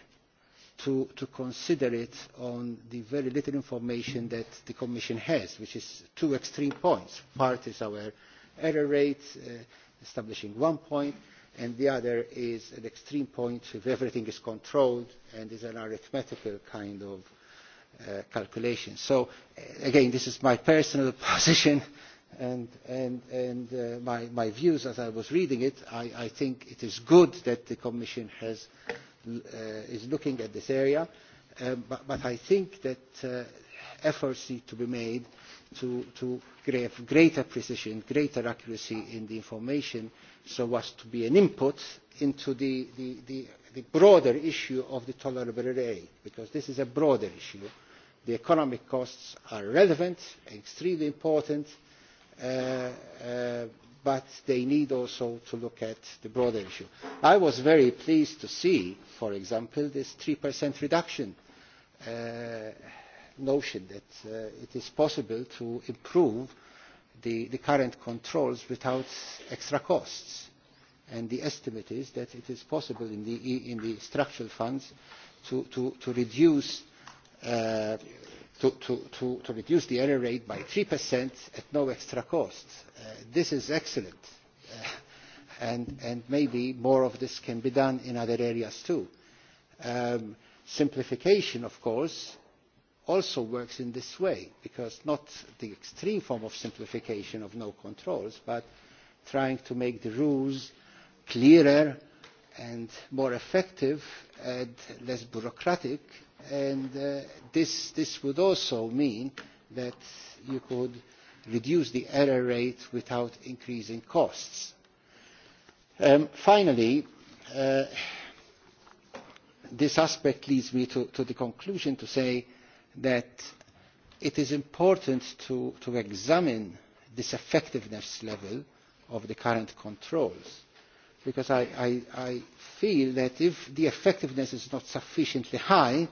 to, to consider it on the very little information that the Commission has, which is two extreme points. Part is our error rate, uh, establishing one point, and the other is an extreme point if everything is controlled and is an arithmetical kind of Uh, calculations. Uh, again this is my personal position and uh, my views as i was reading it. i think it is good that the commission is looking at this area um, but i think that efforts need to be made to have greater precision greater accuracy in the information so as to be an input into the broader issue of the tolerable array because this is a broader issue the economic costs are relevant and extremely important uh, uh, but they need also to look at the broader issue. i was very pleased to see for example this three percent reduction uh, notion that it is possible to improve the, the current controls without extra costs and the estimate is that it is possible in the, e, in the structural funds to, to, to reduce Uh, to reduce the error rate by three percent at no extra cost. Uh, this is excellent uh, and maybe more of this can be done in other areas too. Um, simplification of course also works in this way because not the extreme form of simplification of no controls but trying to make the rules clearer and more effective and less bureaucratic and uh, this would also mean that you could reduce the error rate without increasing costs. Um, finally uh, this aspect leads me to the conclusion to say that it is important to examine this effectiveness level of the current controls because i feel that if the effectiveness is not sufficiently high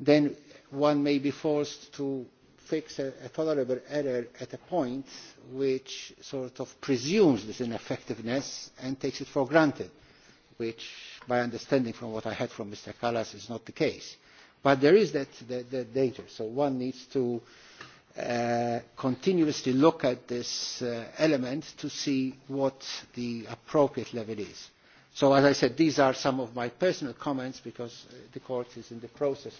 then one may be forced to fix a tolerable error at a point which sort of presumes this ineffectiveness and takes it for granted which my understanding from what i heard from mr kallas is not the case. but there is that, that, that danger so one needs to uh, continuously look at this uh, element to see what the appropriate level is so as i said these are some of my personal comments because uh, the court is in the process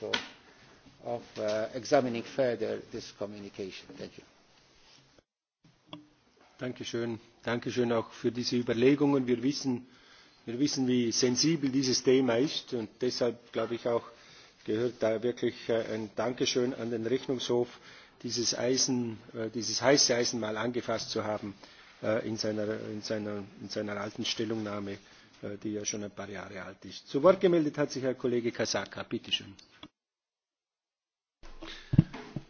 of uh, examining further this communication. thank you. Danke schön. Danke schön auch für diese Überlegungen. Wir wissen, wir wissen, wie sensibel dieses Thema ist und deshalb glaube ich auch gehört da wirklich äh, ein Dankeschön an den Rechnungshof, dieses Eisen, äh, dieses heiße Eisen mal angefasst zu haben äh, in seiner, in seiner, in seiner alten Stellungnahme. Äh, die ja schon ein paar Jahre alt ist. Zu Wort gemeldet hat sich Herr Kollege Kasaka. Bitte schön.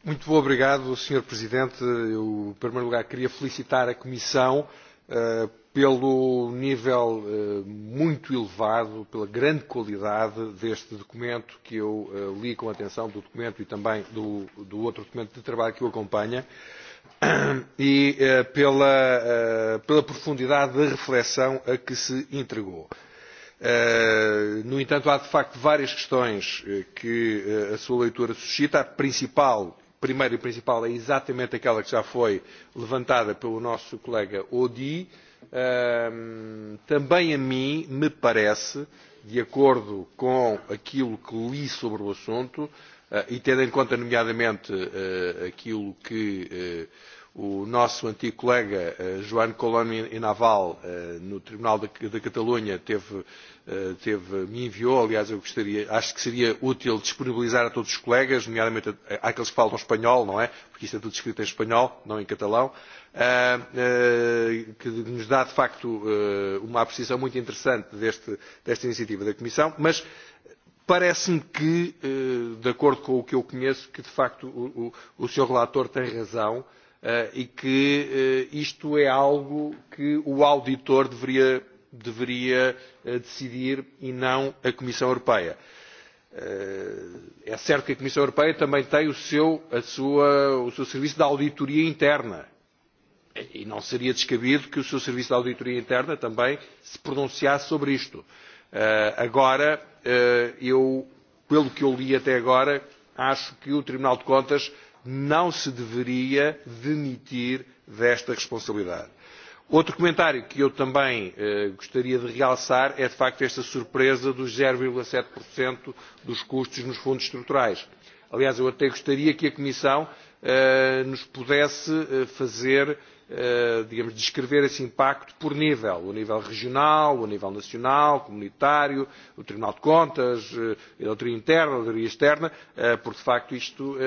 Muito obrigado, Sr. Presidente. Eu, em primeiro lugar, queria felicitar a Comissão uh, pelo nível uh, muito elevado, pela grande qualidade deste documento que eu uh, li com atenção, do documento e também do, do outro documento de trabalho que o acompanha. Uh, e eh, pela eh, pela profundidade da reflexão a que se entregou. Eh, no entanto há de facto várias questões que a sua leitura suscita. a principal a primeira e principal é exatamente aquela que já foi levantada pelo nosso colega audy também a mim me parece de acordo com aquilo que li sobre o assunto Eh, e tendo em conta nomeadamente eh, aquilo que eh, o nosso antigo colega joan colón i naval no tribunal da catalunha me enviou aliás eu acho que seria útil disponibilizar a todos os colegas nomeadamente àqueles que falam espanhol não é porque isto é tudo escrito em espanhol não em catalão que nos dá de facto uma apreciação muito interessante deste, desta iniciativa da comissão mas parece me que eh, de acordo com o que eu conheço que de facto o, o, o seu relator tem razão uh, e que uh, isto é algo que o auditor deveria, deveria uh, decidir e não a Comissão Europeia. Uh, é certo que a Comissão Europeia também tem o seu, a sua, o seu serviço de auditoria interna. E não seria descabido que o seu serviço de auditoria interna também se pronunciasse sobre isto. Eh, agora eh, pelo que eu li até agora acho que o tribunal de contas não se deveria demitir desta responsabilidade. outro comentário que eu também eh, gostaria de realçar é de facto esta surpresa dos zero sete dos custos nos fundos estruturais. aliás eu até gostaria que a comissão nos pudesse fazer Eh, digamos, descrever esse impacto por nível, o nível regional, o nível nacional, comunitário, o Tribunal de Contas, eh, a Doutrina Interna, a Doutrina Externa, eh, porque de facto isto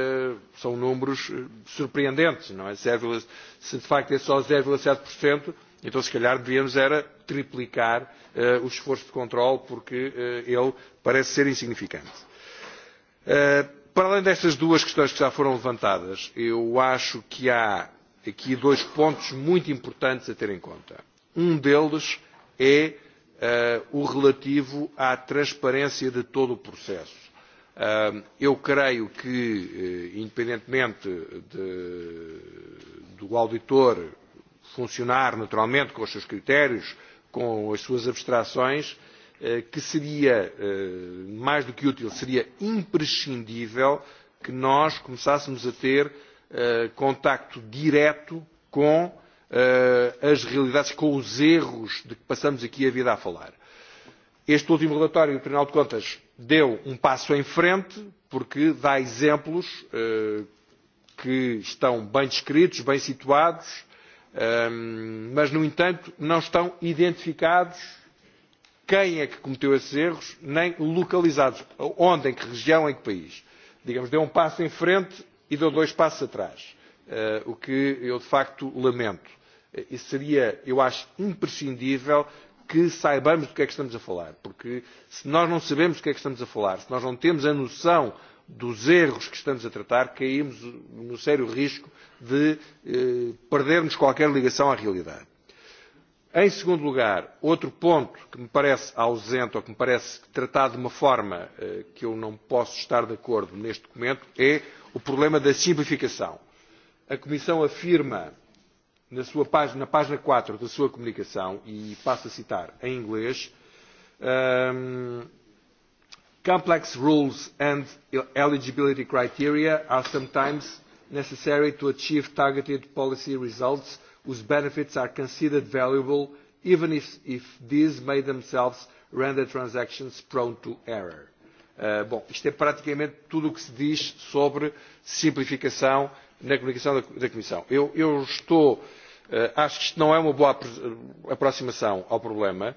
são números surpreendentes, não é? Se de facto é só 0,7%, então se calhar devíamos era triplicar o esforço de controle, porque ele parece ser insignificante. Para além destas duas questões que já foram levantadas, eu acho que há aqui dois pontos muito importantes a ter em conta. Um deles é uh, o relativo à transparência de todo o processo. Uh, eu creio que, uh, independentemente de, do auditor funcionar naturalmente com os seus critérios, com as suas abstrações, eh, que seria mais do que útil, seria imprescindível que nós começássemos a ter Eh, contacto direto com uh, as realidades, com os erros de que passamos aqui a vida a falar. Este último relatório, o Tribunal de Contas, deu um passo em frente porque dá exemplos uh, que estão bem descritos, bem situados, uh, mas, no entanto, não estão identificados quem é que cometeu esses erros, nem localizados onde, em que região, em que país. Digamos, deu um passo em frente e deu dois passos atrás eh, o que eu de facto lamento e seria eu acho imprescindível que saibamos do que é que estamos a falar porque se nós não sabemos do que é que estamos a falar se nós não temos a noção dos erros que estamos a tratar caímos no sério risco de eh, perdermos qualquer ligação à realidade em segundo lugar outro ponto que me parece ausente ou que me parece tratado de uma forma eh, que eu não posso estar de acordo neste momento é o problema da simplificação. A Comissão afirma na, sua página, na página 4 da sua comunicação, e passo a citar em inglês, um, Complex rules and eligibility criteria are sometimes necessary to achieve targeted policy results whose benefits are considered valuable even if, if these may themselves render transactions prone to error. Uh, bom, isto é praticamente tudo o que se diz sobre simplificação na comunicação da, da Comissão. Eu, eu estou, uh, acho que isto não é uma boa eh, aproximação ao problema.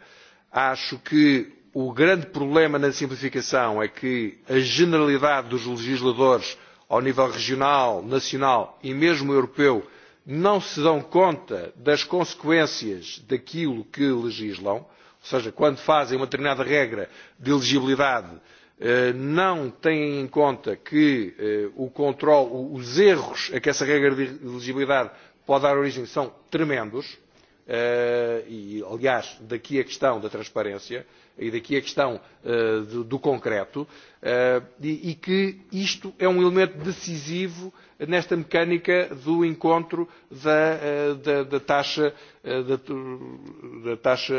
Acho que o grande problema na simplificação é que a generalidade dos legisladores ao nível regional, nacional e mesmo europeu uh, não se dão conta das consequências daquilo que legislam, ou seja, quando fazem uma determinada regra de elegibilidade, eh, não têm em conta que eh, o controle, os erros a que essa regra de elegibilidade pode dar origem são tremendos, Eh, e aliás daqui a questão da transparência e daqui a questão eh, do concreto eh, e, e que isto é um elemento decisivo nesta mecânica do encontro da, da, da taxa da, da taxa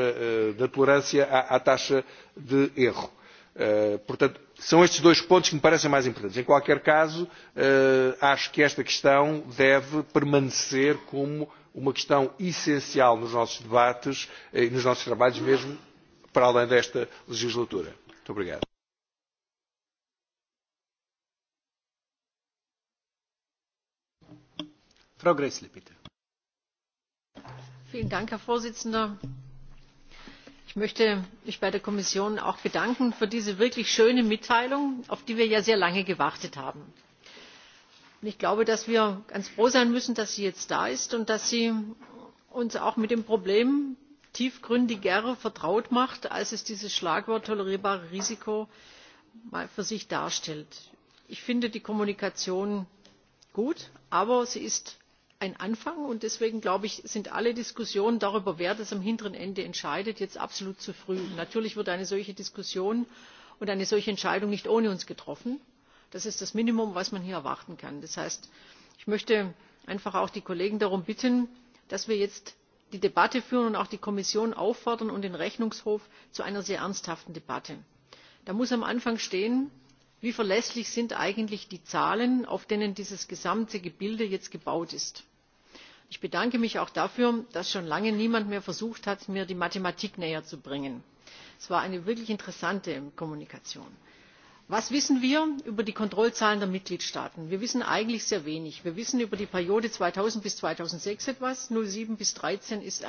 da tolerância à, à taxa de erro. Portanto, são estes dois pontos que me parecem mais importantes. Em qualquer caso, acho que esta questão deve permanecer como uma questão essencial nos nossos debates e nos nossos trabalhos, mesmo para além desta legislatura. Muito obrigado. Frau Gressle, bitte. Vielen Dank, Herr Vorsitzender. Ich möchte mich bei der Kommission auch bedanken für diese wirklich schöne Mitteilung, auf die wir ja sehr lange gewartet haben ich glaube dass wir ganz froh sein müssen dass sie jetzt da ist und dass sie uns auch mit dem problem tiefgründiger vertraut macht als es dieses schlagwort tolerierbares risiko für sich darstellt. ich finde die kommunikation gut aber sie ist ein anfang und deswegen sind alle diskussionen darüber wer das am hinteren ende entscheidet jetzt absolut zu früh. natürlich wird eine solche diskussion und eine solche entscheidung nicht ohne uns getroffen das ist das minimum was man hier erwarten kann. das heißt ich möchte einfach auch die kollegen darum bitten dass wir jetzt die debatte führen und auch die kommission auffordern und den rechnungshof zu einer sehr ernsthaften debatte. da muss am anfang stehen wie verlässlich sind eigentlich die zahlen auf denen dieses gesamte gebilde jetzt gebaut ist? ich bedanke mich auch dafür dass schon lange niemand mehr versucht hat mir die mathematik näherzubringen. es war eine wirklich interessante kommunikation was wissen wir über die kontrollzahlen der mitgliedstaaten? wir wissen eigentlich sehr wenig. wir wissen über die periode zweitausend bis zweitausendsechs etwas sieben bis dreizehn ist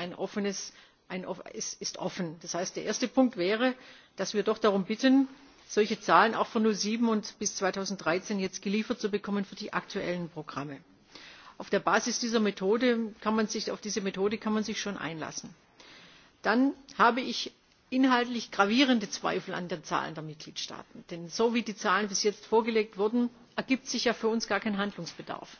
offen. das heißt der erste punkt wäre dass wir doch darum bitten solche zahlen auch für zweitausendsieben und bis zweitausenddreizehn jetzt geliefert zu bekommen für die aktuellen programme. auf der basis dieser methode kann man sich schon einlassen. dann habe inhaltlich gravierende zweifel an den zahlen der mitgliedstaaten denn so wie die zahlen bis jetzt vorgelegt wurden ergibt sich ja für uns gar kein handlungsbedarf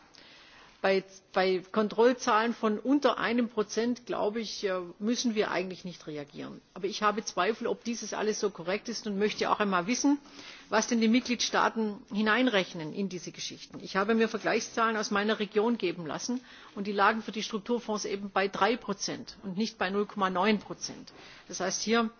bei kontrollzahlen von unter einem prozent äh, müssen wir eigentlich nicht reagieren. aber ich habe zweifel ob dies alles so korrekt ist und möchte auch einmal wissen was denn die mitgliedstaaten hineinrechnen in diese geschichten. ich habe mir vergleichszahlen aus meiner region geben lassen und die lagen für die strukturfonds eben bei drei prozent und nicht bei. null neun das heißt hier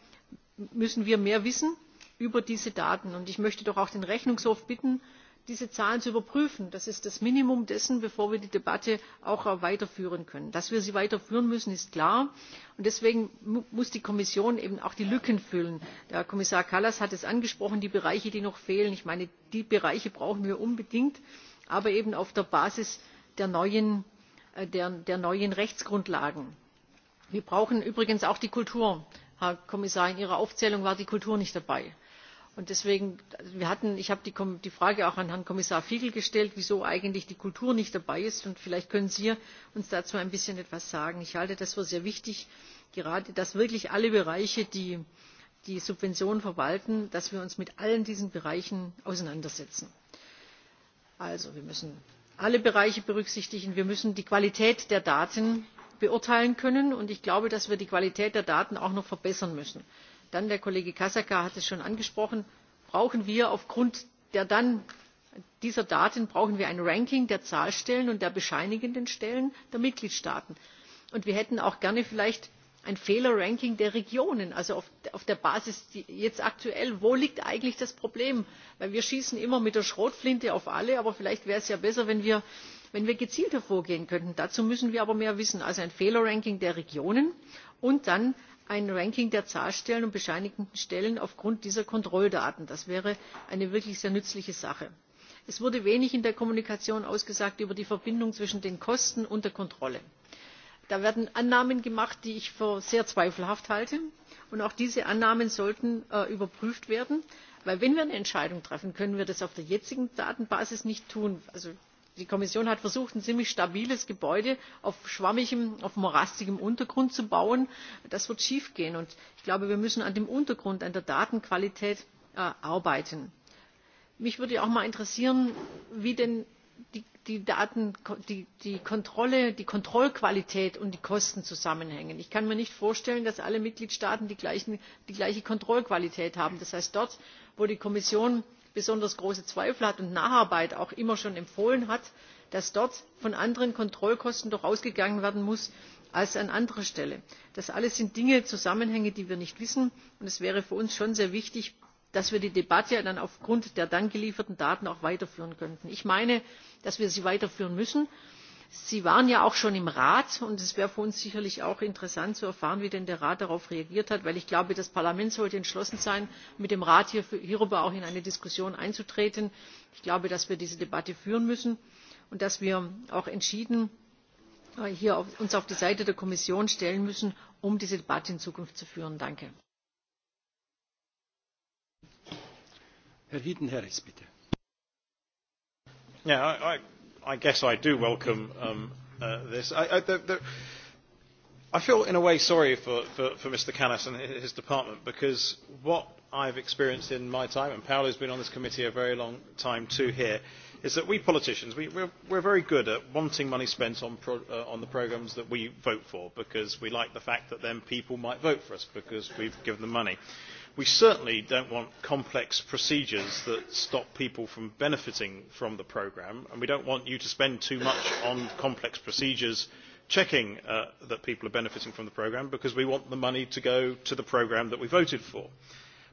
müssen wir mehr wissen über diese daten. ich möchte doch auch den rechnungshof bitten diese zahlen zu überprüfen das ist das minimum dessen bevor wir die debatte auch äh, weiterführen können. dass wir sie weiterführen müssen ist klar und deswegen muss die kommission eben auch die lücken füllen. der kommissar kallas hat es angesprochen die bereiche die noch fehlen. ich meine die bereiche brauchen wir unbedingt aber eben auf der basis der neuen äh, rechtsgrundlagen. wir brauchen übrigens auch die kultur herr kommissar in ihrer aufzählung war die kultur nicht deswegen ich habe die frage auch an herrn kommissar figel' gestellt wieso eigentlich die kultur nicht dabei ist und vielleicht können sie uns dazu ein bisschen etwas sagen. ich halte das für sehr wichtig gerade dass wirklich alle bereiche die die subventionen verwalten dass wir uns mit allen diesen bereichen auseinandersetzen. also wir müssen alle bereiche berücksichtigen wir müssen die qualität der daten beurteilen können und ich glaube dass wir die qualität der daten auch noch verbessern müssen dann der kollege casaca hat es schon angesprochen brauchen wir aufgrund dieser daten ein ranking der zahlstellen und der bescheinigenden stellen der mitgliedstaaten und wir hätten auch gerne vielleicht ein fehlerranking der regionen also auf der basis jetzt aktuell wo liegt eigentlich das problem? denn wir schießen immer mit der schrotflinte auf alle aber vielleicht wäre es ja besser wenn wir gezielter vorgehen könnten. dazu müssen wir aber mehr wissen also ein fehlerranking der regionen und ein ranking der zahlstellen und bescheinigten stellen aufgrund dieser kontrolldaten. das wäre eine wirklich sehr nützliche sache. es wurde wenig in der kommunikation ausgesagt über die verbindung zwischen den kosten und der kontrolle. da werden annahmen gemacht die ich für sehr zweifelhaft halte. auch diese annahmen sollten äh, überprüft werden denn wenn wir eine entscheidung treffen können wir das auf der jetzigen datenbasis nicht die kommission hat versucht ein ziemlich stabiles gebäude auf schwammigem auf morastigem untergrund zu bauen. das wird schiefgehen und ich glaube wir müssen an dem untergrund an der datenqualität äh, arbeiten. mich würde ja auch mal interessieren wie denn die kontrolle die kontrollqualität und die kosten zusammenhängen. ich kann mir nicht vorstellen dass alle mitgliedstaaten die gleiche kontrollqualität haben. das heißt dort wo die kommission besonders große zweifel hat und nacharbeit auch immer schon empfohlen hat dass dort von anderen kontrollkosten ausgegangen werden muss als an anderer stelle. das alles sind dinge zusammenhänge die wir nicht wissen und es wäre für uns schon sehr wichtig dass wir die debatte ja dann aufgrund der dann gelieferten daten auch weiterführen könnten. ich meine dass wir sie weiterführen müssen sie waren ja auch schon im rat und es wäre für uns sicherlich auch interessant zu erfahren wie denn der rat darauf reagiert hat denn ich glaube das parlament sollte entschlossen sein mit dem rat hierüber auch in eine diskussion einzutreten. ich glaube dass wir diese debatte führen müssen und dass wir uns auch entschieden äh, hier auf die seite der kommission stellen müssen um diese debatte in zukunft zu führen. danke! I guess I do welcome um, uh, this. I, I, the, the, I feel, in a way, sorry for, for, for Mr. Canas and his department because what I've experienced in my time, and Paolo's been on this committee a very long time too here, is that we politicians, we, we're, we're very good at wanting money spent on, pro, uh, on the programmes that we vote for because we like the fact that then people might vote for us because we've given them money. Uh, we certainly do not want complex procedures that stop people from benefiting from the programme and we do not want you to spend too much on complex procedures checking uh, that people are benefiting from the programme because we want the money to go to the programme that we voted for.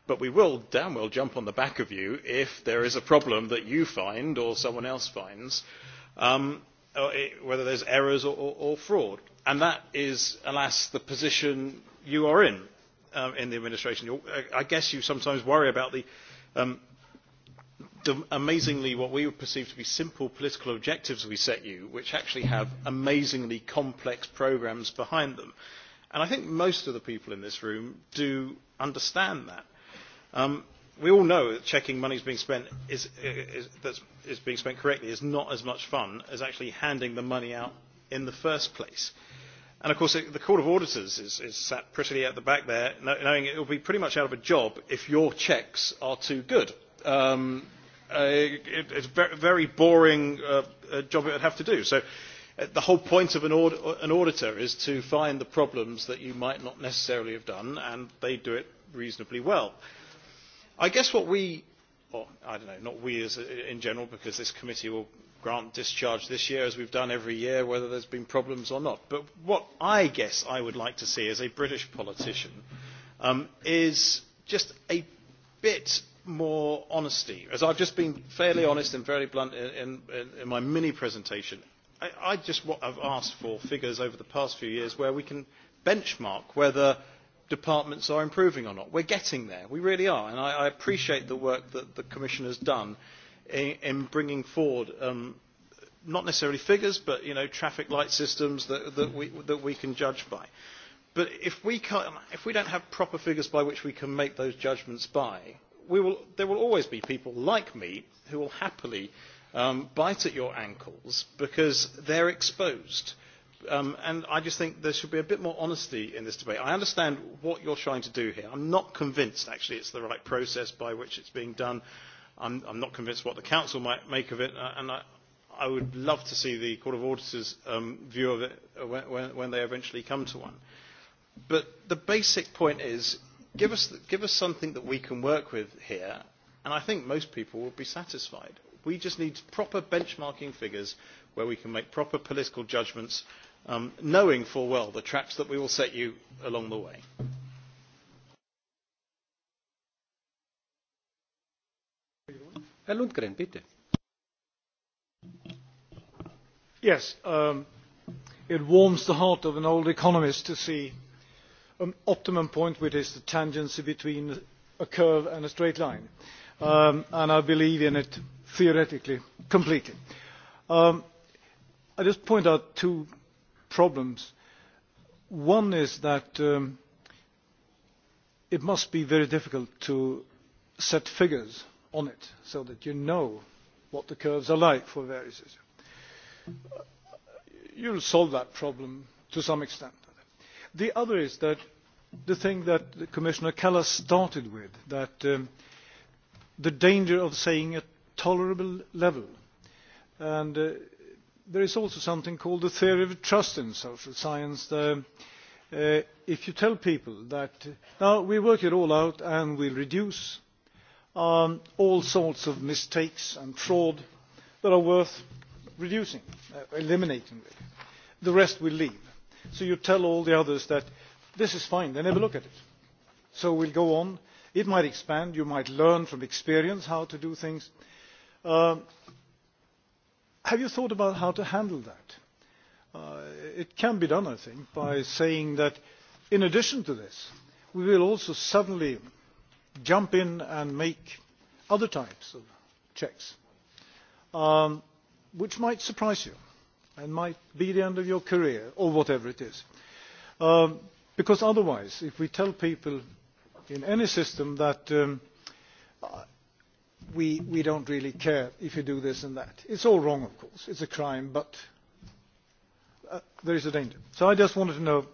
But we will damn well jump on the back of you if there is a problem that you find or someone else finds, um, or it, eh, whether there's errors or, or, or fraud. And that is, alas, the position you are in um, in the administration. You're, uh, I guess you sometimes worry about the, um, the amazingly what we would perceive to be simple political objectives we set you, which actually have amazingly complex programs behind them. And I think most of the people in this room do understand that. Um, we all know that checking money is being spent is, uh, is, that's, is being spent correctly is not as much fun as actually handing the money out in the first place. Uh, of course the court of auditors is, is sat prettily at the back there knowing it will be pretty much out of a job if your checks are too good. Um, uh, it, it's a very, very boring uh, uh, job it would have to do. So uh, the whole point of an, aud- an auditor is to find the problems that you might not necessarily have done and they do it reasonably well. I guess what we, well, I don't know, not we as a, uh, in general because this committee will grant discharge this year as we have done every year whether there have been problems or not but what i guess i would like to see as a british politician um, is just a bit more honesty as i've just been fairly honest and very blunt in, in, in my mini presentation i, I just what i've asked for figures over the past few years where we can benchmark whether departments are improving or not. We're getting there. We really are. And I, I appreciate the work that the Commission has done uh, in, in bringing forward um, not necessarily figures, but you know, traffic light systems that, that, we, that we can judge by. But if we, can't, if we don't have proper figures by which we can make those judgments by, we will, there will always be people like me who will happily um, bite at your ankles because they're exposed. Um, and I just think there should be a bit more honesty in this debate. I understand what you're trying to do here. I'm not convinced, actually, it's the right process by which it's being done i am not convinced what the council might make of it uh, and i would love to see the court of auditors um, view of it uh, when they eventually come to one but the basic point is give us give us something that we can work with here and i think most people would be satisfied we just need proper benchmarking figures where we can make proper political judgments um, knowing full well the traps that we will set you along the way. herr lundgren bitte! Um, it warms the heart of an old economist to see an optimum point which is the tangency between a curve and a straight line um, and i believe in it theoretically completely. Um, i just point out two problems. one is that it must be very difficult to set figures on it so that you know what the curves are like for varices. Uh, you will solve that problem to some extent. The other is that the thing that Commissioner Callas started with, that um, the danger of saying a tolerable level. And uh, there is also something called the theory of trust in social science. The, uh, if you tell people that, uh, now we work it all out and we'll reduce Um, all sorts of mistakes and fraud that are worth reducing, uh, eliminating. The rest will leave. So you tell all the others that this is fine, they never look at it. So we'll go on. It might expand, you might learn from experience how to do things. Uh, have you thought about how to handle that? Uh, it can be done, I think, by saying that in addition to this, we will also suddenly jump in and make other types of checks um, which might surprise you and might be the end of your career or whatever it is. Um, because otherwise, if we tell people in any system that um, we, we don't really care if you do this and that, it's all wrong, of course. It's a crime, but uh, there is a danger. So I just wanted to know,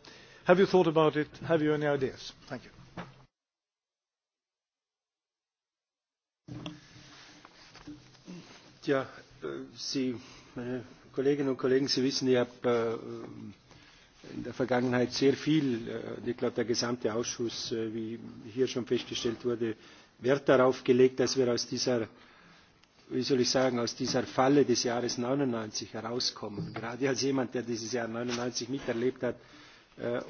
have you thought about it? Have you any ideas? Thank you. ja sie meine kolleginnen und kollegen sie wissen ich habe äh, in der vergangenheit sehr viel äh, ich glaube der gesamte ausschuss äh, wie hier schon festgestellt wurde wert darauf gelegt dass wir aus dieser wie soll ich sagen aus dieser falle des jahres neunundneunzig herauskommen gerade als jemand der dieses jahr neunundneunzig miterlebt hat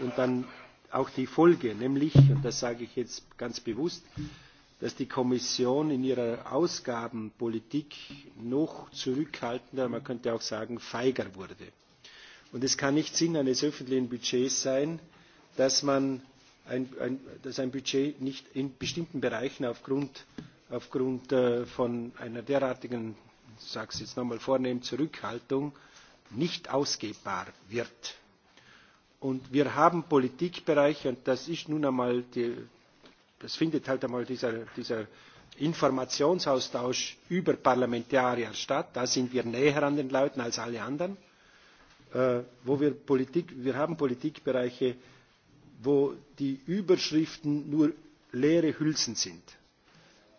und dann auch die folge nämlich und das sage ich jetzt ganz bewusst dass die Kommission in ihrer Ausgabenpolitik noch zurückhaltender, man könnte auch sagen, feiger wurde. Und es kann nicht Sinn eines öffentlichen Budgets sein, dass, man ein, ein, dass ein Budget nicht in bestimmten Bereichen aufgrund, aufgrund äh, von einer derartigen, ich sage es jetzt nochmal vornehm, Zurückhaltung nicht ausgebbar wird. Und wir haben Politikbereiche, und das ist nun einmal die, es findet halt einmal dieser, dieser Informationsaustausch über Parlamentarier statt. Da sind wir näher an den Leuten als alle anderen. Äh, wo wir, Politik, wir haben Politikbereiche, wo die Überschriften nur leere Hülsen sind.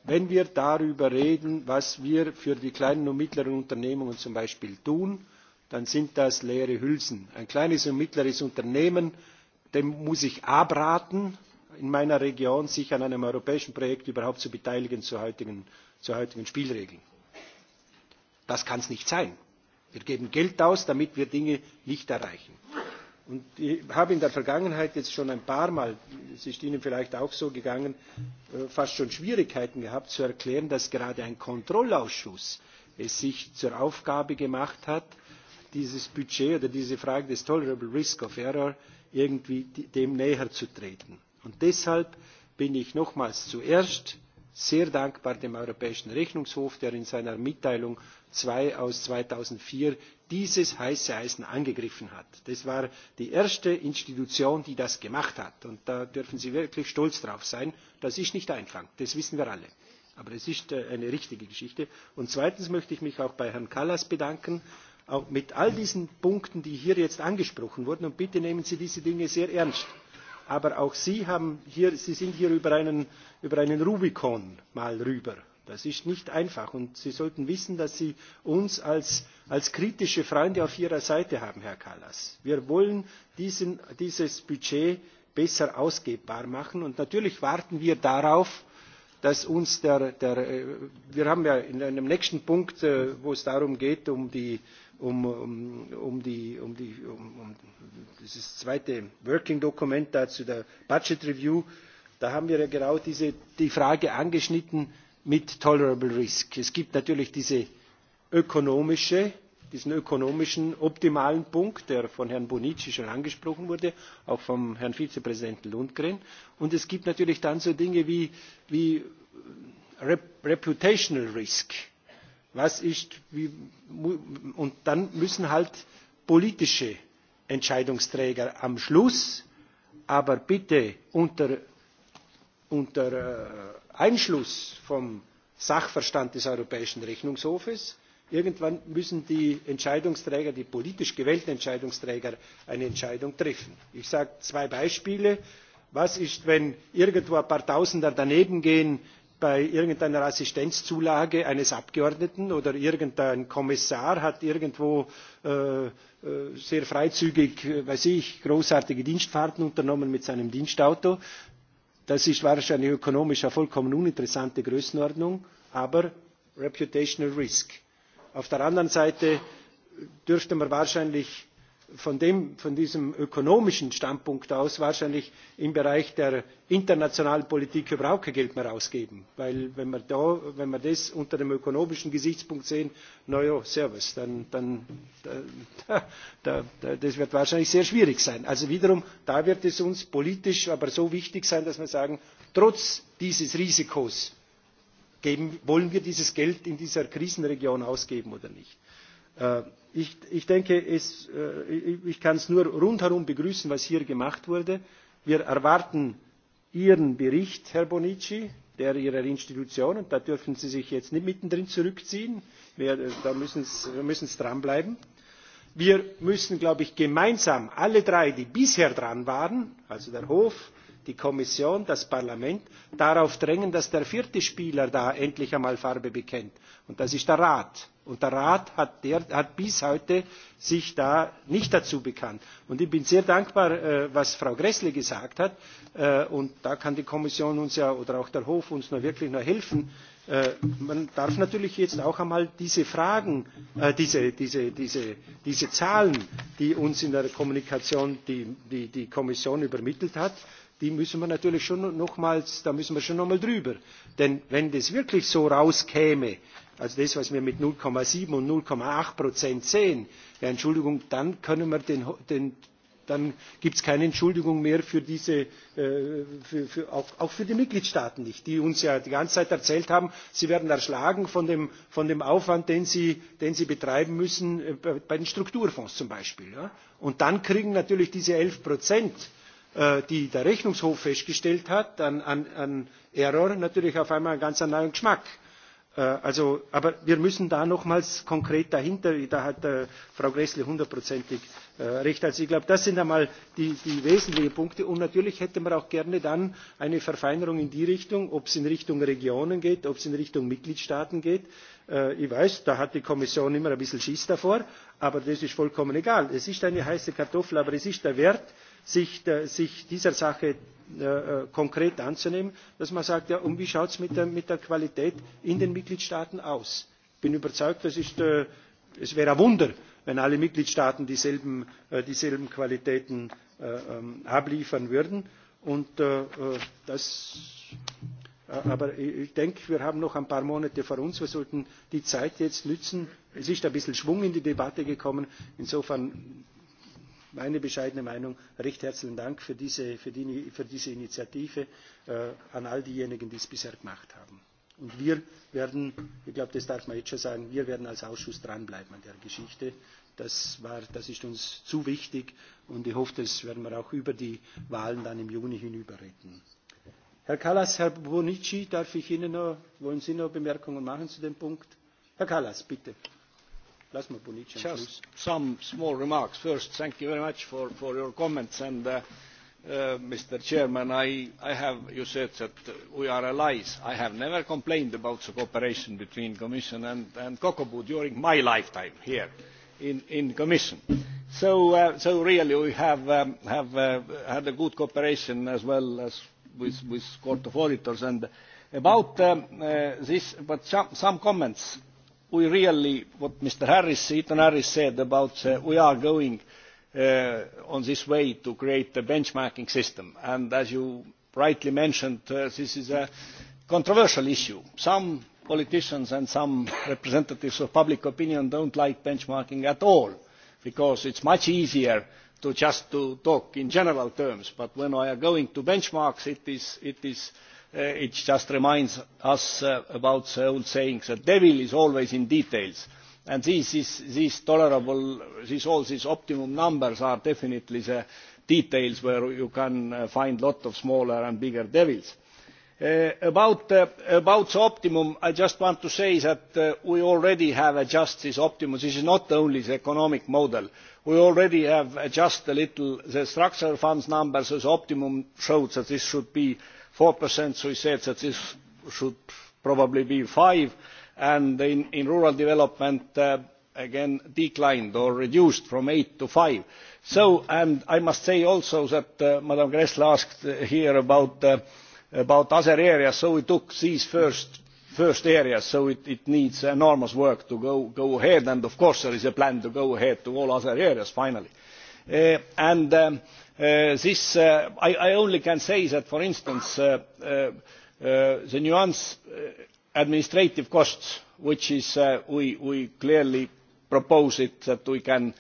Wenn wir darüber reden, was wir für die kleinen und mittleren Unternehmungen zum Beispiel tun, dann sind das leere Hülsen. Ein kleines und mittleres Unternehmen, dem muss ich abraten, äh, in meiner Region sich an einem europäischen Projekt überhaupt zu beteiligen zu heutigen, zu heutigen Spielregeln. Das kann es nicht sein. Wir geben Geld aus, damit wir Dinge nicht erreichen. Und ich habe in der Vergangenheit jetzt schon ein paar Mal, es ist Ihnen vielleicht auch so gegangen, äh, fast schon Schwierigkeiten gehabt zu erklären, dass gerade ein Kontrollausschuss es sich zur Aufgabe gemacht hat, dieses Budget oder diese Frage des Tolerable Risk of Error irgendwie dem näher zu treten und deshalb bin ich nochmals zuerst sehr dankbar dem Europäischen Rechnungshof, der in seiner Mitteilung 2 aus 2004 dieses heiße Eisen angegriffen hat. Das war die erste Institution, die das gemacht hat. Und da dürfen Sie wirklich stolz drauf sein. Das ist nicht einfach. Das wissen wir alle. Aber es ist äh, eine richtige Geschichte. Und zweitens möchte ich mich auch bei Herrn Callas bedanken. Auch mit all diesen Punkten, die hier jetzt angesprochen wurden. Und bitte nehmen Sie diese Dinge sehr ernst aber auch sie, haben hier, sie sind hier über einen, über einen rubikon mal rüber. das ist nicht einfach und sie sollten wissen dass sie uns als, als kritische freunde auf ihrer seite haben herr kallas. wir wollen diesen, dieses budget besser ausgebbar machen und natürlich warten wir darauf dass uns der, der äh, wir haben ja in einem nächsten punkt äh, wo es darum geht um die, Um, um, um, die, um, die, um, um dieses zweite Working Dokument dazu, der Budget Review. Da haben wir ja genau diese, die Frage angeschnitten mit Tolerable Risk. Es gibt natürlich diese ökonomische, diesen ökonomischen optimalen Punkt, der von Herrn Bonici schon angesprochen wurde, auch vom Herrn Vizepräsidenten Lundgren. Und es gibt natürlich dann so Dinge wie, wie äh, Rep Reputational Risk was ist wie, und dann müssen halt politische Entscheidungsträger am Schluss, aber bitte unter, unter äh, Einschluss vom Sachverstand des Europäischen Rechnungshofes, irgendwann müssen die Entscheidungsträger, die politisch gewählten Entscheidungsträger, eine Entscheidung treffen. Ich sage zwei Beispiele. Was ist, wenn irgendwo ein paar Tausender daneben gehen bei irgendeiner Assistenzzulage eines Abgeordneten oder irgendein Kommissar hat irgendwo äh, äh sehr freizügig, äh, weiß ich, großartige Dienstfahrten unternommen mit seinem Dienstauto. Das ist wahrscheinlich ökonomisch eine ja vollkommen uninteressante Größenordnung, aber reputational risk. Auf der anderen Seite dürfte man wahrscheinlich von diesem ökonomischen Standpunkt aus wahrscheinlich im Bereich der internationalen Politik überhaupt kein Geld mehr ausgeben. Weil wenn wir, da, wenn wir das unter dem ökonomischen Gesichtspunkt sehen, naja, Servus, dann, dann da, da, da, da, das wird wahrscheinlich sehr schwierig sein. Also wiederum, da wird es uns politisch aber so wichtig sein, dass wir sagen, trotz dieses Risikos geben, wollen wir dieses Geld in dieser Krisenregion ausgeben oder nicht. Äh, äh, ich kann es nur rundherum begrüßen was hier gemacht wurde. wir erwarten ihren bericht herr bonici der ihrer institution und da dürfen sie sich jetzt nicht mittendrin zurückziehen äh, da müssen sie dranbleiben. wir müssen glaube ich gemeinsam alle drei die bisher dran waren also der hof die Kommission, das Parlament darauf drängen, dass der vierte Spieler da endlich einmal Farbe bekennt. Und das ist der Rat. Und der Rat hat, der, hat bis heute sich da nicht dazu bekannt. Und ich bin sehr dankbar, äh, was Frau Gressle gesagt hat. Äh, und da kann die Kommission uns ja oder auch der Hof uns nur wirklich nur helfen. Äh, man darf natürlich jetzt auch einmal diese Fragen, äh, diese, diese, diese, diese Zahlen, die uns in der Kommunikation die, die, die Kommission übermittelt hat, die müssen wir natürlich schon no-, nochmals, da müssen wir schon nochmal drüber. Denn wenn das wirklich so rauskäme, also das, was wir mit 0,7 und 0,8 Prozent sehen, ja, Entschuldigung, dann können wir den, den dann gibt es keine Entschuldigung mehr für diese, äh, für, für, auch, auch für die Mitgliedstaaten nicht, die uns ja die ganze Zeit erzählt haben, sie werden erschlagen von dem, von dem Aufwand, den sie, den sie betreiben müssen, äh, bei den Strukturfonds zum Beispiel. Ja. Und dann kriegen natürlich diese 11 Prozent, Äh, die der Rechnungshof festgestellt hat, an, an, an Error natürlich auf einmal einen ganz neuen Geschmack. Äh, also, aber wir müssen da nochmals konkret dahinter, da hat äh, Frau Gressle hundertprozentig äh, recht. Also ich glaube, das sind einmal die, die wesentlichen Punkte. Und natürlich hätte man auch gerne dann eine Verfeinerung in die Richtung, ob es in Richtung Regionen geht, ob es in Richtung Mitgliedstaaten geht. Äh, ich weiß, da hat die Kommission immer ein bisschen Schiss davor, aber das ist vollkommen egal. Es ist eine heiße Kartoffel, aber es ist der Wert, äh, sich dieser Sache äh, äh, konkret anzunehmen, dass man sagt, ja, und wie schaut es mit der, mit der Qualität in den Mitgliedstaaten aus? Ich bin überzeugt, das ist, äh, es wäre ein Wunder, wenn alle Mitgliedstaaten dieselben, äh, dieselben Qualitäten äh, ähm, abliefern würden. Und, äh, äh, das, äh, aber ich, ich denke, wir haben noch ein paar Monate vor uns. Wir sollten die Zeit jetzt nützen. Es ist ein bisschen Schwung in die Debatte gekommen. Insofern meine bescheidene Meinung. Recht herzlichen Dank für diese, für die, für diese Initiative äh, an all diejenigen, die es bisher gemacht haben. Und wir werden, ich glaube, das darf man jetzt schon sagen, wir werden als Ausschuss dranbleiben an der Geschichte. Das, war, das ist uns zu wichtig und ich hoffe, das werden wir auch über die Wahlen dann im Juni hinüber retten. Herr Kallas, Herr Bonici, darf ich Ihnen noch, wollen Sie noch Bemerkungen machen zu dem Punkt? Herr Kallas, bitte just some small remarks. first, thank you very much for, for your comments. and, uh, uh, mr. chairman, I, I have, you said that we are allies. i have never complained about the cooperation between commission and, and kokobu during my lifetime here in, in commission. so, uh, so really, we have, um, have uh, had a good cooperation as well as with, with court of auditors. and about um, uh, this, but some, some comments we really what mr harris ethan harris said about uh, we are going uh, on this way to create a benchmarking system and as you rightly mentioned uh, this is a controversial issue. some politicians and some representatives of public opinion do not like benchmarking at all because it is much easier just to talk in general terms but when we are going to benchmark it Uh, it just reminds us uh, about the old saying the devil is always in the details and these tolerable all these optimum numbers are definitely the details where you can uh, find a lot of smaller and bigger devils. about the optimum i just want to say that we already have adjusted this optimum this is not only the economic model we already have adjusted a little the structural funds numbers so the optimum shows that this should be four percent so he said that this should probably be five and in, in rural development uh, again declined or reduced from eight to five. So and I must say also that uh, Madam Gressler asked uh, here about uh, about other areas, so we took these first first areas, so it, it needs enormous work to go, go ahead, and of course there is a plan to go ahead to all other areas finally. Uh, and um, Uh, uh, i only can say that for instance uh, the nuance administrative costs which we clearly propose that we can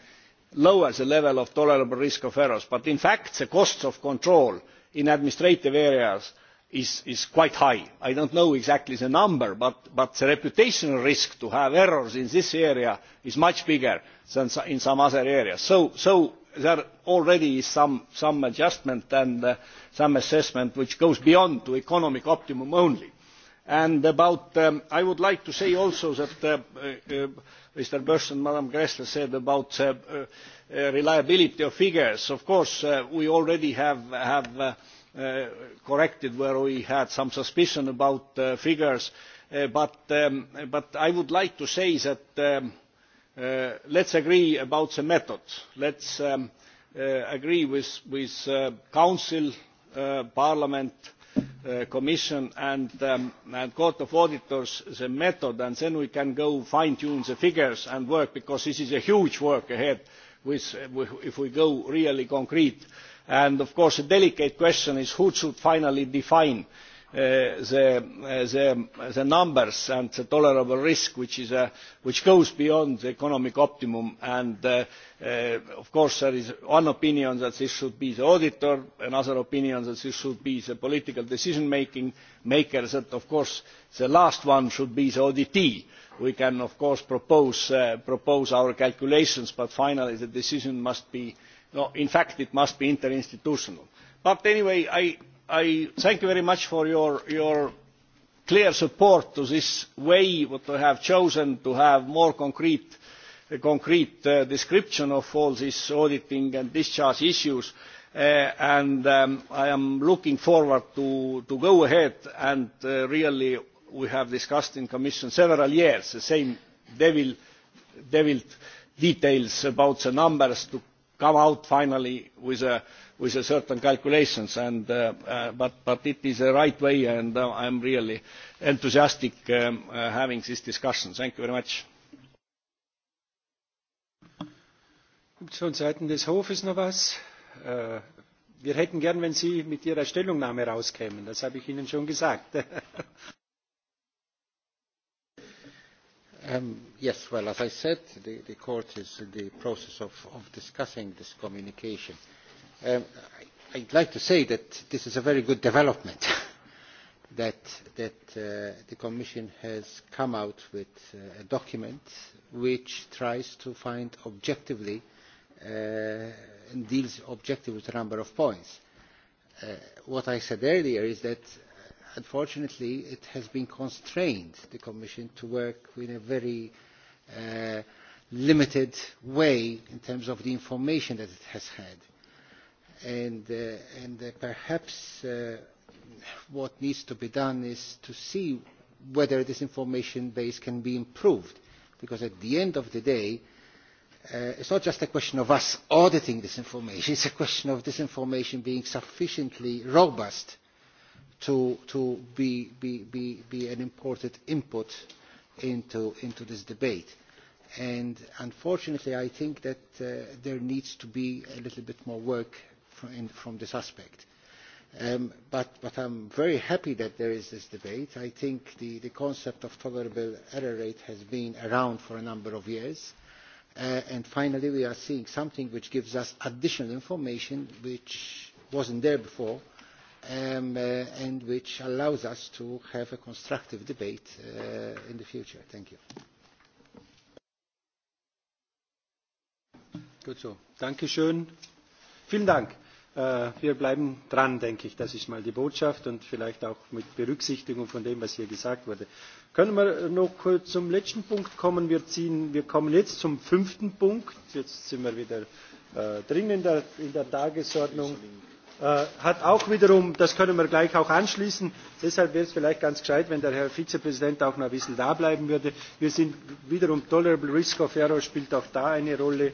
lower the level of tolerable risk of errors but in fact the costs of control in administrative areas is quite high. i do not know exactly the number but the reputational risk to have errors in this area is much bigger than in some other areas. so there already is some, some adjustment and uh, some assessment which goes beyond to economic optimum only. And about, um, I would like to say also that uh, uh, uh Mr. Bush and Madam Gressler said about uh, uh, reliability of figures. Of course, uh, we already have, have uh, uh, corrected where we had some suspicion about uh, figures, uh, but, um, but I would like to say that um, Uh, let us agree about the method let us um, uh, agree with the uh, council parliament commission um, and court of auditors the method and then we can go fine tune the figures and work because this is huge work ahead if we go really concrete. of course the delicate question is who should finally define Uh, uh, the numbers and the tolerable risk which uh, goes beyond the economic optimum and of course there is one opinion that this should be the auditor another opinion that this should be the political decision makers and of course the last one should be the auditee. we can of course propose our calculations but finally the decision must be no, in fact it must be interinstitutional. but anyway I thank you very much for your, your clear support to this way what we have chosen to have more concrete, a concrete uh, description of all these auditing and discharge issues. Uh, and um, I am looking forward to, to go ahead and uh, really we have discussed in Commission several years the same devil, devil details about the numbers to come out finally with a uh, with certain calculations uh, uh, but it is the right way and uh, i am really enthusiastic um, having this discussion. thank you very much. Gibt es von Seiten des Hofes noch was? Äh, wir hätten gern, wenn Sie mit Ihrer Stellungnahme rauskämen. Das habe ich Ihnen schon gesagt. Um, yes, well, as I said, the, the court is in the process of, of discussing this communication. Um, i would like to say that this is a very good development that uh, the commission has come out with uh, a document which tries to find objectively uh, and deals objectively with a number of points. what i said earlier is that unfortunately the commission has been constrained to work in a very limited way in terms of the information that it has had and, uh, and uh, perhaps uh, what needs to be done is to see whether this information base can be improved. Because at the end of the day, uh, it's not just a question of us auditing this information, it's a question of this information being sufficiently robust to, to be, be, be, be an important input into, into this debate. And unfortunately, I think that uh, there needs to be a little bit more work from this aspect. Um, but I am very happy that there is this debate. I think the, the concept of tolerable error rate has been around for a number of years. Uh, and finally, we are seeing something which gives us additional information which wasn't there before um, uh, and which allows us to have a constructive debate uh, in the future. Thank you. Good so. Danke schön. Vielen Dank. Äh, wir bleiben dran denke ich das ist mal die botschaft und vielleicht auch mit berücksichtigung von dem was hier gesagt wurde. können wir noch zum letzten punkt kommen? wir kommen jetzt zum fünften punkt jetzt sind wir wieder äh, drin in der, in der tagesordnung äh, hat auch wiederum das können wir gleich auch anschließen deshalb wäre es vielleicht ganz gescheit wenn der herr vizepräsident auch noch ein bisschen da bleiben würde wir sind wiederum tolerable risk of error spielt auch da eine rolle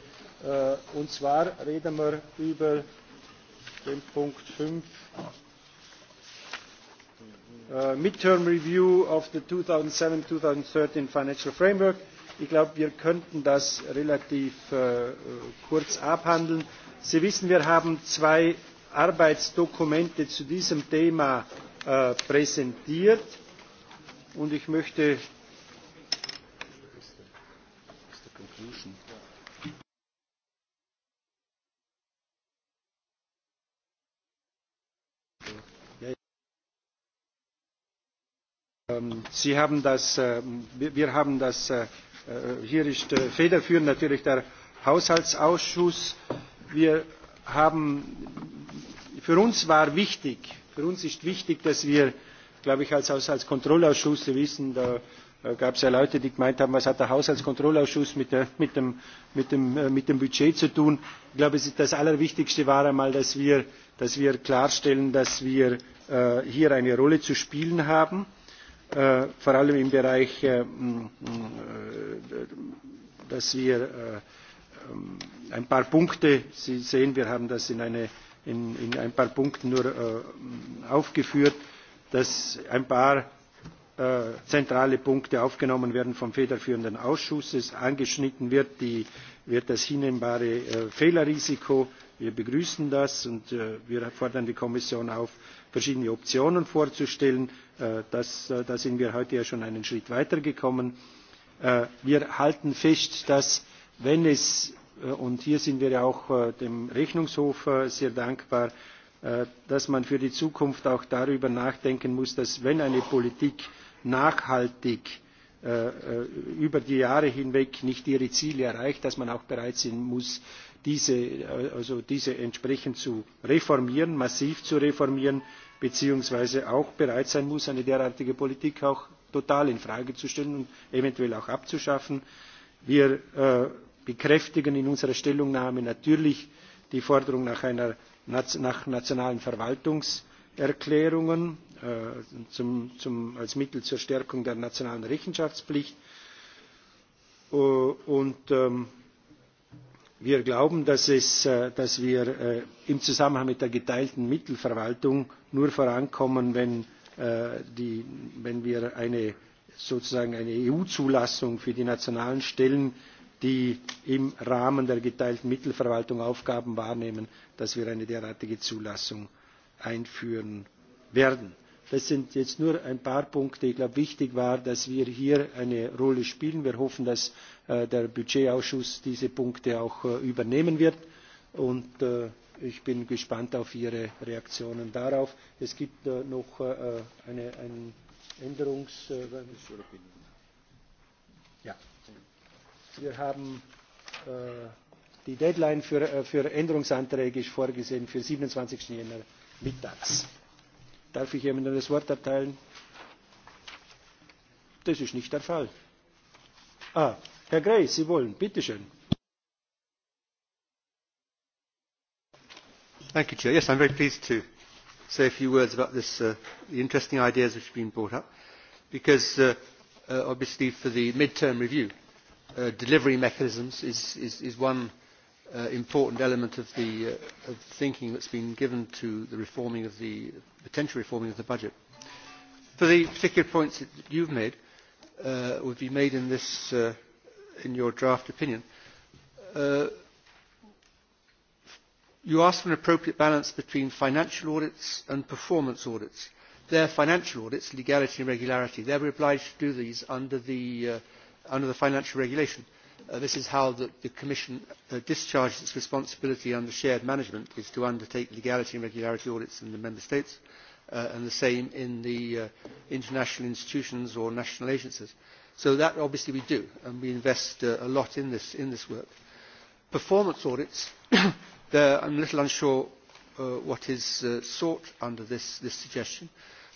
und zwar reden wir über dem Punkt 5. Uh, äh, Midterm Review of the 2007-2013 Financial Framework. Ich glaube, wir könnten das relativ uh, kurz abhandeln. Sie wissen, wir haben zwei Arbeitsdokumente zu diesem Thema uh, präsentiert. Und ich möchte. Is the, is the conclusion? Ähm, Sie haben das, äh, wir haben das, äh, äh, hier ist federführend natürlich der Haushaltsausschuss. Wir haben, für uns war wichtig, für uns ist wichtig, dass wir, glaube ich, als Haushaltskontrollausschuss, Sie wissen, da gab es ja Leute, die gemeint haben, was hat der Haushaltskontrollausschuss mit, der, mit, dem, mit, dem, mit dem Budget zu tun. Ich glaube, das Allerwichtigste war einmal, dass wir, dass wir klarstellen, dass wir hier eine Rolle zu spielen haben. Äh, vor allem im bereich äh, äh, dass wir ähm, ein paar punkte sie sehen wir haben das in ein paar punkten nur aufgeführt dass ein paar zentrale punkte aufgenommen werden vom federführenden ausschuss es angeschnitten wird das hinnehmbare fehlerrisiko wir begrüßen das und wir fordern die kommission auf verschiedene optionen vorzustellen. Äh, äh, da sind wir heute ja schon einen schritt weiter gekommen. Äh, wir halten fest dass wenn es und hier sind wir ja auch dem rechnungshof sehr dankbar man für die zukunft auch darüber nachdenken muss dass wenn eine politik nachhaltig über die jahre hinweg nicht ihre ziele erreicht dass man auch bereit sein muss diese entsprechend zu reformieren massiv zu reformieren beziehungsweise auch bereit sein muss, eine derartige Politik auch total in Frage zu stellen und eventuell auch abzuschaffen. Wir äh, bekräftigen in unserer Stellungnahme natürlich die Forderung nach einer nach nationalen Verwaltungserklärungen äh, zum, zum, als Mittel zur Stärkung der nationalen Rechenschaftspflicht. Uh, und ähm, wir glauben dass äh, wir äh, im zusammenhang mit der geteilten mittelverwaltung nur vorankommen wenn äh, wir sozusagen eine eu zulassung für die nationalen stellen die im rahmen der geteilten mittelverwaltung aufgaben wahrnehmen dass wir eine derartige zulassung einführen werden das sind jetzt nur ein paar Punkte. Ich glaube, wichtig war, dass wir hier eine Rolle spielen. Wir hoffen, dass äh, der Budgetausschuss diese Punkte auch äh, übernehmen wird. Und äh, ich bin gespannt auf Ihre Reaktionen darauf. Es gibt äh, noch äh, äh eine, eine Änderungs... Äh, ja. Wir haben äh, die Deadline für, äh, für Änderungsanträge ist vorgesehen für 27. Jänner mittags darf ich jemandem das Wort erteilen? Das ist nicht der Fall. Ah, Herr Gray, Sie wollen, bitteschön. Thank you, Chair. Yes, I'm very pleased to say a few words about this, uh, the interesting ideas which have been brought up, because uh, uh, obviously for the midterm review, uh, delivery mechanisms is, is, is one Uh, important element of the, uh, of the thinking that's been given to the reforming of the potential reforming of the budget. For the particular points that you've made, uh, would be made in this uh, in your draft opinion. Uh, you asked for an appropriate balance between financial audits and performance audits. They're financial audits, legality and regularity. They're obliged to do these under the, uh, under the financial regulation. Uh, this is how the commission uh, discharges its responsibility under shared management to undertake legality and regularity audits in the member states uh, and the same in the international institutions or national agencies. so that obviously we do and we invest a lot in this, in this work. performance audits i am a little unsure what is sought under this, this suggestion.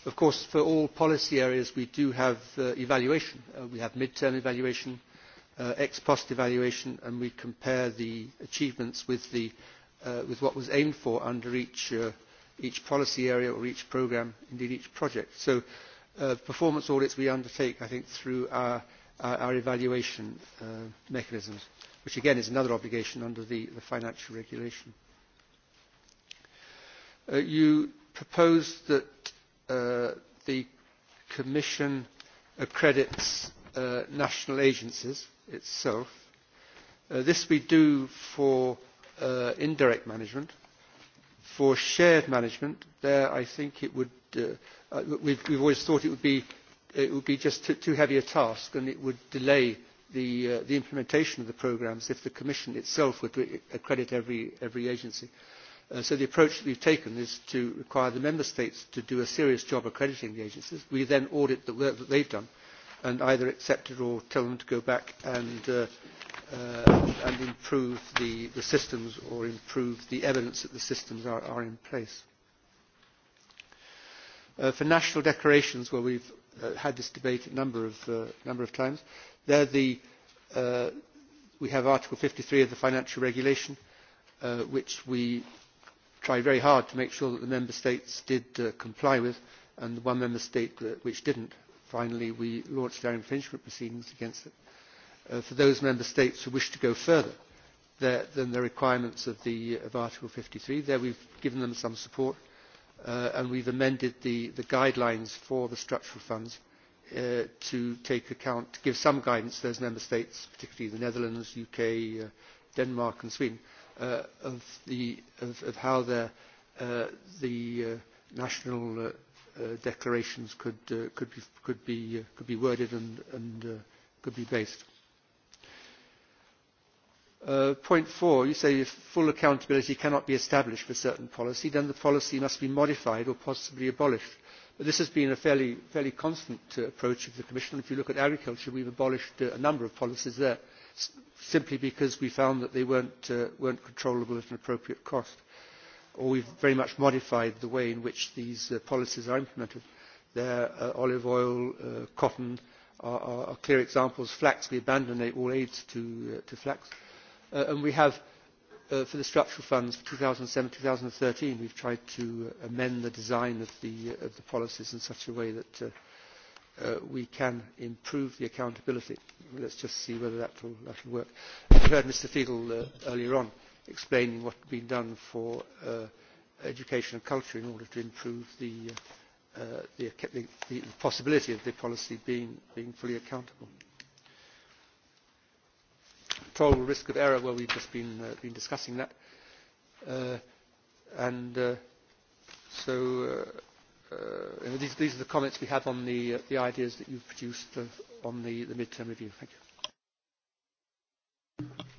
of course for all policy areas we do have evaluation. we have mid term evaluation. Uh, ex post evaluation and we compare the achievements with, the, uh, with what was aimed for under each, uh, each policy area or each programme, indeed each project. So uh, performance audits we undertake, I think, through our, our, our evaluation uh, mechanisms, which again is another obligation under the, the financial regulation. Uh, you propose that uh, the Commission accredits uh, national agencies itself. Uh, this we do for uh, indirect management. For shared management, there I think it would, uh, uh, we've, we've always thought it would be, it would be just too heavy a task and it would delay the, uh, the implementation of the programmes if the Commission itself would accredit every, every agency. Uh, so the approach that we've taken is to require the Member States to do a serious job accrediting the agencies. We then audit the work that they've done and either accept it or tell them to go back and, uh, uh, and improve the, the systems or improve the evidence that the systems are, are in place. Uh, for national decorations, where well, we've uh, had this debate a number of, uh, number of times, there the, uh, we have Article 53 of the Financial Regulation, uh, which we tried very hard to make sure that the Member States did uh, comply with, and the one Member State that, which didn't finally we launched our infringement proceedings against it. Uh, for those member states who wish to go further there, than the requirements of, the, of Article 53, there we've given them some support uh, and we've amended the, the guidelines for the structural funds uh, to take account, to give some guidance to those member states, particularly the Netherlands, UK, uh, Denmark and Sweden, uh, of, the, of, of how uh, the uh, national uh, Uh, declarations could uh, could be could be uh, could be worded and and uh, could be based uh, point four, you say if full accountability cannot be established for certain policy, then the policy must be modified or possibly abolished. But this has been a fairly, fairly constant uh, approach of the Commission. If you look at agriculture, we've abolished uh, a number of policies there s simply because we found that they weren't, uh, weren't controllable at an appropriate cost or we have very much modified the way in which these uh, policies are implemented. there uh, olive oil and uh, cotton are clear examples. flax we abandoned all aid to flax. and we have for the structural funds for two thousand and seven two thousand and thirteen we have tried to amend the design of the, of the policies in such a way that uh, we can improve the accountability. let's just see whether that will work. you heard mr fiegel uh, earlier on explaining what has been done for uh, education and culture in order to improve the, uh, the, the possibility of the policy being, being fully accountable. Probable risk of error, well, we've just been, uh, been discussing that. Uh, and uh, so uh, uh, these, these are the comments we have on the, uh, the ideas that you've produced uh, on the, the midterm review. Thank you.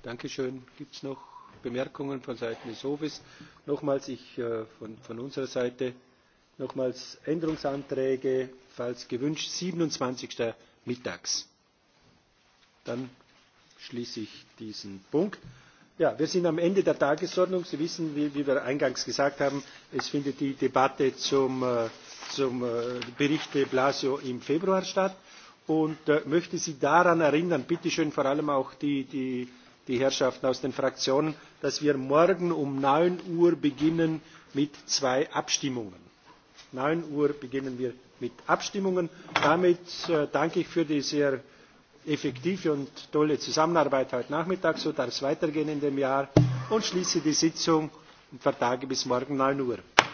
Dankeschön. Gibt es noch bemerkungen von seiten des hofes. nochmals ich äh, von, von unserer seite nochmals änderungsanträge falls gewünscht. siebenundzwanzig mittags. dann schließe ich diesen punkt. Ja, wir sind am ende der tagesordnung. sie wissen wie, wie wir eingangs gesagt haben es findet die debatte zum, äh, zum äh, bericht de blasio im februar statt. Und äh, möchte Sie daran erinnern, bitte schön vor allem auch die, die die herrschaften aus den fraktionen dass wir morgen um neun uhr beginnen mit zwei abstimmungen. um neun uhr beginnen wir mit abstimmungen. damit äh, danke ich für die sehr effektive und tolle zusammenarbeit heute nachmittag so darf es weitergehen in dem jahr und schließe die sitzung und vertage bis morgen neun uhr.